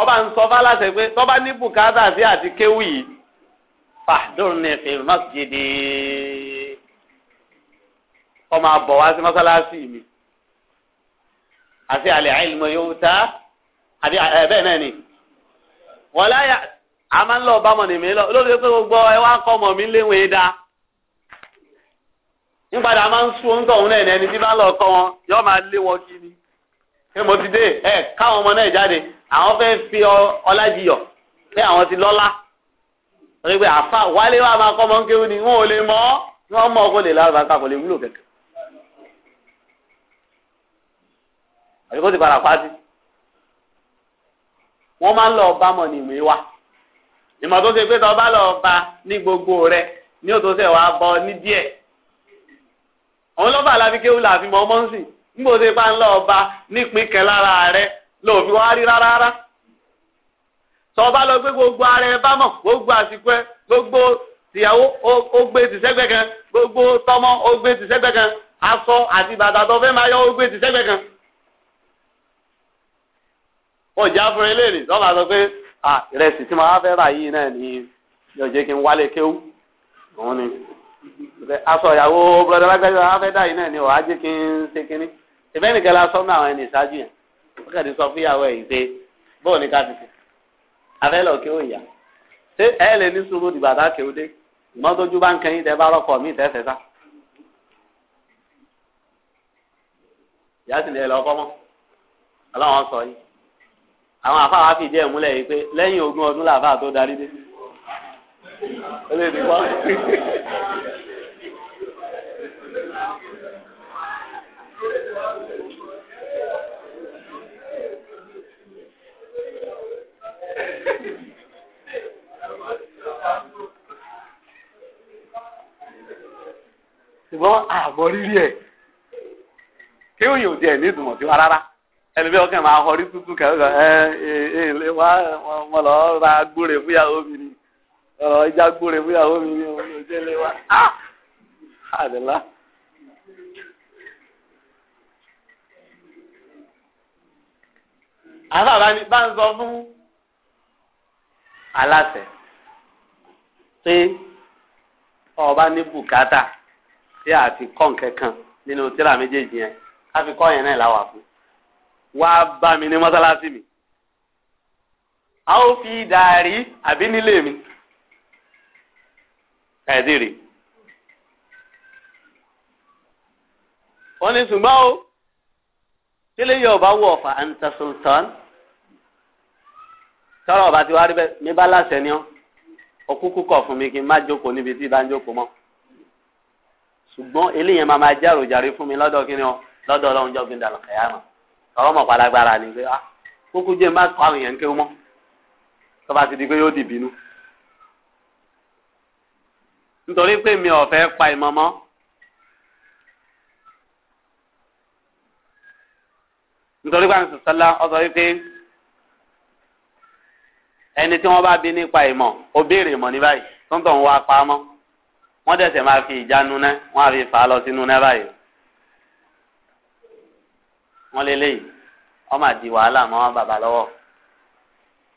ọba ń sọ fáláṣẹ pé tọ́ba ní bùkátà sí àti kéwù yìí fàdúrní fi mọ́sídìí ọmọ àbọ̀ wá sí mọ́sálásí mi àti àlẹ́ àìlùmọ̀ yóò ta àbí bẹ́ẹ̀ náà ni wọ́n láyà a máa ń lọ bá mọ̀ nìmí lọ lórí pé gbogbo ẹ wá kọ́ ọmọ mi léwé da nígbà a máa ń sún oúnjẹ òun náà ẹni tí bá ń lọ kọ́ wọn yóò máa lé wọn kí ni pé mo ti dé ẹ káwọn ọmọ náà jáde àwọn fẹ́ fi ọlájiyọ̀ pé àwọn ti lọ́lá torí pé àfa wálé wa máa kọ́ ọmọ ń kéwú ni wọn ò lè mọ̀ ni wọ́n mọ̀ ọ́ kó lè lárúbáká kò lè wúlò kẹ̀kẹ́ àbíkó ti padà pàtì wọ́n máa ń lọ bá mọ̀ nìmí wa ìmọ̀ tó ṣe pé tó bá lọ ba ní gbogbo rẹ ní o tó ṣe wàá bọ ní díẹ̀ òun ló bá láfi kéwù láàfin mọ ọmọ nsìn níbo ṣe bá ń lọ ba nípìn kẹ lára rẹ lòfi wá rí rárá tó bá lọ gbé gbogbo ara ẹ bá mọ̀ gbogbo àsìkò ẹ gbogbo tìyàwó ó gbé ti sẹ́gbẹ̀ kan gbogbo tọmọ ó gbé ti sẹ́gbẹ̀ kan aṣọ àti bàtà tó fẹ́ máa yọ ó gbé ti sẹ́gbẹ̀ kan ọjà fún eléyìí tó sọ pé ah ìrẹsì tí màá fẹ́ rà yìí náà ni yóò jẹ́ kí n wálé kéwú òun ni aṣọ ìyàwó bùrọ̀dá lágbájá màá fẹ́ dà yìí náà ni ọ̀ á jẹ́ kí n ṣe kínní ìfẹ́ nìkan la sọ́nà àwọn ẹni ìṣáájú yẹn ó kẹ́ni sọ fún ìyàwó ẹ̀yìn pé bóun ni ká fi fi afẹ́ lọ kéwú ìyá ṣé ẹ lè ní sùúrù dìgbà tá kéwú dé ìmọ́tójú bá ń kẹ́yìn tẹ́ bá rọ́kọ̀ mí tẹ́ fẹ́ ìyá sì lè lọ fọ́mọ́ ọlọ́run sọ yìí àwọn àfáà fìdí ẹ̀ múlẹ̀ yìí pé lẹ́yìn ogún ọdún làfáà tó darí dé ó lè dìbò. ṣùgbọ́n àbọ̀ rírí ẹ̀ kí òyìn ò tiẹ̀ ní ìdùnnú sí wa rárá ẹni bí ọkàn máa họrí tútù kẹrìndínlọ ẹ ẹ lè wá mo lọ ra gbóre fúyàwó mi ni ọ̀rọ̀ ìjà gbóre fúyàwó mi ni òun ò jẹ lè wá àdìlá. àbábá ni bá ń sọ fún aláṣẹ pé ọba ní bùkátà tí a ti kọ́ nǹkan kan nínú tíra méjèèjì yẹn ká fi kọ́ yẹn náà láwà fún wá bá mi ní mọ́sálásí mi a ó fi dàrí àbí nílé mi kàìdìrì wọ́n ní ṣùgbọ́n o kílé yóò bá ọ̀fà àǹtà sultan tọ́rọ̀ ọba ti wá rí bẹ́ẹ̀ mi bá láṣẹ ni ọ́ òkúkú kọ̀ fún mi kí n má jókòó níbi tí bá ń jókòó mọ́ ṣùgbọ́n eléyẹn máa máa jẹ́ àròjàre fún mi lọ́dọ̀ kí ni ọ lọ́dọ̀ ọlọ́run jọ́ gbé dàlọ́ àwọn ọmọ pàlágbára ni pé ah kókó jẹ́ má kọ́ àwọn èèyàn kéwọ́n mọ́ tọ́ba ti di pé yóò di bínú. nítorí pé mi ò fẹ́ pa ìmọ̀ mọ́. nítorí pé àwọn sọ̀tọ́lá ọ̀sọ̀ wípé ẹni tí wọ́n bá bí nípa ìmọ̀ ó béèrè ìmọ̀ ní báyìí tó ń tọ̀ ń wá pa mọ́ wọ́n dẹ̀sẹ̀ máa fi ìjánu náà wọ́n á fi fà á lọ sínú náà báyìí wọ́n lé léyìí wọ́n máa di wàhálà mọ́ bàbá lọ́wọ́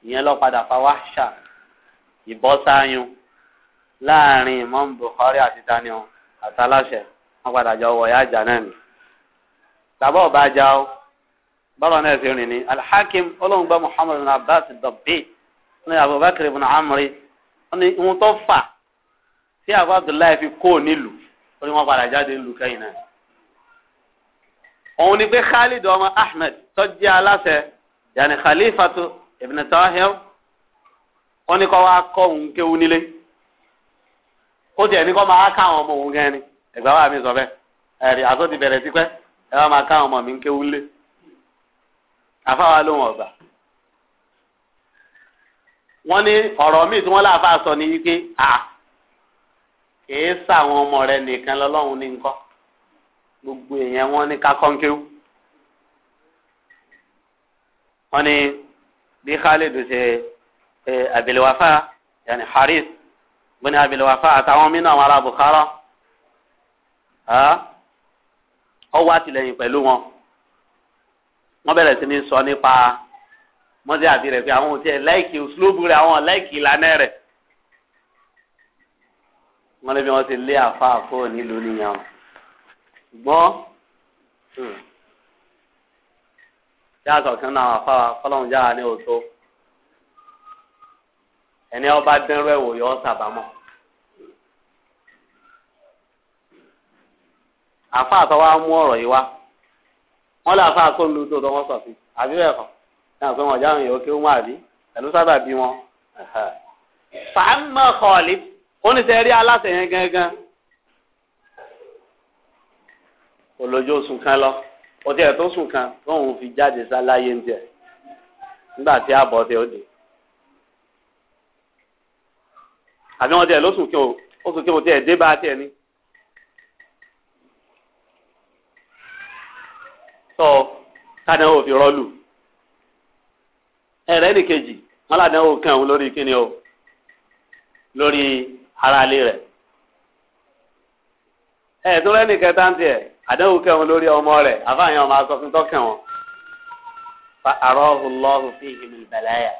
ìyẹn lọ padà fa wáṣà ìbọ́sáyún láàrin Imam Bukhari àti taniọ àtàláṣẹ wọ́n padà jọ wọ̀ ya jà náà ni bàbá ọba ajá o bàbá náà fi rìn ní al olóńgbà Muhammad Abbas dọ̀bí ní Abubakar ibn Amri ní ohun tó fà tí Abu Abdullahi fi kó nílùú ó ní wọ́n padà jáde nílùú kẹ́yìn náà òun ni pé Khalid ọmọ Ahmed tó jẹ́ aláṣẹ yàní Khalifatu ibn Tahir wọ́n ní kọ́ wá kọ́ òun kéwú nílé ó tiẹ̀ ní kọ́ máa ká àwọn ọmọ òun gan ni ẹ̀gbọ́n wa mi sọ bẹ́ẹ̀ ẹ̀rí àtọ́ ti bẹ̀rẹ̀ tipẹ́ ẹ wá máa ká àwọn ọmọ mi kéwú nílé àfáwa ló wọn ọgbà wọ́n ní ọ̀rọ̀ míì tí wọ́n láfa sọ ni wípé à kìí sàwọn ọmọ rẹ nìkan lọ́lọ́run ní nǹkan gbogbo èèyàn wọn ní kakọ́ńkéwú wọn ni bí Khalid ṣe Abil Wafa yàní Haris bin Abil Wafa àtàwọn mínú àwọn ará Bukhara ọ wá tìlẹ́yìn pẹ̀lú wọn wọn bẹ̀rẹ̀ sí ní sọ nípa mọ́tí àti rẹ̀ pé àwọn ò tiẹ̀ láìkì òṣùlóbù rẹ̀ àwọn láìkì ìlànà rẹ̀ wọn lé bí wọn ti lé àfa àfọ nílùú nìyẹn o. ṣùgbọ́n hmm. yàtọ̀ kan náà àfa fọlọ́run yára ní ẹni ọba dẹ́rọ ẹ̀wò yọ àfa ọ̀rọ̀ yìí wá lè àfa tó tọwọ́ àbí bẹ́ẹ̀ kọ́ àbí sábà bí wọn. kò lójú oṣù kan lọ ọtí ẹ̀ tó sùn kan tóun fi jáde sáláyé ń tiẹ̀ nígbà tí àbọ̀ tẹ ó dé. àbí wọn tiẹ̀ lóṣù kí o oṣù kí o tiẹ̀ dé bá tiẹ̀ ní. sọ kádẹ́wò fi rọ́ọ̀lù ẹ̀rẹ́ nìkejì wọn ládẹ́wò kan òun lórí kíni o lórí aráalé rẹ̀ ẹ̀ẹ́dúrẹ́ nìkẹta ń tiẹ̀ àdéhùn kẹwọn lórí ọmọ rẹ àfààyàn ọmọ asọfin tọkẹ wọn fa àrọ́hùn lọ́hùn fi ìmì ìbàláyà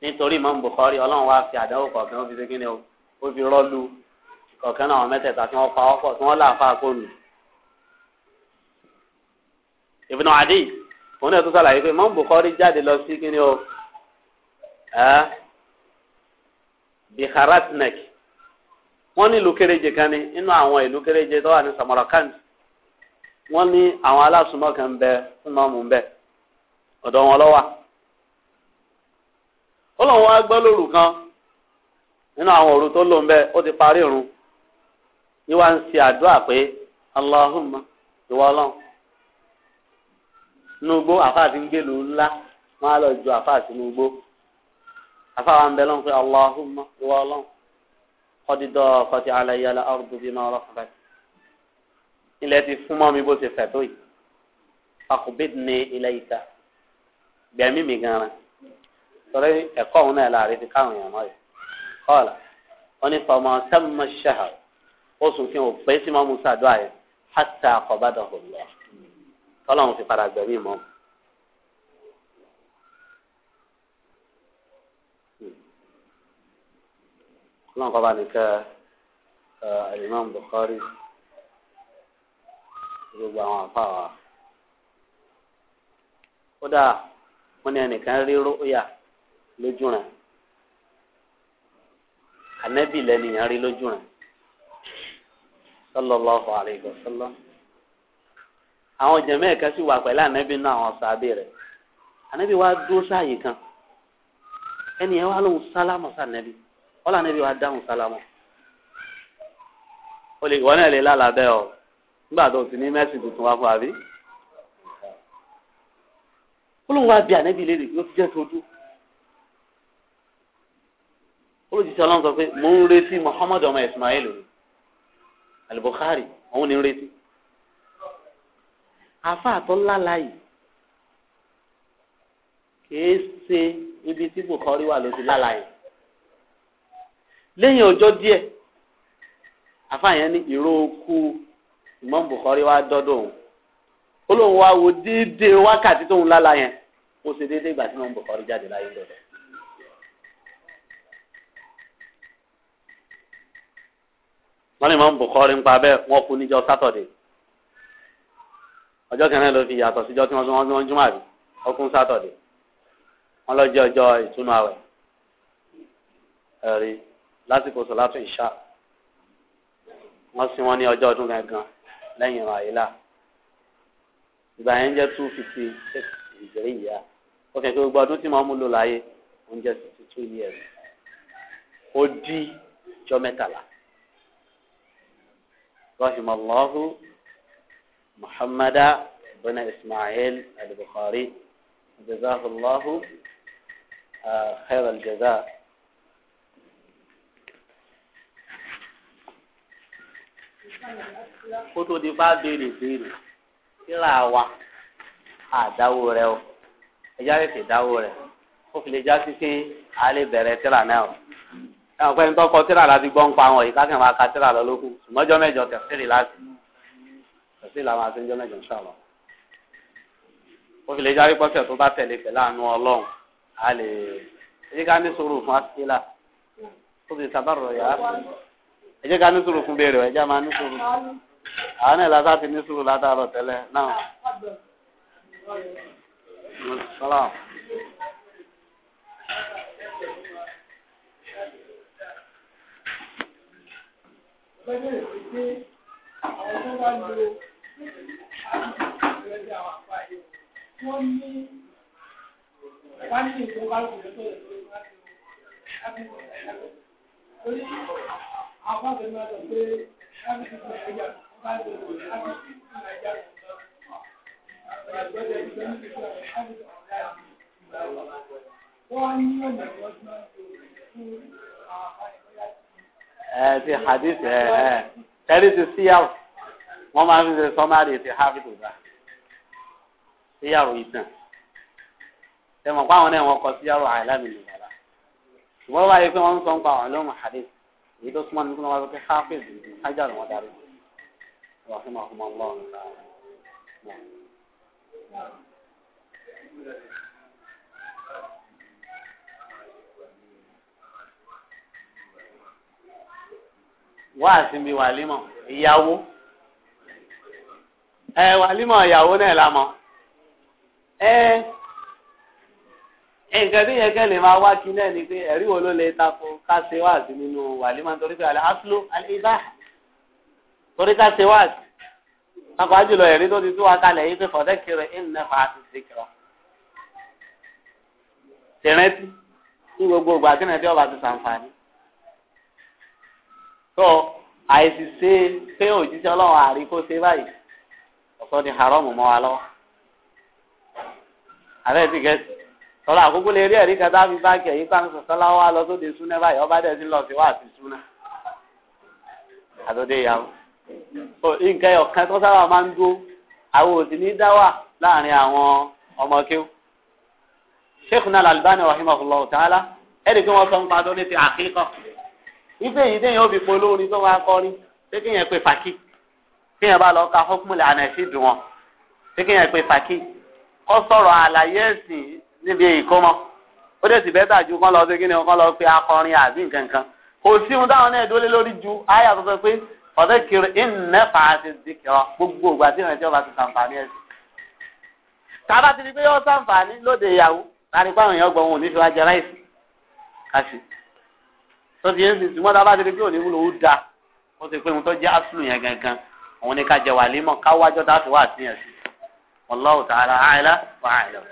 nítorí Imam Bukhari ọlọ́run wá fi àdéhùn kọ̀ọ̀kan ó fi ṣe kí ni o ó fi rọ́ọ̀lù kọ̀ọ̀kan náà wọn mẹ́tẹ̀ẹ̀ta tí wọ́n pa ọ́pọ̀ tí wọ́n là fa akólu. Ibn Adi òun náà tó sàlàyé pé Imam Bukhari jáde lọ sí kí ni o biharatinaki. wọ́n ní ìlú kéréje kan ní inú àwọn ìlú kéréje tó wà ní Samarkand wọ́n ní àwọn alásùnmọ́ kan bẹ fúnmọ́mù ń bẹ ọ̀dọ̀ wọn lọ́wà ó lóun wá gbọ́ lóru kan nínú àwọn òru tó lò ń bẹ ó ti parí irun yíwá ń ṣe àdúrà pé Allahumma ìwọ ọlọ́run nugbó àfáà ti ń gbèlú ńlá wọn á lọ ju àfáà sínú àfáà wa ń bẹ lọ́n pé Allahumma ìwọ ọlọ́run. kọ́dí dọ́ kọ́tí aláyàlá ọ̀rùdù bíi máa rọ́ọ̀kọ̀ báyìí. ilẹ̀ ti fún mọ́ mi bó ṣe fẹ̀ tó yìí akùbẹ́d ní ilẹ̀ ìta gbẹ̀mí mi gan-an torí ẹ̀kọ́ òun náà láàrin ti káwọn èèyàn mọ́yì kọ́ọ̀lá wọn ní fọmọ sẹ́mu ṣẹ́hà ó sùn kí n ò pé sí mọ́ musa dọ́ àyè hátà àkọ́bádọ́ òun lọ tọ́lọ́run fi padà gbẹ̀mí mọ́ mu. náà kọ́ bá ní kẹ́ Imam Bukhari gbogbo àwọn àfa wa kódà wọ́n ní ẹnìkan rí róòyà lójú rẹ̀ ànábì lẹ́nìyàn rí lójú rẹ̀ sallallahu alayhi wa sallam àwọn jẹmẹ kan sì wà pẹ̀lú ànábì náà àwọn sàbẹ rẹ̀ ànábì wa dúró sáàyè kan ẹnìyẹn wà lóhùn sálámù sànábì wọ́n là níbi wàá dáhùn sálámù o lè wọ́n náà lè lálàbẹ́ ọ nígbà tó ti ní mẹ́sìn tuntun wá fún àbí. olóhùn wa bí ànábì léèrè yóò ti jẹ́ tójú olùjíṣẹ́ ọlọ́run sọ pé mò ń retí Muhammad ọmọ Ismail al òun ni ń retí àfa àtọ́lá láàyè kìí ṣe ibi tí Bukhari wà ló ti lálàyè lẹ́yìn ọjọ́ díẹ̀ àfààyàn ní ìró okú Imam Bukhari wá dọ́dọ̀ òun ó lóun wá wo déédéé wákàtí tóun lála yẹn ó ṣe déédéé ìgbà tí Imam Bukhari jáde láyé dọ̀dọ̀. wọ́n ní Imam Bukhari ń pa bẹ́ẹ̀ wọ́n kú níjọ́ sátọ̀dé ọjọ́ kẹrin ló fi yàtọ̀ síjọ́ tí wọ́n tún wọ́n júmọ̀ àbí ọkùn sátọ̀dé wọ́n lọ jẹ́ ọjọ́ ìtúnu àwẹ̀ ẹ̀rí lásìkò sọ̀látù ìṣá wọ́n sin wọ́n ní ọjọ́ ọdún gangan lẹ́yìn ìrìn àyílà ìgbà yẹn jẹ́ two fifty six ìjẹ́rì ìyá ó kẹ́kẹ́ gbogbo ọdún tí màá mú lò láyé oúnjẹ sixty two years ó dí jọ mẹ́tàlá rahimallahu muhammadu bin ismail al-bukhari jazakallahu uh, khairal jazaa. kó di bá béèrè béèrè kíra wa àdáwó rẹ o ẹjá lè fi dáwó rẹ ó fi lè já sí sí alẹ́ bẹ̀rẹ̀ tíra náà o ẹ̀wọ̀n pẹ́ni tó kọ tíra láti gbọ́ ń pa àwọn yìí káṣẹ̀ máa ka tíra lọ lókun ṣùgbọ́njọ́ mẹ́jọ tẹ̀síìrì láti tẹ̀síìrì làwọn àti ńjọ́ mẹ́jọ ń ṣàlọ́ ó fi lè jáwé pọ́sẹ̀ tó bá tẹ̀lé pẹ̀lú àánú ọlọ́run a lè ẹ̀yíká ní sùúrù fún àṣìlá ó sì sábà rọ̀ ẹ jẹ́ ká ní sùúrù fún béèrè ẹ jẹ́ máa ní sùúrù àwọn náà lásán ti ní sùúrù látàárọ̀ tẹ́lẹ̀ náà. Salaam. Bẹ́ẹ̀ni ti eh, hadith ẹ eh, ẹ eh. tẹ́lẹ̀ ti síyàwó wọ́n máa fi ṣe sọ́márì ti hábìtì bá síyàwó ìtàn tẹ̀mọ̀ pé àwọn náà wọ́n kọ síyàwó àìlámì nìyàrá ṣùgbọ́n wáyé pé wọ́n ń sọ ń pa àwọn lóhùn hadith èyí tó súnmọ́ nínú wọn pé hafiz hajar wọn darí rahim ahumallá ọ̀nà wá àsìnbí wàlímọ̀ ìyàwó ẹ wàlímọ̀ ìyàwó náà la mọ̀ ẹ nǹkan tí yẹn kẹ́ lè máa wá kí náà ni pé ẹ̀rí wo ló lè tako ká ṣe wáàsí nínú wàlímà torí pé àlẹ́ aslo àlẹ́ ibà torí ká ṣe wáàsí pàápàá jùlọ ẹ̀rí tó ti tú wa kalẹ̀ yìí pé fọ̀dẹ́kẹrẹ ìnà fà á ti ṣe kẹrọ. tẹ̀rẹ́tì ní gbogbo ìgbà tí nàìjíríà ti ṣàǹfààní. tó àìsí ṣe pé òjíṣẹ́ ọlọ́run àrí kó ṣe báyìí ọ̀sọ́ ni haram mọ́ wa lọ́wọ́. àbẹ́ẹ̀ ti gẹ̀ẹ́sì tọ́lá àkókò lè rí ẹ̀rí kẹta fi báàkì ẹ̀yí pa ń sọ sọ́lá wa lọ sóde súná báyìí ọba dẹ̀ sí lọ sí wá sí súná àtòdé ìyàwó. nǹkan ọ̀kan tó sábà máa ń dúró àwọn òsì ní dá wà láàrin àwọn ọmọ kéw. sheikh nal albani rahimahullah ta'ala ẹ̀rí pé wọ́n sọ ń pa tó ní ti àkíkọ̀. ife yìí téèyàn ó fi polówó ni tó máa kọrin pé kéèyàn pe fàkì kéèyàn bá lọ ka hókùnmùlẹ̀ àná ẹ̀sìn dùn wọn pé kéèyàn pe fàkì kọ́ sọ̀rọ̀ àlàyé ẹ̀sìn níbi ìkómọ ó dẹ̀ sì bẹ́ẹ̀ tà ju kán lọ sí kí ni kán lọ pe akọrin àbí nǹkan kan kò sí ohun táwọn náà dúró lé lórí ju àyà tó sọ pé ọ̀dẹ́ kiri ìnẹ́fà àti dìkìrọ̀ gbogbo ìgbà tí ìrìnàjò bá ti sàǹfààní ẹ̀sìn. tàbá ti di pé yóò sàǹfààní lóde ìyàwó láti pa àwọn èèyàn gbọ̀n òun nífẹ̀ẹ́ ajẹ́ ráìsì kàṣì. tó ti yẹn sì túmọ̀ tàbá ti di pé òní wúlò ó da ó ti pé ohun tó jẹ́ àṣùlù yẹn gangan òun ni ká jẹ wàlímọ̀ káwájọ́ dáàtò wà sí ẹ̀sìn. Wallahu ta'ala a'la wa a'lam.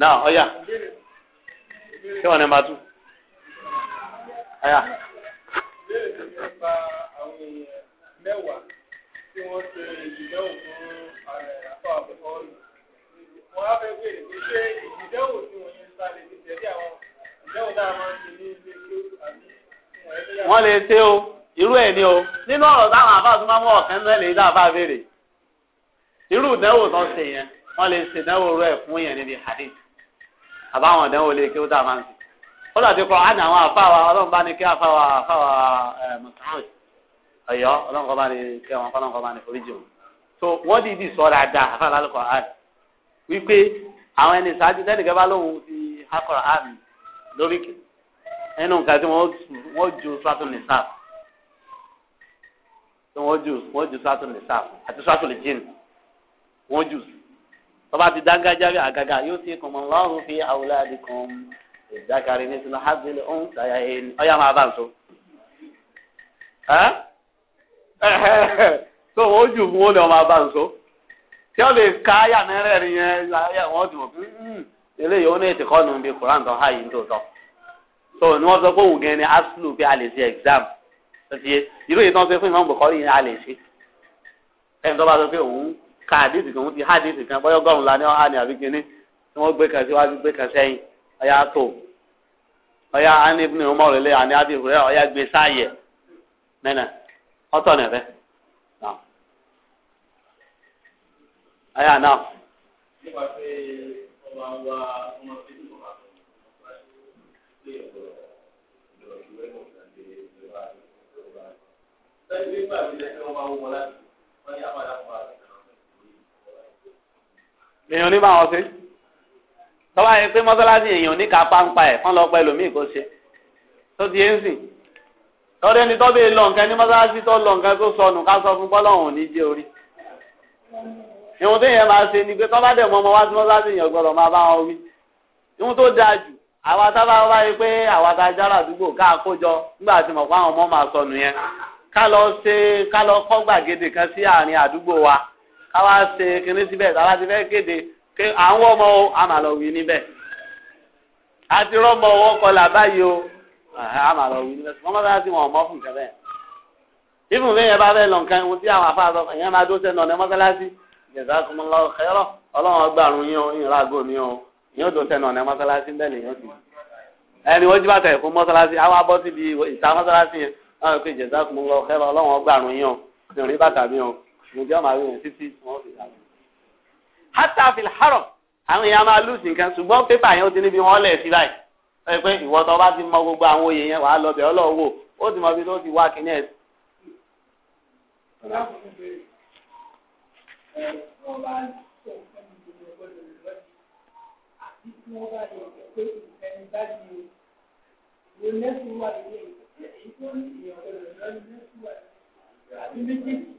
náà ọ̀yà ṣé wọn ní ma tú ọ̀yà. mẹ́wàá wọ́n lè ṣe o irú ẹ̀ ni o nínú ọ̀rọ̀ táwọn àbá tó máa ń wọ̀ kẹ́ńtẹ́ lè dá àbá béèrè irú ìdánwò tó ṣe yẹn wọ́n lè ṣèdánwò rẹ̀ fún yẹn níbi hadith àbáwọn ọ̀dẹ́wò lè kí ó dà máa ń sè kódà tí kò án àwọn àfáwà ọlọ́run bá ní kí àfáwà àfáwà mùsùlùmí ọ̀yọ́ ọlọ́run kọ́ bá ní kí wọn fọlọ́run kọ́ bá ní foríjì wọn. so wọ́n dìídì sọ dáadáa àfáàlà lọ́kọ̀ án wípé àwọn ẹni sáájú tẹ́lẹ̀kẹ́ bá lóun ti akọ̀rọ̀ án lórí nínú nǹkan tí wọ́n ju sátún ní sáà wọ́n ju sátún ní sáà àti sátún ní jíìnì wọ́n ju sí tọ́ba ti dáńgájá bí àgàgà yóò ti kùn fi àwùlá àdìkùn ìdákàrí ní sinú hábìlì ọ̀hún ọ̀yà máa bá ń so. tó wọ́n jù fún wọn ni wọ́n tí ka ayà náírà ni yẹn wọ́n ti mọ̀ pé hmm, eléyìí ó ní ha tó tọ́. tó wọ́n sọ pé òun gẹ́ni bí a lè ṣe exam ṣe yìí tó ń ka àdìsí kan wọ́n ti há àdìsí kan bọ́yọ̀ gọ́rùn-ún la ní ọ̀há ni àbí kínní tí wọ́n gbé kan síwájú gbé kan sẹ́yìn ọ̀yà tó ọ̀yà ani ibùdó ọmọ rẹ̀ lé àní àbí ìfúrẹ́ ọ̀yà gbé sáàyẹ̀ nẹ́nẹ̀ ọ̀tọ̀ nẹ̀fẹ̀ ọ̀yà náà. nípa pé ọmọ wa ọmọ tí èèyàn ní báwọn ṣe tọ́wá yẹn pé mọ́sálásí èèyàn ní ká páńpá ẹ̀ fọ́n lọ pẹ́ lómi kò ṣe tó di ẹ́ńsìn tọ́dẹ́ ni tọ́bẹ̀ lọ nǹkan ní mọ́sálásí tó lọ nǹkan tó sọnù ká sọ fún bọ́lọ́hùn ní jẹ́ orí ìwọ̀n tó yẹn máa ṣe ni pé tọ́ba dẹ̀ mọ́ ọmọ wá sí mọ́sálásí èèyàn gbọ́dọ̀ máa bá wọn wí ìwọ̀n tó dáa jù àwa tábà wá yẹ pé àwa tá a jára àdúgbò ká àkójọ nígbà tí mọ̀ pé àwọn ọmọ máa sọnù káwá ṣe kinní síbẹ̀ káwá ti fẹ́ kéde ké à ń wọ́ ọmọ o a máa lọ wí níbẹ̀ àti rọ́mọ owó kọlà báyìí o a máa lọ wí níbẹ̀ wọ́n máa ti wọ̀n ọmọ fún kẹfẹ́ ìfún mi yẹn bá fẹ́ lọ nǹkan ohun tí àwọn afáàzọ ìyẹn máa dó sẹ́nu ọ̀nà mọ́sálásí jẹ̀sákùnmọ́lá ọ̀kẹ́rọ̀ ọlọ́run ọgbàrún yín o ìrìn àgọ́ mi o ìyẹn ò dó sẹ́nu ọ̀nà mọ́sálásí bẹ́ẹ̀ lèyìn ó ti ẹni wọ́n jí bàtà ẹ̀kún mọ́sálásí àwọn abọ́ síbi ìta mọ́sálásí yẹn láwọn pé jẹ̀sákùnmọ́lá ọ̀kẹ́rọ̀ ọlọ́run ọgbàrún yín o ìrìn bàtà mi o ìjọ máa wí wọn títí wọn fi dàgbà. hata fil haram àwọn èèyàn máa lùsì nǹkan ṣùgbọ́n pépà yẹn ó ti níbi wọn lẹ̀ sí báyìí ẹ pé ìwọ tó bá ti mọ gbogbo àwọn oyè yẹn wàá lọ bẹ̀ ọ́ lọ́wọ́ ó ti mọ bí tó ti wá kíní ẹ̀ Thank you.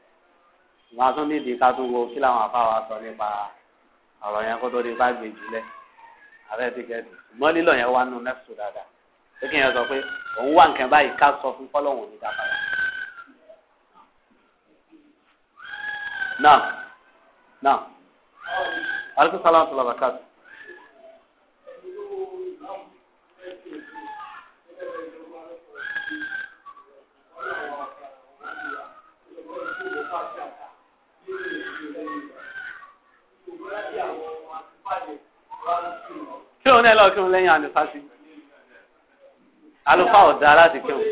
ìwà tó nídìí ká tó wo kí làwọn afáwa sọ nípa ọ̀rọ̀ yẹn kó tó di bá gbé jùlẹ̀ abẹ́ tíkẹ́ẹ̀tì ṣùgbọ́n lílọ yẹn wá nù nẹ́fṣù dáadáa pé kí yẹn sọ pé òun wà nǹkan báyìí ká sọ fún fọlọ́hùn ní dábàá. náà náà alikusalaamu alaykum. kí òun náà lọ kí òun lẹ́yìn àlùfáà sí àlùfáà ọ̀dà láti kí òun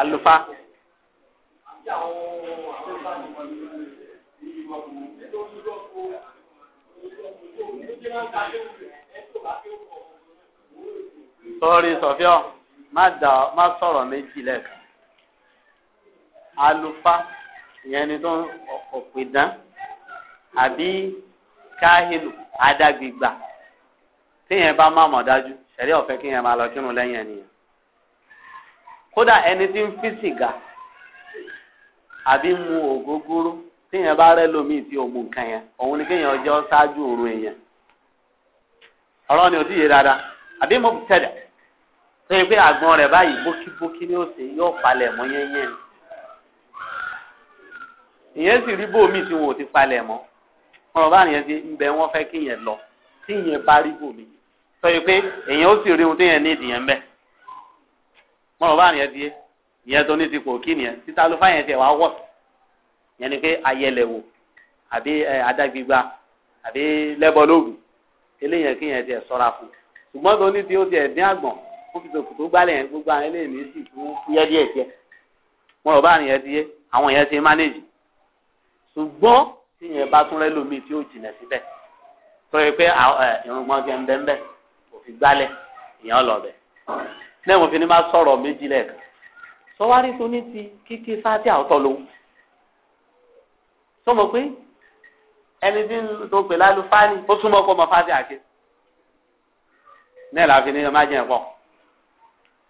àlùfáà. sọ́ọ́rí sọ̀fíọ́ má dà má sọ̀rọ̀ méjì lẹ́ẹ̀kan àlùfáà ìyẹn ni tó ọ̀pìdán àbí. káhìlù adágbègbà tíyẹn bá má mọ̀ dájú ṣẹ̀rí ọ̀fẹ́ kéèyàn máa lọ kírun lẹ́yìn ẹnìyàn kódà ẹni tí ń fi sìgá àbí mu ògógóró tíyẹn bá rẹ lómi tí ò mu nǹkan yẹn òun ni ọjọ́ ṣáájú òru èèyàn ọ̀rọ̀ ni ò tíye dáadáa àbí mo tẹ̀lẹ̀ tó pé àgbọn rẹ̀ báyìí bókíbókí ni wọn bá yẹn ti ń bẹ wọn fẹ́ kí yẹn lọ tí yẹn bá rí bò mí sọ yìí pé èyàn ó sì rí ohun tí yẹn ní ìdìyẹn bẹ wọn bá yẹn ti yẹn tó ní ti pò kí nìyẹn títa ló fáyẹn tiẹ̀ wá wọ̀ yẹn ni pé ayẹlẹ̀wò àbí adágbígba àbí lẹ́bọ̀lógún eléyẹn kí yẹn tiẹ̀ sọ́ra fún ṣùgbọ́n tó ní ti ó tiẹ̀ dín àgbọ̀n ó fi tòkù tó gbálẹ̀ yẹn gbogbo àwọn eléyìí sì fún fúyẹ́ díẹ̀ díẹ̀ wọn bá yẹn ti àwọn yẹn ti manage ṣùgbọ́n tí yẹn bá tún rẹ lómi tí ó jìnà síbẹ̀ tó yẹ pé irùngbọ̀n gẹ̀ǹbẹ̀ ńbẹ̀ kò fi gbálẹ̀ ìyẹn lọ bẹ̀. náà mo fi ní má sọ̀rọ̀ méjì lẹ́ẹ̀kan sọwárí tó ní ti kíkí sáàtì àwòtọ́ lòun sọmọ pé ẹni tí ń tó pè lálùfáàní ó túmọ̀ kó mọ fáàtì àké náà làá ní má jẹ́ pọ̀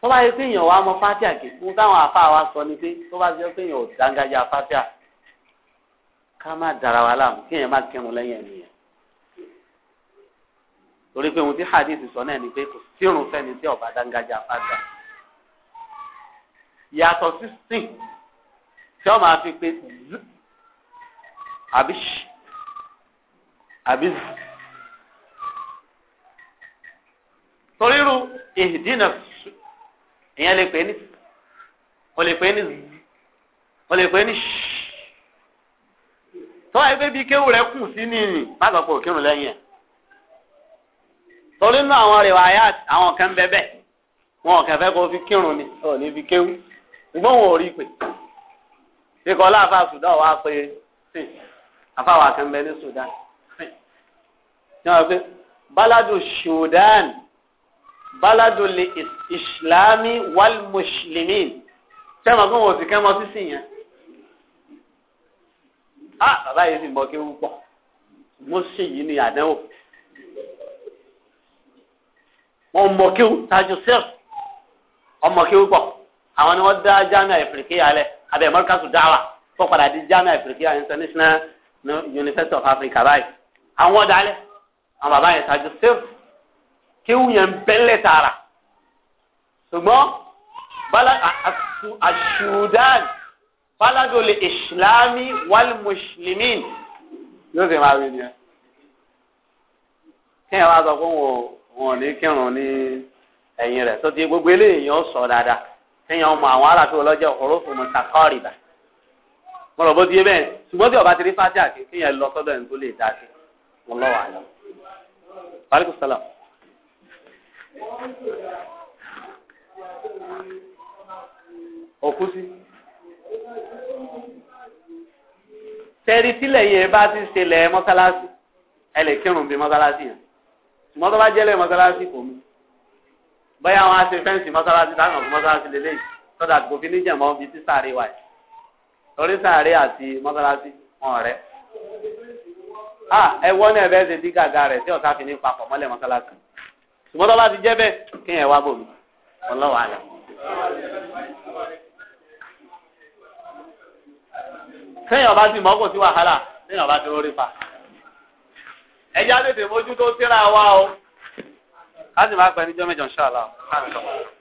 tó bá yẹ pé èèyàn wá mọ fátíà kì í táwọn afá wa sọ ni pé tó bá yẹ pé èèyàn ò dángájá fátíà ká má dara wa láàmú kí èèyàn má kírun lẹ́yìn ẹnìyẹn torí pé ohun tí hadith sọ náà ni pé kò sírun fẹ́ni tí ọba dángájá fáta yàtọ̀ sí sìn tí ọ máa fi pé z àbí ṣ àbí z torí ru ìdínà ìyẹn lè pè ní o lè pè ní z o lè pè ní ṣ tọ́wọ́ ẹgbẹ́ bíi kéwù rẹ kù sí nìyí má lọ pọ̀ kírun lẹ́yìn ẹ̀ torí náà àwọn rẹ̀ wáyà àwọn kan bẹ́ẹ̀ bẹ́ẹ̀ wọn kàn fẹ́ kó fi kírun ni ọ̀ ní fi kéwù ṣùgbọ́n wọn ò rí pé ikọ̀ láàfà Sudan wá pé àfàwà kan bẹ ní Sudan ní wọn pé baladu Sudan baladu lil islami wal muslimin sẹ́wọ̀n kí wọn ò sì kẹ́ mọ́ sísìn yẹn ah bàbá yìí sì mọ kéwú pọ̀ mo ṣe yìí ni àdánwò wọn mọ kéwú tájú sẹ́ẹ̀f ọmọ kéwú pọ̀ àwọn ni wọ́n dá jamiu àìfìrìkìyà lẹ̀ abẹ́ mọ́ríkàtù dáwà fọ́ padà di jamiu àìfìrìkìyà international university of africa báyìí àwọn ọ̀dàlẹ̀ àwọn bàbá yẹn tájú sẹ́ẹ̀f kéwú yẹn bẹ́lẹ̀ tààrà ṣùgbọ́n bala aṣùdáàlì balado le islami wal muslimin yóò sì máa rí ni ẹ kí ẹ wá sọ fún wọn wọn ní kírun ní ẹ̀yìn rẹ̀ tó ti gbogbo eléyìí sọ dáadáa kéèyàn mọ àwọn aláàfin ọlọ́jọ́ òrófò mọ sàkọ́ọ̀rì dà mo rọ̀ bó ti yé bẹ́ẹ̀ tí ọba ti rí fájà àti kéèyàn lọ sọ́dọ̀ ẹni tó lè dá sí mo lọ́wọ́ àlọ́. Aleykum salaam. Òkú sí. tẹ́rí tílẹ̀ yẹn bá ti ṣẹlẹ̀ mọ́sálásí ẹ lè kírun bí mọ́sálásí yẹn ṣùgbọ́n tó bá jẹ́lẹ̀ mọ́sálásí kò mú bóyá wọn á ṣe fẹ́ǹsì mọ́sálásí táwọn fún mọ́sálásí lélẹ̀ sọ́dà kò fi níjà mọ́ bíi sísàárè wa yìí torí sàárè àti mọ́sálásí wọn rẹ̀ ẹ wọ́n náà bẹ́ẹ̀ ṣe dí gàgà rẹ̀ tí ọ̀sá fi ní papọ̀ mọ́lẹ̀ mọ́sálásí ṣùgbọ́n tó sẹ́yìn ọba ti mọ́ kò sí wàhálà sẹ́yìn ọba ti rórí pa. ẹja tètè mójútó síra wa o. láti máa pẹ́ níjọ́ mẹ́jọ ń